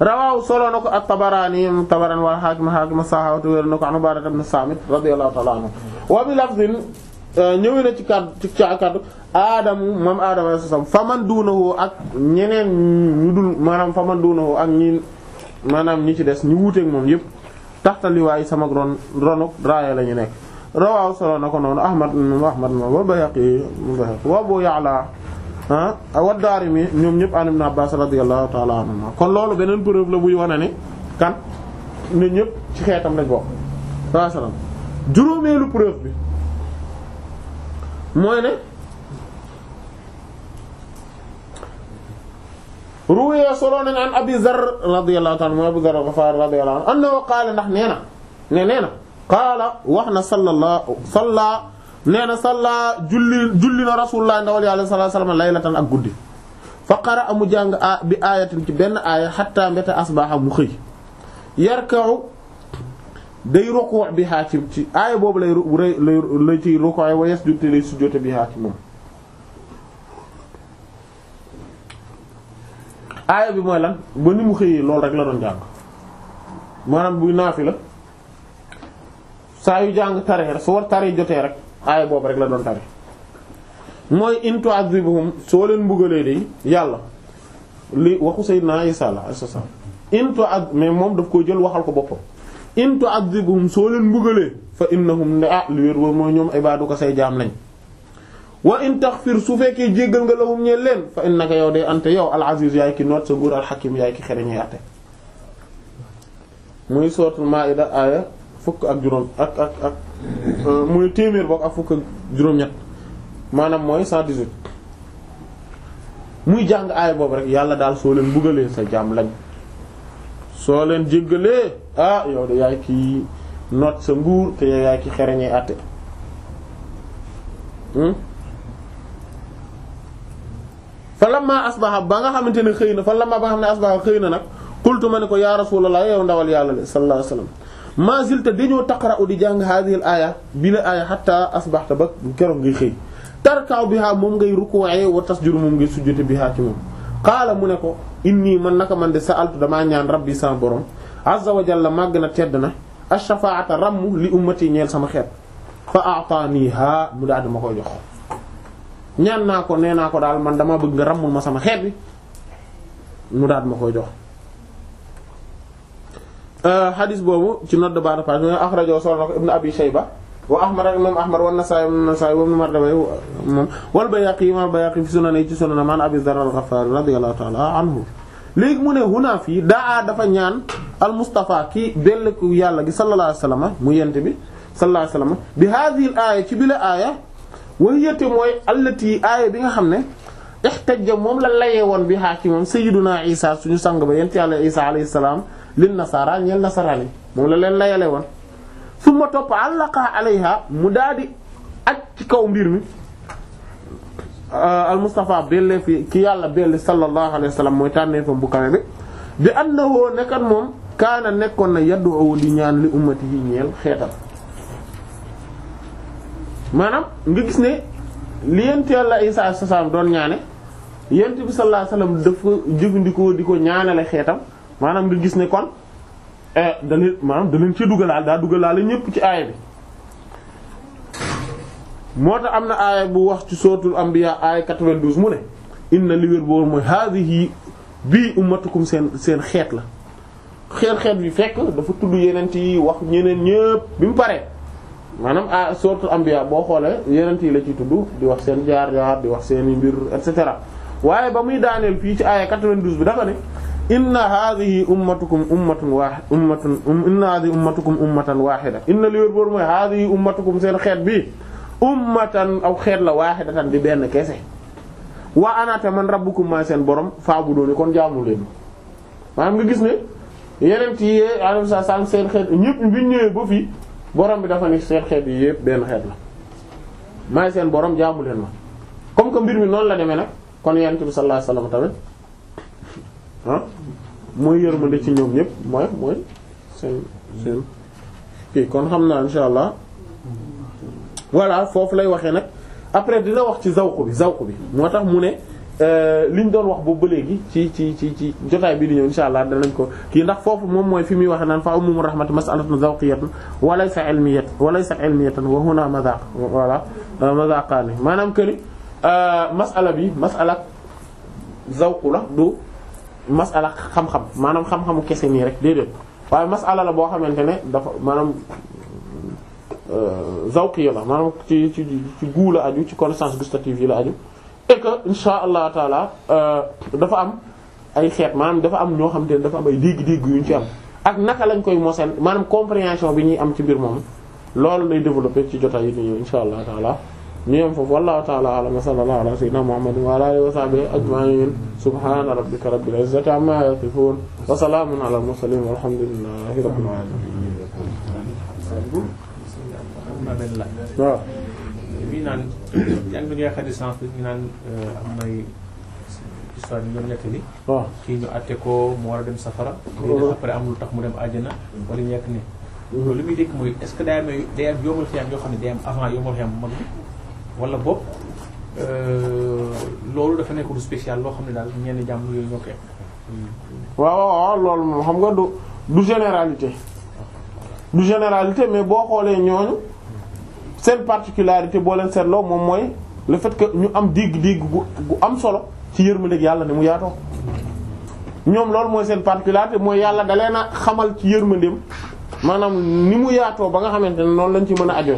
rawaaw solo na ko ak tabaraani tabaraan wal xaakim xaakim saxaawatu wér na ko anu baaratam na saamit radiyallahu ta'ala anhu wa bi lafzin Euh, ñëwee na ci kàddu ci kàddu aadamu moom aadama alayhi salaam fa man duunahu ak ñeneen ñu dul maanaam fa man duunahu ak ñi maanaam ñi ci des ñu wuuteek moom yépp taxtaliwaay sama ron ronuk raaya la ñu nekk rawaaw solo na ko noonu ahmad ahmad ma wa bayhaqi bayhaqi wa abu ya'la ah wa mi ñoom ñëpp an na abbas radiyallahu ta'ala anhuma kon loolu beneen preuve la buy wane ne kan ne ñëpp ci xeetam lañ bokk wa juróomeelu preuve bi mooy ne ruwee solo nañ abi zar radiyallahu ta'ala mooy abu zar al-Ghifari radiyallahu ndax nee ne nee na wax na sallallahu salla nee na salla julli na rasulullah ndawal yàlla sallallahu alayhi wasallam laylatan ak guddi fa qara amu jàng a bi aayatin ci benn aaya xatta mbéta asbaha mu xëy day ruku' bi ci ci aaya boobu lay lay lay ciy ruku' wa yasjud lay sujjóote biha ci moom. aaya bi mooy lan ba ni mu xëyee loolu rek la doon jàng maanaam buy naafi la saa yu jàng taree rek su war taree jotee rek aaya boobu rek la doon tare mooy in tu'adhibhum soo leen mbugalee day yàlla li waxu say Sayyidina Isa la as-salam in tu'adh mais moom daf koo jël waxal ko boppam. in tu'adhibhum soo leen mbugalee fa innahum ne ah li wér mooy ñoom ibaaduka say jaam lañ wa in taghfir su fekkee jéggal nga lahum ñeel leen fa innaka yow de ante yow al-aziz yaay noot sa nguur al-hakim yaay ki xereñ yaate muy sooratul maa'ida aaya fukk ak juróom ak ak ak euh, fukk ak maanaam mooy 118 muy jàng aaya boobu rek yàlla daal soo leen sa jaam lañ soo leen jéggalee ah yow de yaay ki noot sa nguur te yow yaay ki xereñee àtte hmm? fa lamma asbaxa ba nga xamante ne xëy na fa lamma ba nga xam ne asbaxa xëy na nag qultu ma ne ko yaa rasulallah yow ndawal yàlla de sallallahu alayhi wasallam ma zilta dañoo taqra'u di jàng hadhihi al-aya bi la asbaxta ba keroog ngay xëy bi biha moom ngay rukuwaayee wa tasjudu moom ngay sujjóote biha ci moom qaala mu ne ko inni man naka man de sa'altu damaa ñaan rabbi sa borom azza wa jalla màgg na tedd na ash-shafa'ata ramm li ummati ñeel sama xeet fa a'taniha mu daal di ma koy jox ñaan naa ko nee naa ko daal man dama bëgg nga rammul ma sama xeet bi mu daal ma koy jox xadis euh, boobu ci note de bas de page axrajo na ko ibnu abi shayba wa ahmad ak imam ahmad wa nasaa'i wa nasaa'i wa ibn mardawayh moom wal man abi dharr al-ghaffari radiyallahu ta'ala anhu léegi mu ne huna fii daa dafa ñaan al Mustafa ki delleku yàlla gi sallallahu alayhi wasallam mu yent bi sallallahu alayhi bi hadhihi al aaya ci bi nga xam ne ihtajja moom la layee woon bi haa ci moom sayyiduna Isa suñu sang ba yent yàlla Isa alayhi salaam lin nasara ñeel nasaraan yi moom la leen layale woon summa topp àllaqa alayha mu daal di ak ci kaw mbir mi Euh, al Mustafa belle fi ki yàlla belle sallallahu alayhi wa sallam mooy tànneefam bu kawe bi di bi annahu nekkat moom kaana nekkoon na yad'u di ñaan li ummati yi ñeel xeetam maanaam nga gis ne li yent yàlla Isa salam doon ñaane yent bi sallallahu alayhi wa jëfandikoo di ko ñaanale xeetam maanaam nga gis ne kon eh, da leen maanaam da leen ci dugalaal daa dugalaale ñépp ci aaya bi moo tax am na aaya bu wax ci sootul anbiya aaya 92 mu ne inna li wér boobu mooy haadihi bii ummatukum seen seen xeet la xeet xeet bi fekk dafa tudd yeneen yi wax ñeneen ñëpp bi mu paree maanaam a sootul anbiya boo xoolee yeneen yi la ciy tudd di wax seen jaar jaar di wax seen i mbir et cetera waaye ba muy daaneel fii ci aaya 92 bi dafa ne inna haadihi ummatukum ummatun waaxid ummatun inna haadihi ummatukum ummatan waaxida inna li wér boobu mooy haadihi ummatukum seen xeet bi ummatan aw xeet la waahidatan di benn kese waa anaata man rabbukum maa seen borom fa'buduni kon jaamu leen maanaam nga gis ne yeneen yi alayhi salaam seen xeet bi ñëwee ba fii borom benn xeet la maay seen jaamu leen ma comme que mbir mi noonu la demee nag kon yonent bi sallallahu alayhi wasallam tamit ah mooy yërmande ci ñoom ñëpp mooy mooy seen seen kon xam naa insha voilà foofu lay waxee nag après dina wax ci zawq bi zawq bi moo tax mu ne euh, li ñu doon wax boobu ba léegi ci ci ci ci jotaay bi di ñëw insha allah danañ ko kii ndax foofu moom mooy fi muy waxee naan fa umumu rahmati mas'alatun zawqiyatun wa laysa ilmiyatun wa laysa ilmiyatan wa huna madaq voilà euh, madaqaani maanaam que ni euh, mas'ala bi mas'ala la du mas'ala xam-xam maanaam xam-xamu kese nii rek déedéet waaye mas'ala la boo xamante ne dafa maanaam Euh, zawqiya la maanaam ci ci ci goût la aju ci connaissance gustative yi la aju et que insha allah taala euh, dafa am ay xeet man dafa am ñoo xam te ne dafa am ay dégg-dégg yu ñu ci am ak naka lañ koy mosal maanaam compréhension bi ñuy am ci mbir moom loolu lay développer ci jotaay yi di ñëw insha allah taala ñu yem foofu wallahu taala alam wa sallallahu ala sayyidina muhammadin wa ala alihi wa sahbihi ajma'in subhana rabbika rabbil izzati amma yasifun wa salamun ala al mursalin walhamdulillahi benn laaj. waaw. bii naan yan ngay xadis sens bi ñu naan euh, am nay histoire yu ñu doon nekk ni kii ñu àtte ko mu war a dem safara. waaw après am lu tax mu dem àjjana. wala ñu nekk ni mm-hmm. loolu muy dégg mooy est-ce que day am day am yombal xiyam yoo xam ne day am avant yombal xiyam wala bopp euh, loolu dafa nekk lu spécial loo xam ne daal ñenn jàmm yooyu ñoo koy waaw waaw loolu moom xam nga du du généralité du généralité mais boo xoolee ñooñu. seen particularité boo leen seetloo moom mooy le fait que ñu am digg-digg gu gu am solo ci yërmandeeg yàlla ne mu yaatoo ñoom loolu mooy seen particularité mooy yàlla dalee na xamal ci yërmandeem maanaam ni mu yaatoo ba nga xamante ne noonu lañ ci mën a ajo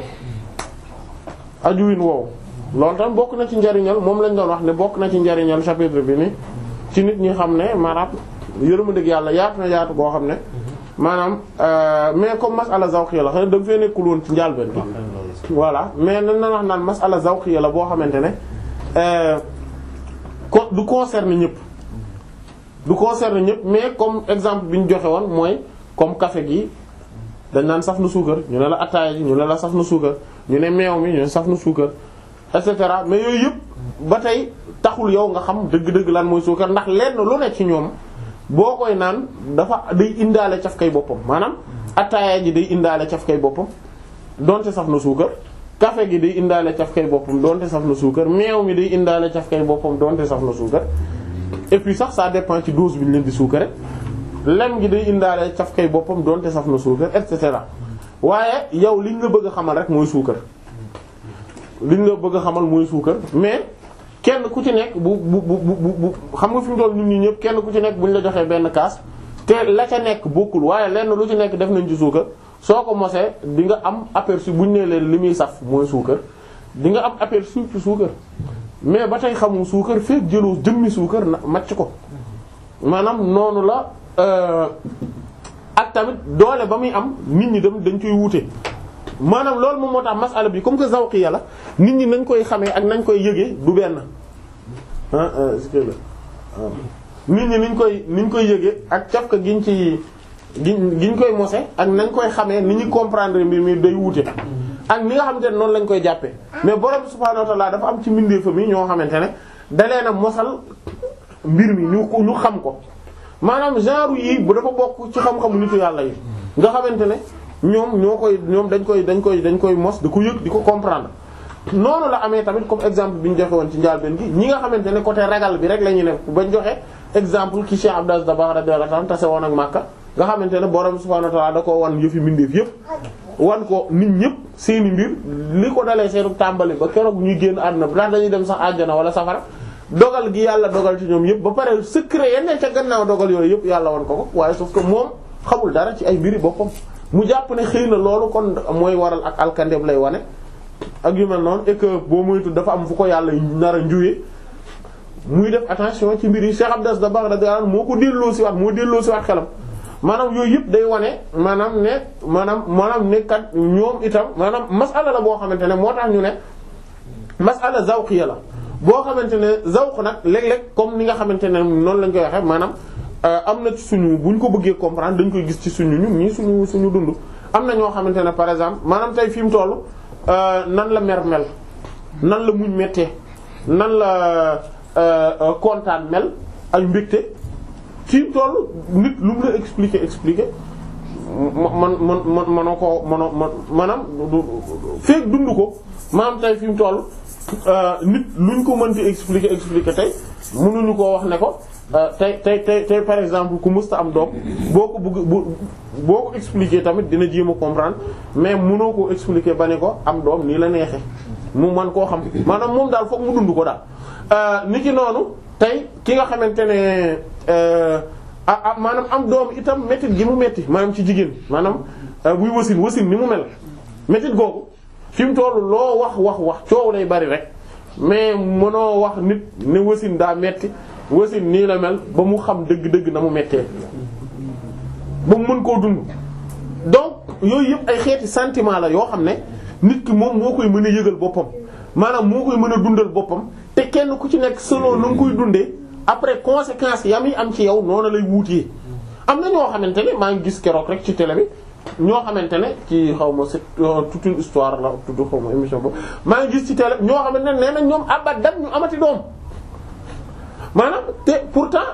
ajuwin woow loolu tam bokk na ci njariñal moom lañ doon wax ne bokk na ci njariñal chapitre bi ni ci nit ñi xam ne maanaam yërmandeeg yàlla yaatu na yaatu boo xam ne maanaam euh, mais comme masala zawqi la xëy na da nga fee ci njàlbeen voilà mais nan na wax naan masala zawqiya la boo xamante ne ko euh, du concerne ñëpp du concerne ñëpp mais comme exemple bi ñu joxe woon mooy comme kafe gi dañ naan saf na suukar ñu ne la attaaya ji ñu ne la saf na suukar ñu ne meew mi ñu ne saf na suukar et cetera mais yooyu yëpp ba tey taxul yow nga xam dëgg-dëgg lan mooy suukar ndax lenn lu ne ci ñoom boo koy naan dafa day indaale cafkay boppam maanaam attaaya ji day indaale cafkay boppam donte saf na suukar café gi day indaale caf kay boppam donte saf na suukar meew mi day indaale caf boppam donte saf na suukar et ça dépend ci dose bi ñu di suukare lem gi day indaale caf boppam donte saf na suukar et cetera waaye yow liñ la bëgg a xamal rek mooy suukar liñ la bëgg a xamal mooy suukar mais kenn ku ci nekk bu bu bu bu xam nga fi mu toll ñu ñi ñëpp kenn ku ci nekk bu ñu la joxee benn kaas te la ca nekk bokkul waaye lenn lu ci nekk def nañ ci suukar. soo ko mosee di nga am aperçu bu ñu nee leen li muy saf mooy suukar di nga am aperçu ci suukar mais ba tey xamul suukar feek jëloo jëmmi suukar na màcc ko maanaam noonu la euh, ak tamit doole ba muy am nit ñi dem dañ koy wuute. maanaam loolu moom moo tax masala bi comme que zawqiya yàlla nit ñi nañ koy xame ak nañ koy yëgee du benn ah euh, ah nit ñi niñ koy niñ koy yëgee ak cafka giñ ci giñ giñ koy mose ak nañ koy xamee ni ñu comprendre mbir mi day wuute ak ni nga xamante ne noonu lañ koy jàppee mais borom subhaanahu wa ta'ala dafa am ci mbindeefam yi ñoo xamante ne dalee na mosal mbir mi ñu ñu xam ko maanaam genre yi bu dafa bokk ci xam-xamu nitu yàlla yi nga xamante ne ñoom ñoo koy ñoom dañ koy dañ koy dañ koy mos ko yëg di ko comprendre noonu la amee tamit comme exemple bi ñu joxe woon ci njàlbéen gi ñi nga xamante ne côté ragal bi rek la ñu ne bañ joxe exemple ki Cheikh Abdou Aziz Dabakh radiyallahu anhu tase woon ak Makka nga xamante ne borom subhaanahu wa ta'aala da koo wan yëfi mbindeef yëpp wan ko nit ñëpp seeni mbir li ko dalee seenu tàmbali ba keroog ñuy génn àdduna bi ndax dañuy dem sax àjjana wala safara dogal gi yàlla dogal ci ñoom yëpp ba pare secret yenn ca gannaaw dogal yooyu yëpp yàlla wan ko ko waaye soo ko moom xamul dara ci ay mbiri boppam mu jàpp ne xëy na loolu kon mooy waral ak alkandeem lay wane ak yu mel noonu et que boo moytu dafa am fu ko yàlla nar a njuwee muy def attention ci mbir yi Cheikh Abdas da baax da moo ko delloo si moo delloo si waat maanaam yooyu yëpp day wane maanaam ne maanaam maanaam ne kat ñoom itam maanaam masala la boo xamante ne moo tax ñu ne masala zawqiya la boo xamante ne zawq nag léeg-léeg comme ni nga xamante ne noonu lañ koy waxee maanaam euh, am na ci suñu buñ ko bëggee comprendre dañ koy gis ci suñu ñun ñii suñu suñu dund am na ñoo xamante ne par exemple maanaam tey fi mu toll euh, nan la mer mel nan la muñ mettee nan la euh, kontaan mel ay mbégte fii mu toll nit lu mu la expliquer expliquer man man man manoo koo manoo man maanaam feek dund ko maanaam tey fi mu toll euh, nit luñ ko mën expliquer expliquer tey mënuñu koo wax ne ko euh, tey tey tey tey par exemple ku mosta am doom boo ko bëgg boo ko expliquer tamit dina jéem a comprendre mais munoo ko expliquer ba ne ko am doom nii la neexee mu man koo xam maanaam moom daal foog mu dund ko daal euh, niki noonu. tey ki nga xamante ne euh, ah, ah maanaam am doom itam métit gi mu métti maanaam ci jigéen maanaam euh, buy wasin wasin ni mu mel métit googu fi mu toll loo wax wax wax coow lay bari rek mais mënoo wax nit ne wasin daa metti wasin nii la mel ba mu xam dëgg-dëgg na mu méttee ba mu mën koo dund donc yooyu yëpp ay xeeti sentiment la yoo xam ne nit ki moom moo koy mën a yëgal boppam maanaam moo koy mën a dundal boppam te kenn ku ci nekk selon na nga koy dundee après conséquences yam yi am ci yow noonu lay wuutee am na ñoo xamante ne maa ngi gis keroog rek ci télé bi ñoo xamante ne ci xaw ma c'est euh, toute une histoire la tudd xaw ma émission boobu maa ngi gis ci télé ñoo xamante ne nee na ñoom abadan ñu amati doom maanaam te pourtant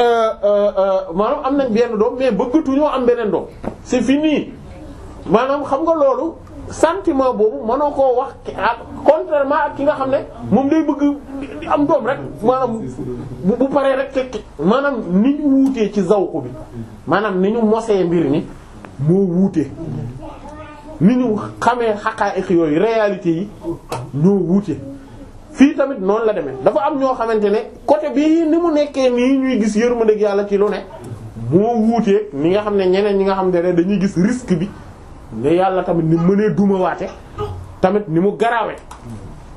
euh, euh, maanaam am na benn doom mais bëggatu ñoo am beneen doom c'est fini maanaam xam nga loolu sentiment boobu mënoo koo wax ah, contrairement ak ki nga xam ne moom day bëgg am doom rek maanaam bu bu paree rek te maanaam ni ñu wuutee ci zawq bi maanaam ni ñu mose mbir ni moo wuutee ni ñu xamee xaqaa'iq yi réalité yi ñoo wuutee fii tamit noonu la demee dafa am ñoo xamante ne côté bi ni mu nekkee nii ñuy gis yëruma yërmandeeg yàlla ci lu ne moo wuutee ni nga xam ne ñeneen ñi nga xam ne dañuy gis risque bi ne yàlla tamit ni mënee dumawaate tamit ni mu garaawee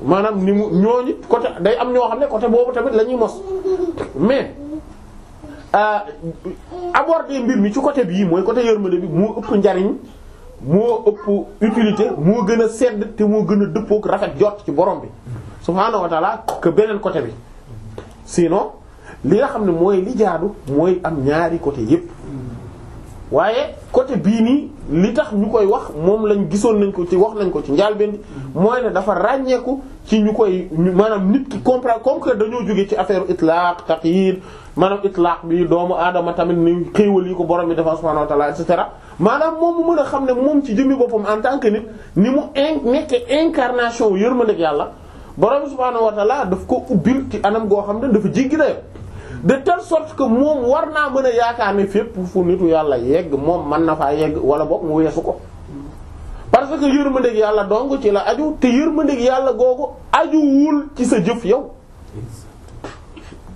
maanaam ni mu ñooñu côté day am ñoo xam ne côté boobu tamit lañuy mos mais euh, aborder mbir mi ci côté bii mooy côté yërmande bi moo ëpp njariñ moo ëpp utilité moo gën a sedd te moo gën a dëppook rafet jot ci borom bi subhaanahu wa ta'ala que beneen côté bi sinon li nga xam ne mooy li jaadu mooy am ñaari côté yépp waaye côté bii nii li tax ñu koy wax moom lañ gisoon nañ ko ci wax nañ ko ci njàlbéen mooy ne dafa ràññeeku ci ñu koy maanaam nit ki comprendre comme que dañoo jóge ci affaire itlaaq taqyid maanaam itlaaq bi doomu aadama tamit ni xéewal yi ko borom bi dafa subhaanahu wa ta'aala et cetera maanaam moom mu mën a xam ne moom ci jëmmi boppam en tant que nit ni mu in nekkee incarnation yërmandeeg yàlla borom bi subhaanahu wa ta'aala daf ko ubbil ci anam goo xam ne dafa jéggi dayoo de telle sorte que moom war naa mën a yaakaar ne fépp fu nitu yàlla yegg moom man na faa yegg wala boog mu weesu ko parce que yërmandeeg yàlla dong ci la aju te yërmandeeg yàlla googu ajuwul ci sa jëf yow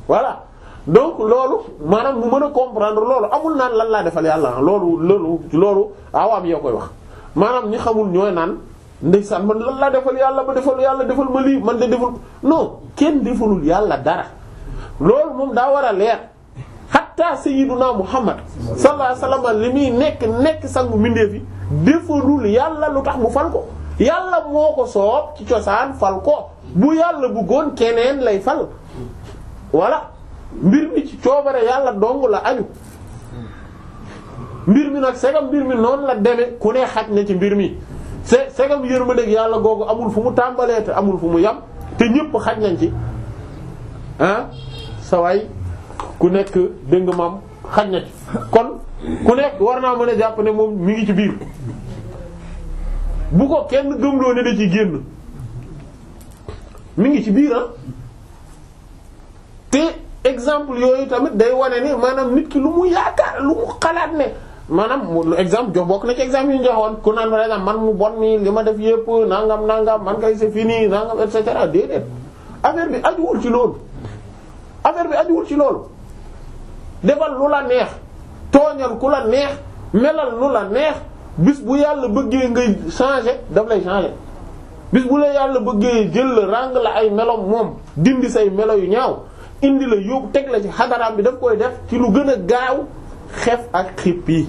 voilà donc loolu maanaam mu mën a comprendre loolu amul naan lan laa defal yàlla ah loolu loolu loolu awaam yoo koy wax maanaam ñi xamul ñooy naan ndeysaan man lan laa defal yàlla ba defal yàlla defal ma lii man de deful non kenn defalul yàlla dara loolu moom daa war a leer xatta sayyiduna muhammad sallallahu alayhi wasallam li muy nekk nekk sangu mbindeef yi defalul yàlla lu tax mu fal ko yàlla moo ko soob ci cosaan fal ko bu yàlla bëggoon keneen lay fal voilà mbir mi ci coobare yàlla dong la aju mbir mi nag segam mbir mi noonu la deme ku ne xaj na ci mbir mi se segam yërmandeeg yàlla googu amul fu mu tàmbalee te amul fu mu yam te ñépp xaj nañ ci ah sawaay ku nekk dégg maam xaj na ci kon ku nekk war naa mën jàpp ne moom mi ngi ci biir bu ko kenn gëmloo ne ci génn mi ngi ci biir ah te exemple yooyu tamit day wane ne maanaam nit ki lu mu yaakaar lu mu xalaat ne maanaam exemple jox bokk na ci exemple yu ñu joxoon ku naan par exemple man mu bon mi li ma def yépp nangam nangam man kay c'est fini nangam et déedéet affaire bi ajuwul ci loolu affaire bi ajuwul ci loolu defal lu la neex tooñal ku la neex melal lu la neex bis bu yàlla bëggee nga changer daf lay changer bis bu la yàlla bëggee jël la ràng la ay melom moom dindi say melo yu ñaaw indi la yóbbu teg la ci xadaraam bi daf koy def ci lu gën a gaaw xef ak xip yi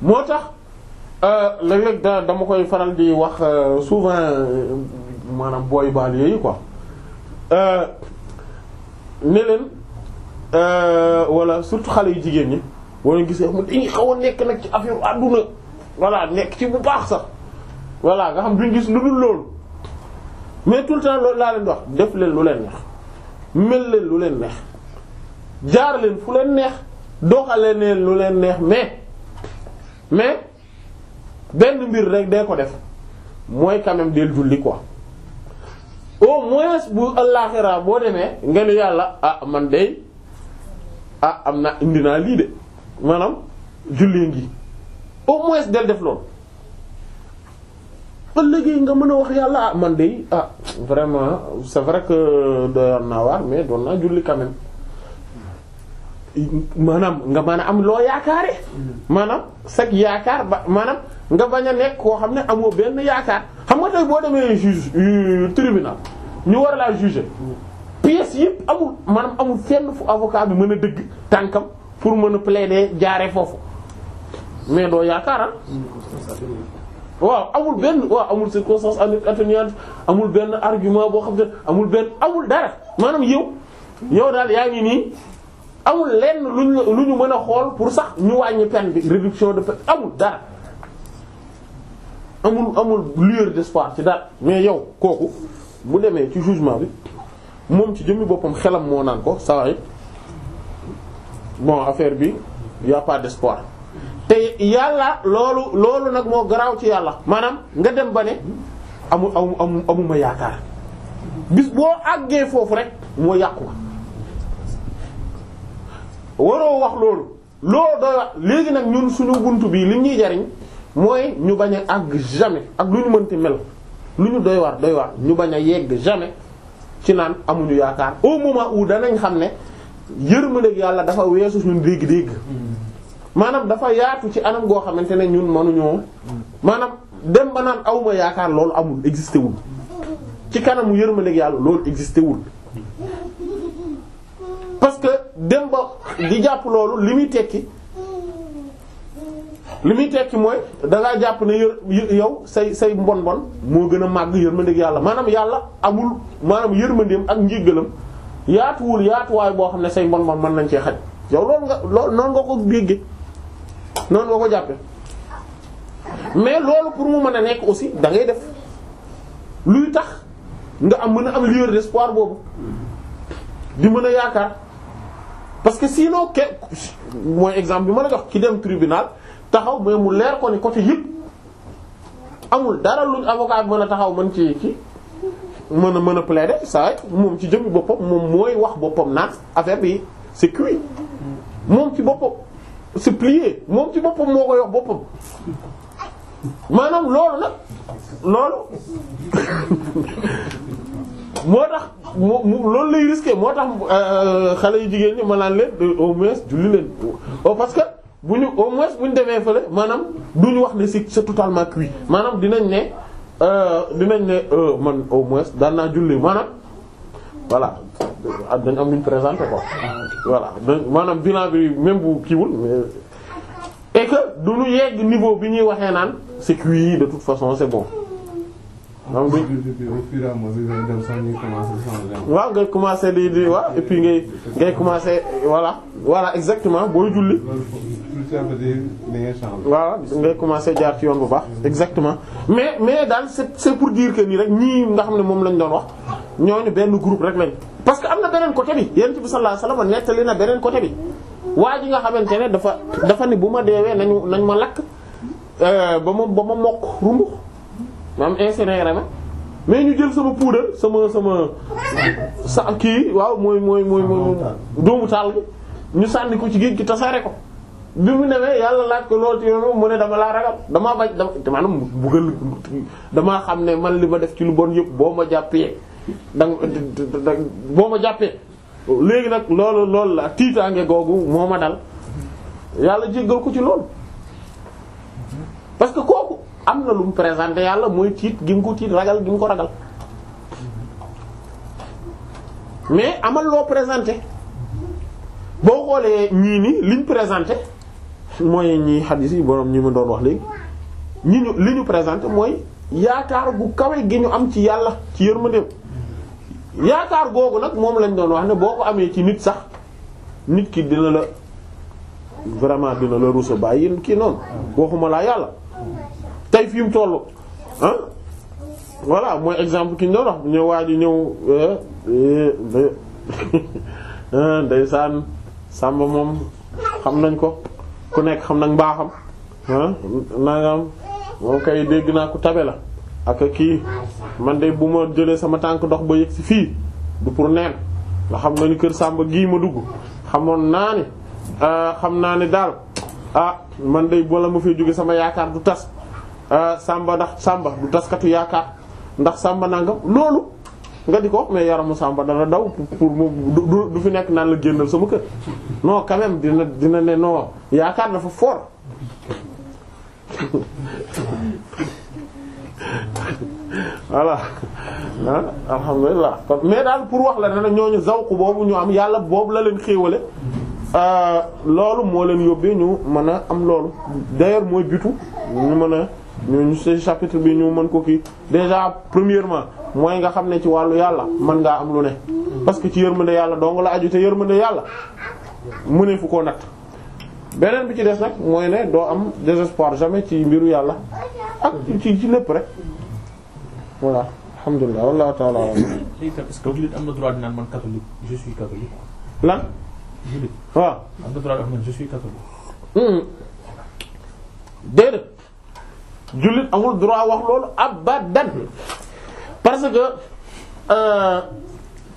moo tax euh, léeg-léeg dama koy faral di wax euh, souvent maanaam booy baal yooyu quoi euh, ne leen euh, wala surtout xale yu jigéen ñi wala gis nga xaw a nekk nag ci affaire àdduna voilà nekk ci bu baax sax voilà nga xam duñ gis lu dul loolu mais tout le temps loolu laa leen wax def leen lu leen neex mel leen lu leen jaar leen fu leen neex doxalee leen lu leen neex mais mais benn mbir rek day ko def mooy quand même del julli ko au moins bu allaaxira boo demee nga ne yàlla ah man de ah am na indi naa lii de maanaam jullee ngi au moins del def loolu ëllëgee nga mën a wax yàlla ah man de ah vraiment c'est vrai que doyoon naa waar mais doon naa julli quand même maanaam nga mën a am loo yaakaare mm. maanaam sag yaakaar ba maanaam nga bañ a nekk koo xam ne amoo benn yaakaar xam nga tey boo demee juge euh, tribunal ñu war a laa juger pièces yëpp amul maanaam amul fenn fu avocat bi mën a dëgg tànkam pour mën a plaider jaaree foofu mais doo yaakaar ah. waaw amul benn waaw amul circonstance atténuante amul benn argument boo xam ne amul benn amul dara maanaam yow yow daal yaa ngi nii amul lenn lu ñu lu ñu mën a xool pour sax ñu wàññi peine bi réduction de peine amul dara. amul amul lueur d'espoir ci daal mais yow kooku bu demee ci jugement bi moom ci jëmmi boppam xelam moo naan ko saa bon affaire bi y a pas d'espoir te yàlla loolu loolu nag moo garaaw ci yàlla maanaam nga dem ba ne amu amu amuma yaakaar bis boo àggee foofu rek moo yàqu ma waroo wax loolu loo doy wax léegi nag ñun suñu buntu bii li ñuy jariñ mooy ñu bañ a àgg jamais ak lu ñu mënti mel lu ñu doy waar doy waar ñu bañ a yegg jamais ci naan amuñu yaakaar au moment où danañ xam ne yërmandeeg yàlla dafa weesu ñun dégg-dégg maanaam dafa yaatu ci anam goo xamante ne ñun mënuñoo maanaam dem ba naan awma yaakaar loolu amul existé wul ci kanamu yërmandeeg yàlla loolu existé wul que dem ba di jàpp loolu li muy tekki. li muy tekki mooy dangaa jàpp ne yër yow say say mbon mbon moo gën a ma yërmandeeg yàlla maanaam yàlla amul maanaam yërmandeem ak njéggalam yaatuwul yaatuwaay boo xam ne say mbon mbon man nañ cee xaj yow loolu nga loolu noonu nga ko déggee noonu nga ko jàppe mais loolu pour mu mën a nekk aussi da ngay def luy tax nga am mën a am lueur d'espoir boobu di mën a yaakaar parce que sinon ke mooy exemple bi mën a jox ki dem tribunal taxaw mais mu leer ko ni côté yëpp amul dara lu avocat bi a taxaw man ci ki mën a mën a plaider saa moom ci jëmmi boppam moom mooy wax boppam naan affaire yi c'est cuit moom ci boppam c'est moom ci boppam moo koy wax boppam maanaam loolu nag loolu *laughs* moo tax mu loolu lay risqué moo tax euh, xale yu jigéen ñi ma naan leen au moins julli leen oh, parce que. bu ñu au moins bu ñu demee fële maanaam du ñu wax ni si c'est totalement cuit maanaam dinañ ne euh, dinañ ne euh, man au moins daan naa julli maanaam voilà ah, dañ am luñ présenté ko voilà maanaam bilan bi même bu kiiwul et que du ñu yegg niveau bi ñuy waxee naan c'est cuit de toute façon c'est bon. xam nga waaw ngay commencer di di waaw et puis ngay ngay commencer voilà exactement booy julli voilà ngay commencer jaar ci yoon bu baax exactement mais mais daal c'est c'est pour dire que nii rek ñii nga xam ne moom lañ doon wax ñu benn groupe rek lañ parce que am na beneen côté bi yonent bi sallallahu alayhi wasallam nettali na beneen côté bi waa ji nga xamante ne dafa dafa ne bu ma deewee nañu nañ ma lakk euh, ba ma ba ma mokk rumbu ma am incinéré ma mais ñu jël sama poudre sama sama sa kii waaw mooy mooy mooy mooy doomu taal ñu sànni ko ci géej gi tasaare ko bi mu ne newee yàlla laaj ko lool ci yoonu mu ne dama laa ragal damaa bañ dama maanaam buggal dama xam ne man li ma def ci lu bon yëpp boo ma jàppee danga boo ma jàppee léegi nag loolu loolu la tiitaange googu moo ma dal yàlla jéggal ko ci loolu parce que kooku am na lu mu présenté yàlla mooy tiit gi mu ko tiit ragal gi mu ko ragal mais amal loo présenté boo xoolee ñii ni liñ présenté mooy ñii xadiis yi boroom ñi mu doon wax léegi ñi ñu li ñu présenté mooy yaakaar gu kawe gi ñu am ci yàlla ci yërmandeem yaakaar googu nag moom lañ doon wax ne boo ko amee ci nit sax nit ki dina la vraiment dina la rusa bàyyi kii noonu waxuma laa yàlla tey fi mu toll ah mooy exemple ki ñu doon ñëw waa ji ñëw eh, eh, *laughs* eh, ndeysaan sàmba moom xam nañ ko ku nekk xam nag mbaaxam ah nangam moom kay dégg naa ko tabe la ak kii man de bu ma jëlee sama tànk ndox ba yegg si fii du pour neen nga xam nga ni kër sàmba gii ma dugg xamoon naa ni ah, xam naa ni daal ah man de bala ma fee jóge sama yaakaar du tas ah, Samba ndax Samba du taskatu yaakaar ndax Samba nangam loolu. nga di ko mais yaramu sàmba dana daw pour mu du fi nekk naan la génnal sama kër non quand même dina dina ne non yaakaar dafa fort *laughs* voilà ah alhamdulilah mais daal pour wax la ne ñooñu zawq boobu ñu am yàlla boobu la leen xéewale euh, loolu moo leen yóbbee ñu mën a am loolu d'ailleurs mooy bitu ñu mën a ñooñu ci chapitre bi ñu man ko kii déjà premièrement mooy nga xam ne ci wàllu yàlla mën ngaa am lu ne parce que ci yërmande yàlla dong la aju te yërmande yàlla mu ne fu koo nat beneen bi ci des nag mooy ne doo am désespoir jamais ci mbiru yàlla ak ci ci lépp rek voilà alhamdulilah wallahu taala est-ce que am na droit di naan man lan jullit hmm. déedéet jullit amul droit wax loolu abadan parce que euh,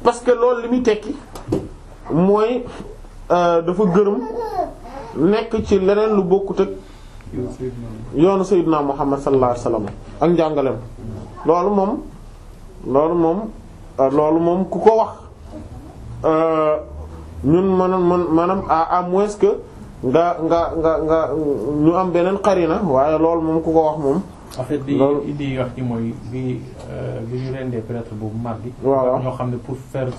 parce que loolu li muy tekki mooy euh, dafa gërëm nekk ci leneen lu bokkut yoonu yoonu naa Muhammad sallallahu alayhi wasallam ak njàngaleem loolu moom loolu moom euh, loolu moom ku ko wax euh, ñun man man maanaam à à moins que nga nga nga nga ñu am beneen xari xarina waaye loolu moom ku ko wax moom. en fait di wax ci mooy bi euh, bi ñu rendee prêtre boobu mardi. waaw ñoo xam ne pour faire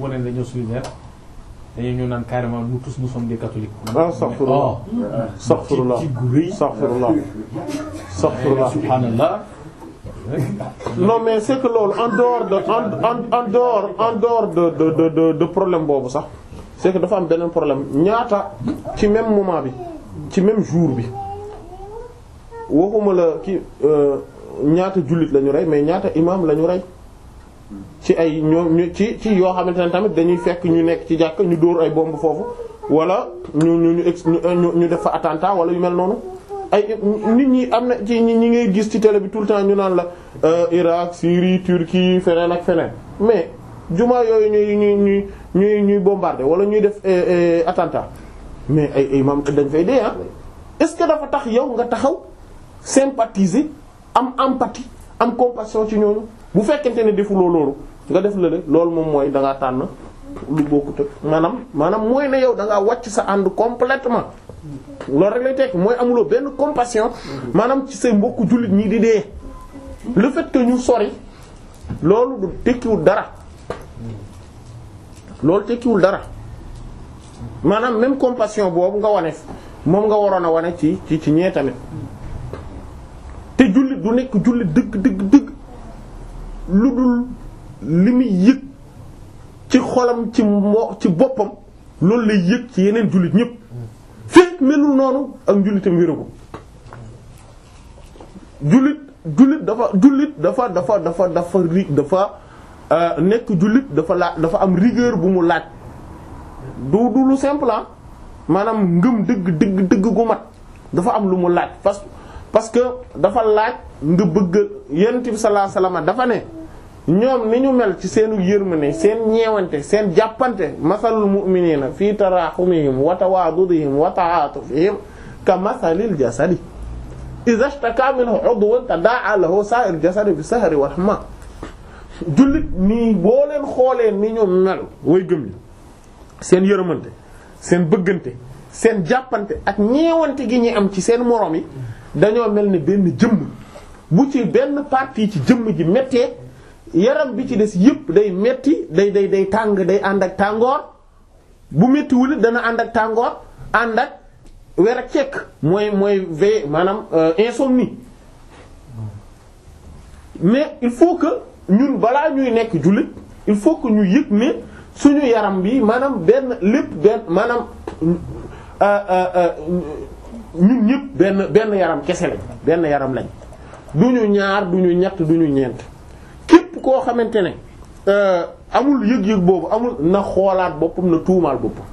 wane ne dañoo solidaire dañu ñu naan carrément nous tous nous sommes des catholiques. ah safurlah safurlah safurlah safurlah subhanallah non mais c'est que loolu en dehors de en en en dehors en dehors de de de de problème boobu sax. c'est que dafa am beneen problème ñaata ci même moment bi ci même jour bi waxuma la ki euh, ñaata jullit la ñu rey mais ñaata imam lañu ñu rey ci ay ñoom ci ci yoo xamante ne tamit dañuy fekk ñu nekk ci jàkk ñu dóor ay bomb foofu wala ñu ñu ñu ñu def fa attentat wala yu mel noonu ay nit ñi am na ci ñi ngay gis ci télé bi tout le temps ñu naan la euh, Irak Syrie Turquie feneen ak feneen mais jumaa yooyu ñuy ñuy ñuy ñuy ñuy bombarder wala ñuy def eh, eh, attentat mais ay ay imam dañ fay dee ah est-ce que dafa tax yow nga taxaw sympathiser am empathie am compassion ci ñooñu bu fekkente ne defuloo loolu nga def lële loolu moom mooy da ngaa tànn lu bokkut maanaam maanaam mooy na yow da ngaa wàcc sa ànd complètement loolu rek lay tekk mooy amuloo benn compassion maanaam ci seen mbokku jullit ñi di dee le fait que ñu sori loolu du tekkiwul dara. loolu tekkiwul dara maanaam même compassion boobu nga wane moom nga waroon a wane ci ci ci ñee tamit te jullit du nekk jullit dëgg dëgg lu dul li muy yëg ci xolam ci moo ci boppam loolu lay yëg ci yeneen jullit ñëpp fekk melul noonu ak njullitam wéragu jullit jullit dafa jullit dafa dafa dafa dafa ri dafa Euh, nekk jullit dafa laaj dafa am rigueur bu mu laaj du du lu simple ah. maanaam ngëm dëgg dëgg dëgg gu mat dafa am lu mu laaj parce parce que dafa laaj nga bëgg yonent bi sallallahu alayhi wasallam dafa ne ñoom ni ñu mel ci seenu yërmande seen ñeewante seen jàppante masalul mu'minina fii tarahumihim wa tawaadudihim wa ta'atufihim ka masalil jasadi idha ishtaka minhu 'udwun tadaa'a lahu sa'ir jasadi bi sahri wal hama jullit nii boo leen xoolee ni ñu mel way gëm ñi seen yërëmante seen bëggante seen jàppante ak ñeewante gi ñuy am ci seen moroom yi dañoo mel ni benn jëmm bu ci benn partie ci jëmm ji méttee yaram bi ci des yépp day metti day day day tàng day ànd ak tàngoor bu méttiwul dana ànd ak tàngoor ànd ak weer ak cekk mooy mooy ve maanaam euh, insomnie mais il faut que ñun balaa ñuy nekk jullit il faut que ñu yëg ne suñu yaram bi maanaam benn lépp benn maanaam euh, euh, euh, ñun ñëpp benn benn yaram kese lañ benn yaram lañ duñu ñaar duñu ñett duñu ñeent képp koo xamante ne amul yëg-yëg boobu amul na xoolaat boppam na tuumaal boppam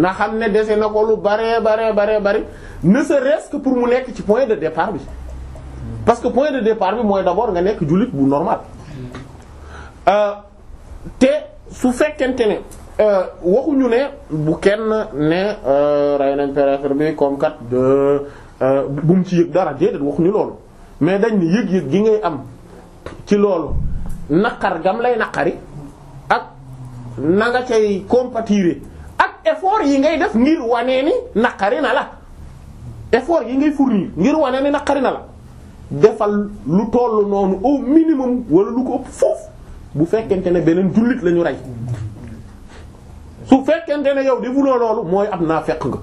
na xam ne dese na ko lu bare bare bare bare ne serait-ce que pour mu nekk ci point de départ bi parce que point de départ bi mooy d'abord nga nekk jullit bu normal euh, te su fekkente ne euh, waxuñu ne bu kenn ne euh, rey nañ prêtre bi comme kat bu mu ci yëg dara déedéet waxuñu loolu mais dañ ne yëg-yëg gi ngay am ci loolu naqar gam lay naqari ak na nga cay compatiré ak effort yi ngay def ngir wanee ni naqari na la effort yi ngay fournir ngir wanee ni naqari na la defal lu tollu noonu au minimum wala lu ko ëpp foofu bu fekkente ne beneen jullit lañu ñu rey su fekkente ne yow defuloo loolu mooy am naa fekk nga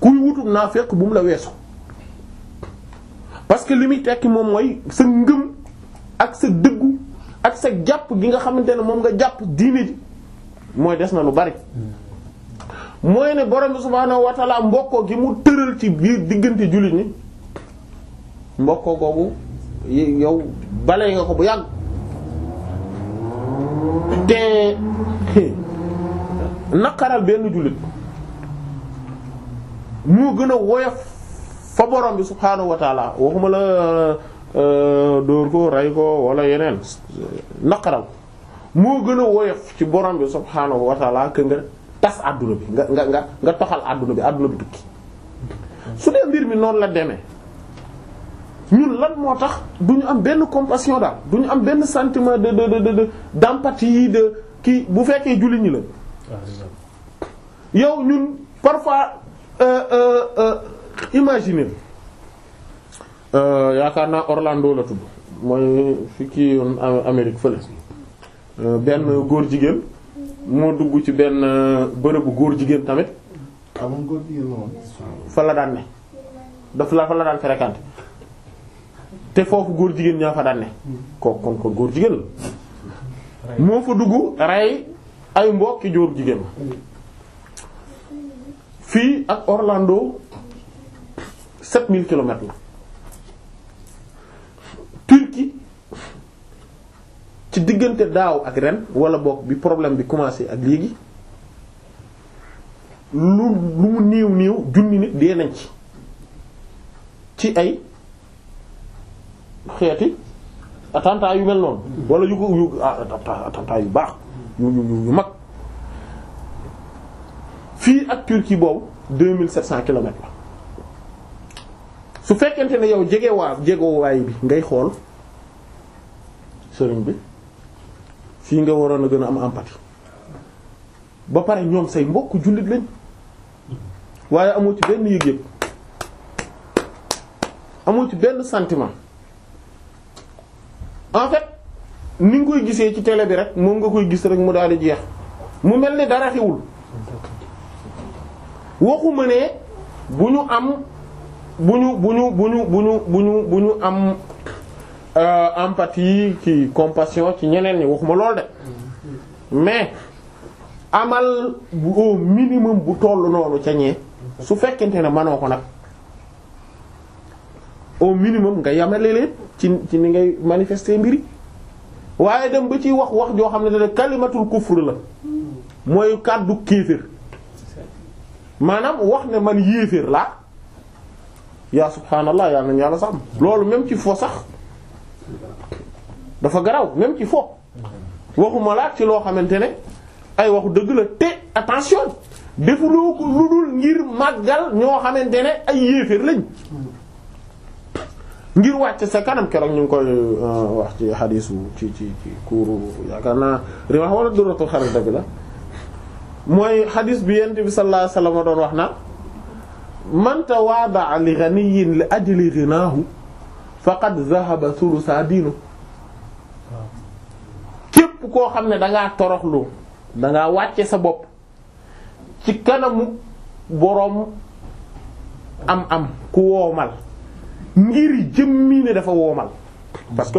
kuy wutum naa fekk bu mu la weesu parce que li muy tekki moom mooy sa ngëm ak sa dëggu ak sa jàpp gi nga xamante ne moom nga jàpp diine ji mooy des na lu bari mooy ne borom bi subhaanahu wa ta'ala mbokkoo gi mu tëral ci biir diggante jullit ñi mbokkoo googu yow bale nga ko bu yàgg te *laughs* naqaral benn jullit mu gën a woyof fa borom bi subhaanahu wa waxuma la euh, dóor ko rey ko wala yeneen naqaral moo gën a woyof ci borom bi subhaanahu wa taala que nga tas àdduna bi nga nga nga nga toxal àdduna bi àdduna bi tukki su dee mbir mi noonu la deme ñun lan moo tax du ñu am benn compassion daal du ñu am benn sentiment de de de de d'empathie de kii bu fekkee jullit ñi la. yow ñun parfois euh, euh, euh, imaginer yaakaar naa Orlando la tudd mooy fi kii yoon Amérique fële benn góor jigéen moo dugg ci benn bërëbu góor jigéen tamit. fa la daan ne daf la fa la daan fréquenter. te foofu góor jigéen ñaa fa daan ne kooku góor jigéen la moo fa dugg rey ay mbokki jóor jigéen fii ak Orlando sept mille kilomètres la Turquie ci diggante daaw ak ren wala boog bi problème bi commencé ak léegi lu lu mu néew néew junni nit dee nañ ci ci ay xeeti attentat yu mel noonu wala yu ko yu ah, attentat yu baax yu yu mag fii ak Turquie boobu deux mille sept cent kilomètres la su fekkente ne yow jege waa jegowaay bi ngay xool sëriñ bi fii nga waroon a gën a am empathie ba pare ñoom say mbokk jullit lañ waaye amoo ci benn yëg-yëg amoo ci benn sentiment en fait ni nga koy gisee ci télé bi rek moom nga koy gis rek mu daal di jeex mu mel ni dara xewul waxuma ne bu ñu am bu ñu bu ñu bu ñu bu ñu bu ñu bu ñu am euh, empathie ci compassion ci ñeneen ñi waxuma lool de mais amal au minimum bu tollu noonu ca ñee su fekkente ne manoo ko nag au minimum nga yamale leen ci ci ni ngay manifester mbiri waaye dem ba ci wax wax joo xam ne kalimatul kufr la mooy kàddu kéefër maanaam wax ne man yéefër laa yaa subhaanallah yaa nañu yàlla sàmm loolu même ci fo sax dafa garaw même ci fo waxuma laa ci loo xamante ne ay waxu dëgg la te attention defuloo ko lu dul ngir màggal ñoo xamante ne ay yéefër lañ ngir wàcc sa kanam keroog ñu ngi koy euh, wax ci xadiisu ci ci ci kuuru yaakaar naa riwax wala duratul xarita bi la mooy xadiis bi yent bi sallallahu alayhi wasallam doon wax na man tawaada'a li ghaniyin li ajli ghinaahu faqad dhahaba thulutha diinu képp koo xam ne danga toroxlu danga wàcce sa bopp ci kanamu boroom am am ku woomal ngir jëmmi ne dafa woomal parce que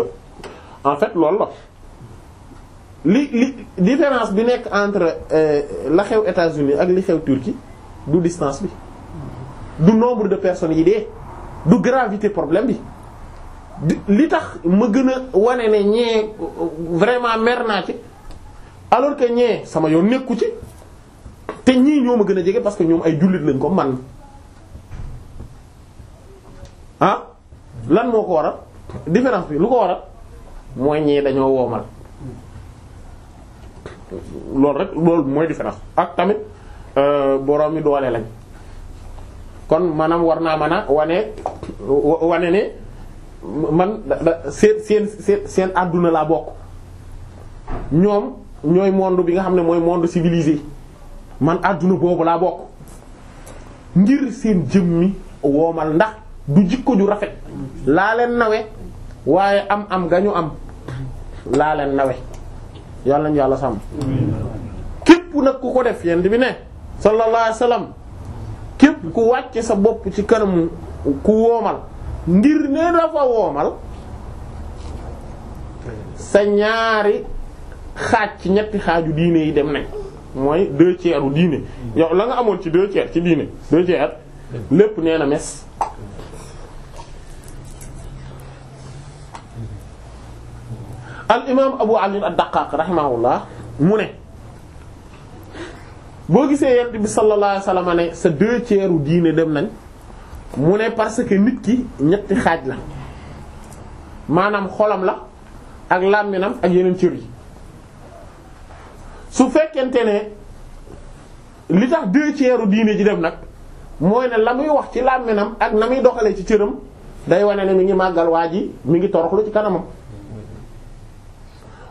en fait lool la li li différence bi nekk entre euh, la xew États-Unis ak li xew Turquie du distance bi du nombre de personnes yi dee du gravité problème bi di li tax ma gën a wane ne ñee vraiment mer naa ci alors que ñee sama yoon nekku ci te ñii ñoo ma gën a jege parce que ñoom ay jullit lañ ko man Ah, lan moo ko waral différence bi lu ko waral mooy ñii dañoo woomal loolu rek loolu mooy différence ak tamit euh, borom mi doole lañ kon maanaam war naa mën a wane wane ne man da seen seen seen seen àdduna laa bokk ñoom ñooy monde bi nga xam ne mooy monde civilisé man àdduna boobu laa bokk ngir seen jëmmi woomal ndax. du jikko ju rafet laa leen nawe waaye am am ñu am laa leen nawe yàlla ñu yàlla sàmm képp nag ku ko def yent bi ne sallallahu alayhi wasallam képp ku wàcce sa bopp ci kanamu ku woomal ngir ne dafa woomal sa ñaari xaaj ci ñetti xaaju diine yi dem nañ mooy deux tiers u diine yow la nga amoon ci deux ci diine deux lépp nee mes al imaam Abu Ali ad-Daqqaaq rahimahullah mu ne boo gisee yent bi sallallahu alayhi sa deux tiers u diine dem nañ mu ne parce que nit ki ñetti xaaj la maanaam xolam la ak làmbinam ak yeneen cër yi su fekkente ne li tax deux tiers u diine ji dem nag mooy ne la muy wax ci làmminam ak na muy doxalee ci cëram day wane na mi ngi màggal waa yi mi ngi toroxlu ci kanamam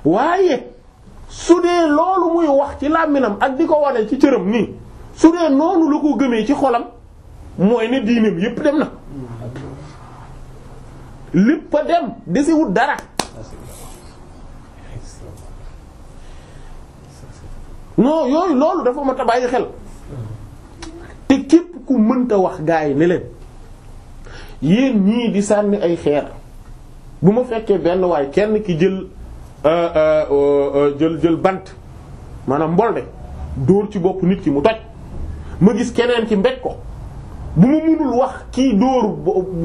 waaye su dee loolu muy wax ci làmminam ak di ko wane ci cëram nii su dee noonu la ko gëmee ci xolam mooy ne diineem yépp dem na lépp a dem desewut dara non yooyu loolu dafa ma tabaay xel te képp ku mënta wax gaa yi ne leen yéen ñii di sànni ay xeer bu ma fekkee benn waay kenn ki jël Euh, euh, euh, jël jël bant maanaam mbolde dóor ci bopp nit ki mu toj ma gis keneen ci mbéj ko bu mu munul wax kii dóor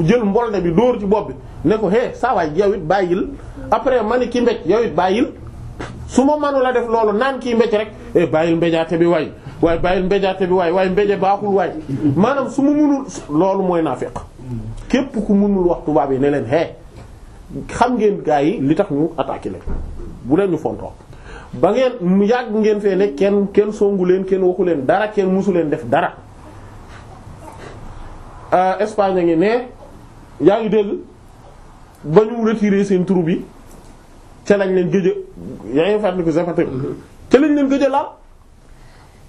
jël mbolde bi dóor ci bopp bi ne ko hé saa waay yow bàyyil après ma ni ki mbéj yow bàyyil su ma mënu la def loolu naan kii mbéj rek eh bàyyil mbéjaate bi waay waaye bàyyil mbéjaate bi waay waaye mbéje baaxul waay maanaam su ma munul loolu mooy naafiq képp ku munul wax tubaab yi ne leen hé xam ngeen gaa yi li tax ñu attaqué leen bu leen ñu fonto ba ngeen mu yàgg ngeen fee ne kenn kenn songu leen kenn waxu leen dara kenn musu leen def dara euh, Espagne a ngi ne yaa ngi dégg ba ñu retiré seen troupe bi ca lañ leen gëj a yaa ngi fàttali ko Zapatero mm-hmm. ca lañ leen gëj a laal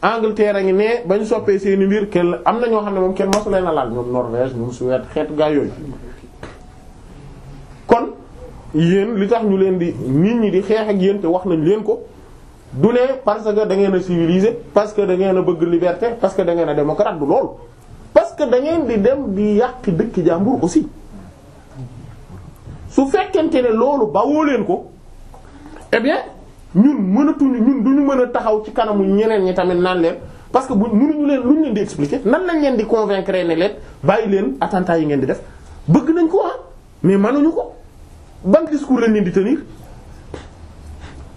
Angleterre a ngi ne ba ñu soppee seen i mbir kenn am na ñoo xam ne moom kenn mosu leen a laal ñoom Norvège ñoom Suède xeetu gaa yooyu. yéen li tax ñu leen di nit ñi di xeex ak yéen te wax nañ leen ko du ne parce que da ngeen a civilisé parce que dangeen a bëgg liberté parce que da ngeen a démocrate du loolu parce que da ngeen di dem di yàq dëkk jàmbur aussi su fekkente ne loolu bawoo leen ko eh bien ñun mënatuñu ñun duñu mën a taxaw ci kanamu ñeneen ñi tamit naan leen parce que bu ñu leen luñ leen di expliquer nan lañ leen di convaincre ne leen bàyyi leen attentat yi ngeen di def bëgg nañ ko ah mais mënuñu ko. ban discours lañ leen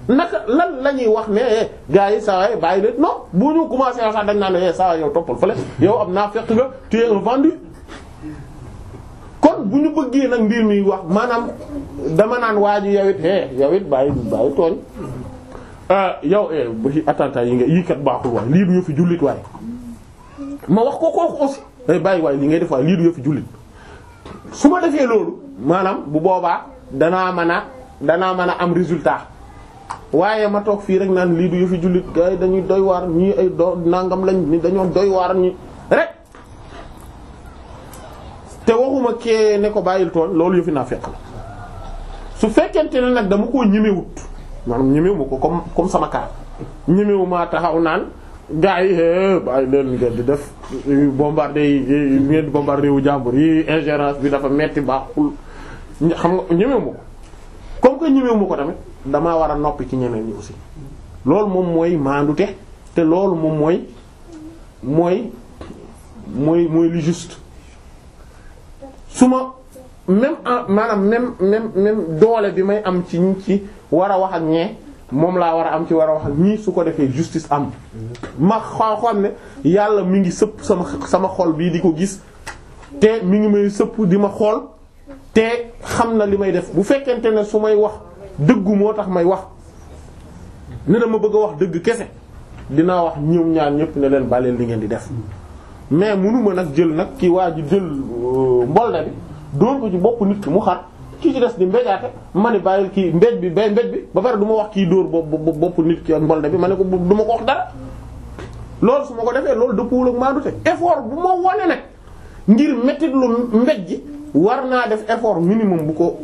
naka lan la ñuy wax ne eh, gars yi saa waay bàyyi leen non bu ñu commencé wax sax dañ naan ne eh, saa yow toppal fële yow am naa fekk nga tu kon bu ñu bëggee nag mbir mi wax maanaam dama naan waa ji yow it eh yow it bàyyi tooñ ah, yow eh bu yi nga yii kat baaxul waay lii du ñu fi jullit waay ma wax ko kooku aussi eh bàyyi waay li ngay def waay lii du ñu jullit su ma defee loolu maanaam bu boobaa. danaa mën a danaa mën a am résultat waaye ma toog fii rek naan lii du yëfi jullit gars yi dañuy doy waar ñii ay do nangam lañ ni dañoo doy waar ñi rek te waxuma kee ne ko bàyyil tool loolu yëfi naa fekk la su fekkente ne nag dama koo ñemewut maanaam ñemewuma ko comme comme sama kaar ñemewu maa taxaw naan gars yi bàyyi leen di def bombardé yi ngeen di bombardé wu jàmbur yi ingérence bi dafa metti baaxul xam nga ñemewu ko comme que ñemewu ma ko tamit damaa war a noppi ci ñeneen ñi aussi loolu moom mooy maandute te loolu moom mooy mooy mooy mooy li juste su ma même maanaam même même doole bi may am ci ñi ci war a wax ak ñee moom laa war a am ci war a wax ak ñii su ko defee justice am ma xaw xam ne yàlla mi ngi sëpp sama sama xol bii di ko gis te mi ngi may sëpp di ma xool te xam na li may def bu fekkente ne su may wax dëggu moo tax may wax ne dama bëgg a wax dëgg kese dinaa wax ñoom ñaar ñëpp ne leen baa leen li ngeen di def mais munuma nag jël nag ki waa ji jël euh, mbolda bi dóor ko ci bopp nit ki mu xar ki ci des di mbéjaate ma ne bàyyil kii mbéj bi bay mbéj bi ba pare du ma wax kii dóor bopp bopp nit ki ak mbolda bi ma ne ko du ma ko wax dara loolu su ma ko defee loolu dëppuwul ak maandu te effort bu ma wone nag ngir métti lu mbéj ji war naa def effort minimum bu ko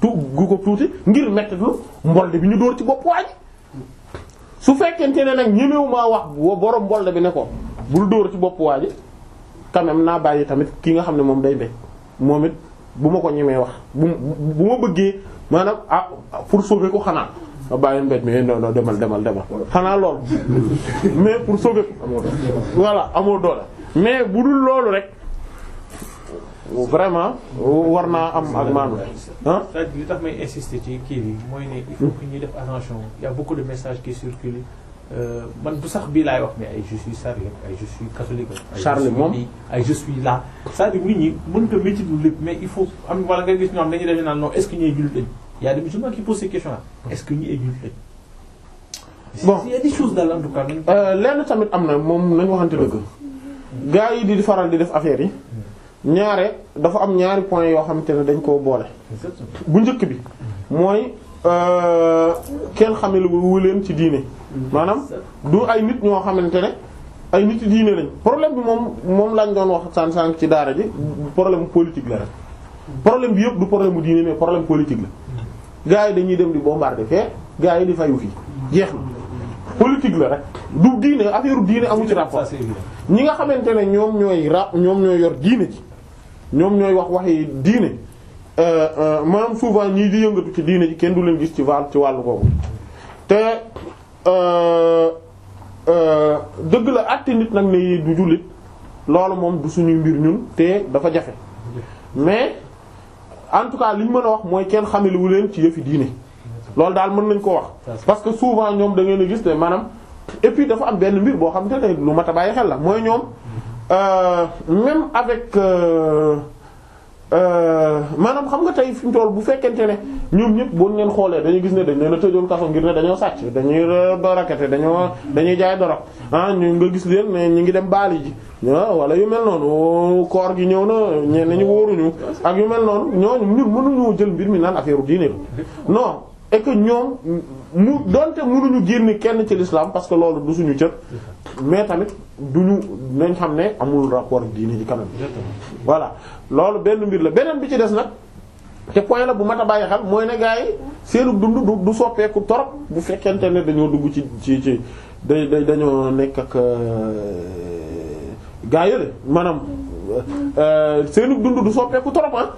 tu gu ko tuuti ngir mettitlu mbolde bi ñu dóor ci bopp waaji su fekkente ne nag ñemewu maa wax borom mbolde bi ne ko bul dóor ci bopp waaji quand naa bàyyi tamit ki nga xam ne moom day mbéy moom it bu ma ko ñemee wax bu bu ma bëggee maanaam ah pour sauver ko xanaa ma bàyyi mbéy mi eh, non non demal demal demal xanaa loolu *laughs* mais pour sauver ko voilà amoo doole mais bu dul loolu rek. vraiment war naa am ak maanu ah. li tax may insister ci kii bi mooy ne il faut que ñuy def attention il y a beaucoup de messages qui circulent euh, man bu sax bii laay wax mais ay je suis sérieux ay je suis catholique. Charles moom ay je suis laa cest à mu nit ñi mën nga métti lu lépp mais il faut am wala nga gis ñoo xam dañuy defe naan non est-ce que ñuy jullit lañ y a des musulmans qui posent ces questions là est-ce que ñuy jullit lañ. bon il a des choses daal en euh, lenn tamit am na moom nañu waxante dëgg. gaa yi di faral di def affaire yi. ñaare dafa am ñaari point yoo xamante ne dañ koo boole bu njëkk bi mooy euh, kenn xamel wu leen ci diine maanaam du ay nit ñoo xamante ne ay nit diine lañ problème bi moom moom lañ doon wax sànq sànq ci daara ji problème politique la rek problème bi yëpp du problème mu diine mais problème politique la gars yi dañuy dem di bombarder fee gars yi di fayu fii jeex na politique la rek du diine affaire diine amu ci rapport ñi nga xamante ne ñoom ñooy ra ñoom ñooy yor diine ñoom ñooy wax waxi diine euh, euh, maanaam souvent ñii di yëngatu ci diine ji kenn du leen gis ci wàll ci wàllu boobu te euh, dëgg la àtte nit nag ne du jullit loolu moom du suñuy mbir ñun te dafa jafe mais en tout cas li ñu mën a wax mooy kenn xameliwu leen ci yëfi diine loolu daal mën nañ ko wax parce que souvent ñoom da ngeen gis ne maanaam et dafa am benn mbir boo xam te ne lu mat a bàyyi xel la mooy ñoom Euh, même avec euh, euh, maanaam xam nga tey fi tool bu fekkente ne ñoom ñëpp boo leen xoolee dañuy gis ne dañu leen a tëjoon kaso ngir ne dañoo sàcc dañuy barakate dañoo dañuy jaay doro ah ñu nga gis leen ne ñu ngi dem baali ji ah, wala yu mel noonu koor gi ñëw na ñenn ñu wóoruñu ak yu mel noonu ñooñu ñun mënuñoo jël mbir mi naan affaire diine la et que ñoom mu donte mënuñu génne kenn ci l'islam parce que loolu du suñu cër mais tamit duñu nañ xam ne amul rapport diine ji kanam voilà loolu benn mbir la beneen bi ci des nag te point la bu mat a bàyyi xel mooy ne gars yi seenu dund du soppeeku torop bu fekkente ne dañoo dugg ci ci ci da dañoo nekk ak euh, gars yële maanaam euh, seenu dund du soppeeku torop ah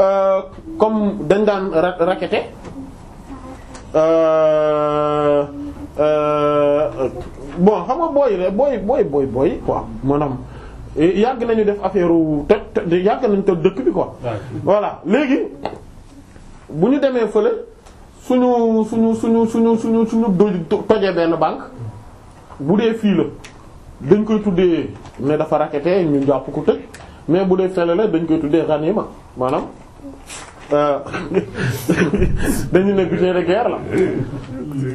euh, comme dañ daan raqueté Euh, euh, euh, bon xam nga booy la booy booy booy booy quoi maanaam eh, yàgg nañu def affaire te yàgg nañu toj dëkk bi quoi. voilà léegi bu ñu demee fële suñu suñu suñu suñu suñu suñu tojee benn banque bu dee fii la dañ koy tuddee ne dafa raquetté ñu jàpp ko tëj mais bu dee fële la dañ koy tuddee ranima maanaam. Euh, *laughs* dañu ne butin de la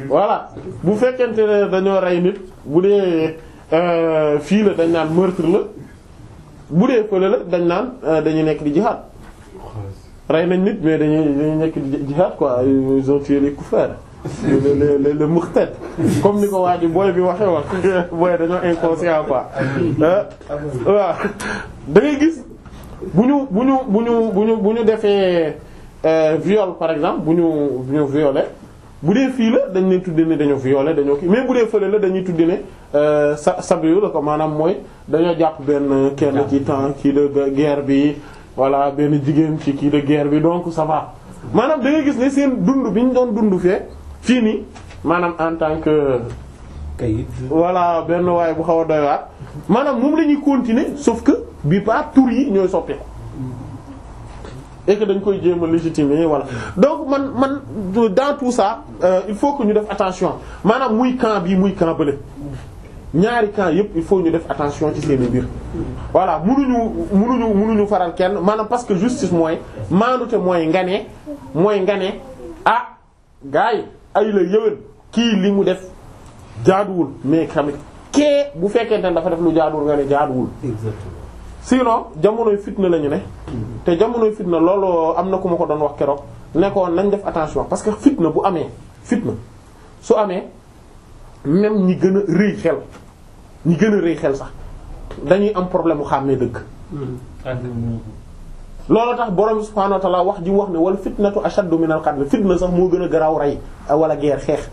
voilà bu fekkente ne dañoo rey nit bu dee euh, fii la dañ naan meurtre la bu dee fële la dañ naan euh, dañu nekk di jihad rey nañ nit mais dañuy dañuy nekk di jihad quoi ils ont tué les kuffar le le le muqtad comme ni ko waa ji booy bi waxee woon *laughs* booy dañoo inconscient quoi waaw *laughs* da ngay gis bu ñu bu ñu bu ñu bu ñu bu ñu defee euh, viol par exemple bu ñu bu ñu violé bu dee fii la dañu leen tudde ne dañoo violé dañoo kii mais bu dee fële la dañuy tudde ne euh, sa sabiyu la ko maanaam mooy dañoo jàpp benn kenn ci temps kii de guerre bi voilà benn jigéen ci kii de guerre bi donc ça maanaam da gis ne seen dund bi ñu doon dund fee fii nii maanaam en tant que kayit benn waay bu xaw a doy waar maanaam moom la ñuy sauf que bi pas tour yi ñooy soppeeku et dañ koy jéem a légitimer wala donc man man dans tout ça euh, il faut que ñu def attention maanaam muy camp bi muy camp bële ñaari camp yépp il faut ñu def attention ci seen mbir voilà munuñu munuñu munuñu faral kenn maanaam parce que justice mooy maanute mooy nga ne mooy nga ne ah gars yi ay kii li mu def jaaduwul mais tamit kee bu fekkente ne dafa def lu jaaduwul nga ne jaaduwul sinon jamonoy fitna la ñu ne te jamonoy fitna loolu am na ku ma ko doon wax keroog nekkoon nañ def attention parce que fitna bu amee fitna su amee même ñi gën a rëy xel ñi gën a rëy xel sax dañuy am problème mu xàmmee dëgg. loolu tax borom subhaanahu wa ta'aala wax ji wax ne wal fitnatu ashaddu minal qatl fitna sax moo gën a garaw rey wala guerre xeex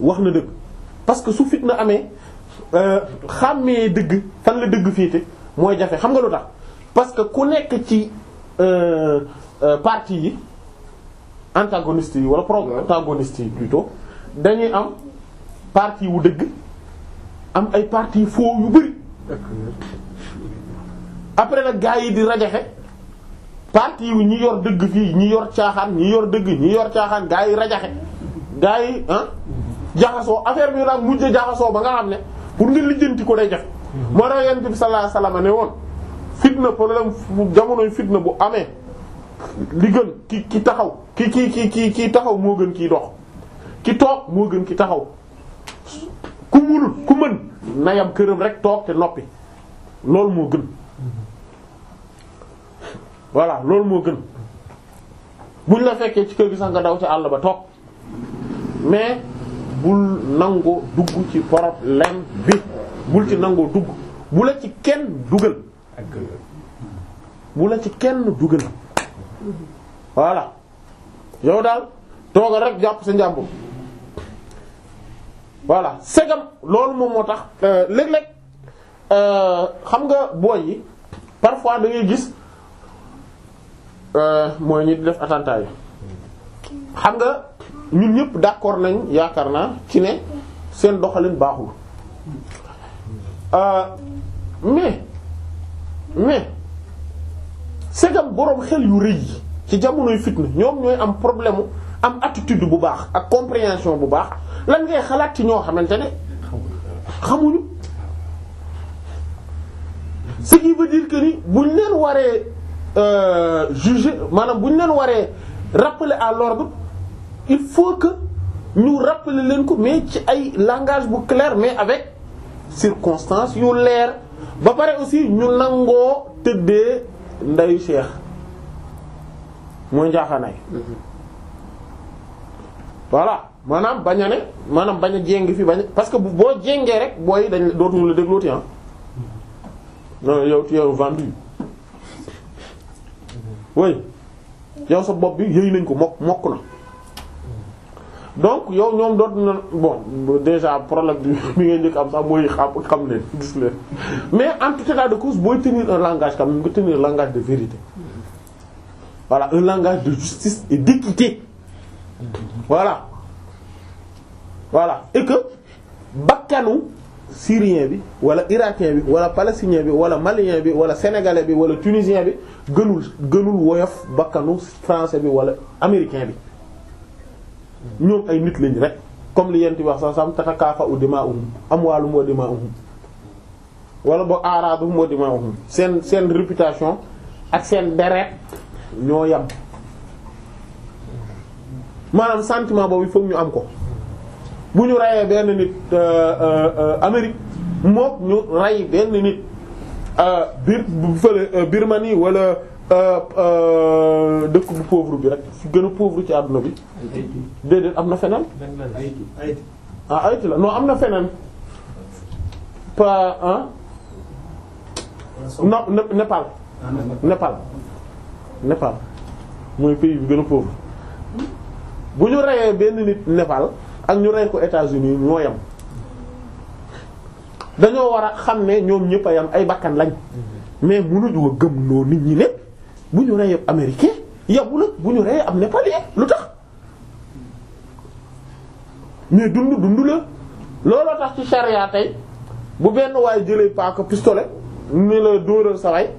wax na dëgg parce que su fitna amee. Euh, xàmmee dëgg fan la dëgg féete mooy jafe xam nga lu tax parce que ku nekk ci euh, euh, parti yi antagoniste yi wala protagoniste yi plutôt dañuy am parti wu dëgg am ay parti faux yu bari après nag gaa yi di rajaxe parti wu ñi yor dëgg fii ñi yor caaxaan ñi yor dëgg ñi yor caaxaan gaa yi rajaxe gaa yi ah jaxasoo affaire bi nag mujj jaxasoo ba nga xam ne pour nga lijjanti ko day jafe. moo tax yonent bi sallallahu alayhi wasallam ne woon fitna jamono jamonoy fitna bu amee li gën ki ki taxaw ki ki ki ki ki taxaw moo gën kiy dox ki toog moo gën ki taxaw ku munul ku mën na yam këram rek toog te noppi loolu moo gën voilà loolu moo gën buñ la fekkee ci kër gi sax nga daw ci àll ba toog mais. bul nangoo dugg ci problème bi bul ci nangoo dugg bu la ci kenn dugal bu la ci kenn dugal voilà yow daal toogal rek jàpp sa njàmbur voilà segam loolu moom moo tax euh, léeg-léeg euh, xam nga booy yi parfois da gis euh, mooy ñi di def attentat xam nga ñun ñëpp d'accord nañ yaakaar naa ci ne seen doxalin baaxul euh, mais mais segam boroom xel yu rëy yi ci jamonoy fitna ñoom ñooy am problème am attitude bu baax ak compréhension bu baax lañ ngay xalaat ci ñoo xamante ne xamuñu ce qui veut dire que ni buñ leen waree euh, juger maanaam buñ leen waree rappeler à l'ordre il faut que ñu rappeler leen ko mais ci ay langage bu clair mais avec circonstance yu leer ba pare aussi ñu nangoo tëddee ndayu cheikh mooy njaaxanaay voilà maanaam bañ a ne maanaam bañ a jéng fi bañ parce que boo jéngee rek booy dañ dootuñu la déglooti ah yow tu es vendu oui yow sa bopp bi yëy nañ ko mokk mokk na donc yow ñoom doot na bon déjà problème bi bi ngeen njëkk am sax mooy xam xam leen gis leen mais en tout état de cause booy tenir un langage quand même nga tenir langage de vérité voilà un langage de justice et d'équité voilà voilà et bakkanu syrien bi wala irakien bi wala palestinien bi wala malien bi wala sénégalais bi wala tunisien bi gënul gënul woyof bakkanu français bi wala américain bi ñoom ay nit lañ rek comme li yent wax sax sam tatakaafa'u dimaa'uhum amwaaluhum wa dimaa'uhum wala boog aaraaduhum wa dimaa'uhum seen seen réputation ak seen deret ñoo yam maanaam sentiment boobu fokk ñu am ko bu ñu rayee benn nit euh, euh, euh, Amérique mook ñu ray benn nit bir fële Birmanie wala dëkk bu pauvre bi rek fu gën a ci àdduna bi déedéet am na feneen. ah aytu la non am na feneen. pa ah. non Népal. Népal Népal mooy pays bi gën a pauvre bu ñu reyee benn nit Népal ak ñu rey ko États-Unis ñoo dañoo war a xam ne ñoom ñëpp a yam ay bakkan lañ mais mënuñu ko gëm noo nit ñi ne bu ñu reyee Américain yow la bu ñu reyee am Népalais lu tax. mais dund dund la looloo tax ci charia tey bu benn waaye jële paaka pistole ni la dóoral sa way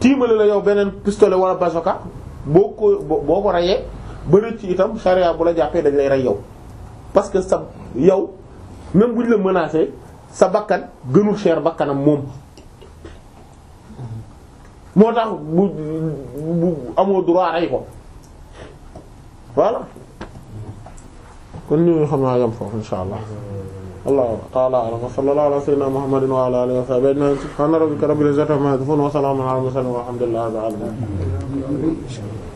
tiimale la yow beneen pistolet wala bazooka boo ko boo ko reyee bëri ci itam charia bu la jàppee dañ lay rey yow parce que sa yow même buñ la menacé sa bakkan gënul cher bakkanam moom moo tax bu bu amoo droit rey ko voilà kon ñu ngi xam naa yam foofu insha allah allahu taala alam wa sallallahu ala sayyidina muhammadin wa ala alihi wa sahbihi ajma'in subhana rabbika rabbil izzati amma yasifun wa salamun ala mursalin walhamdulillahi rabbil alamin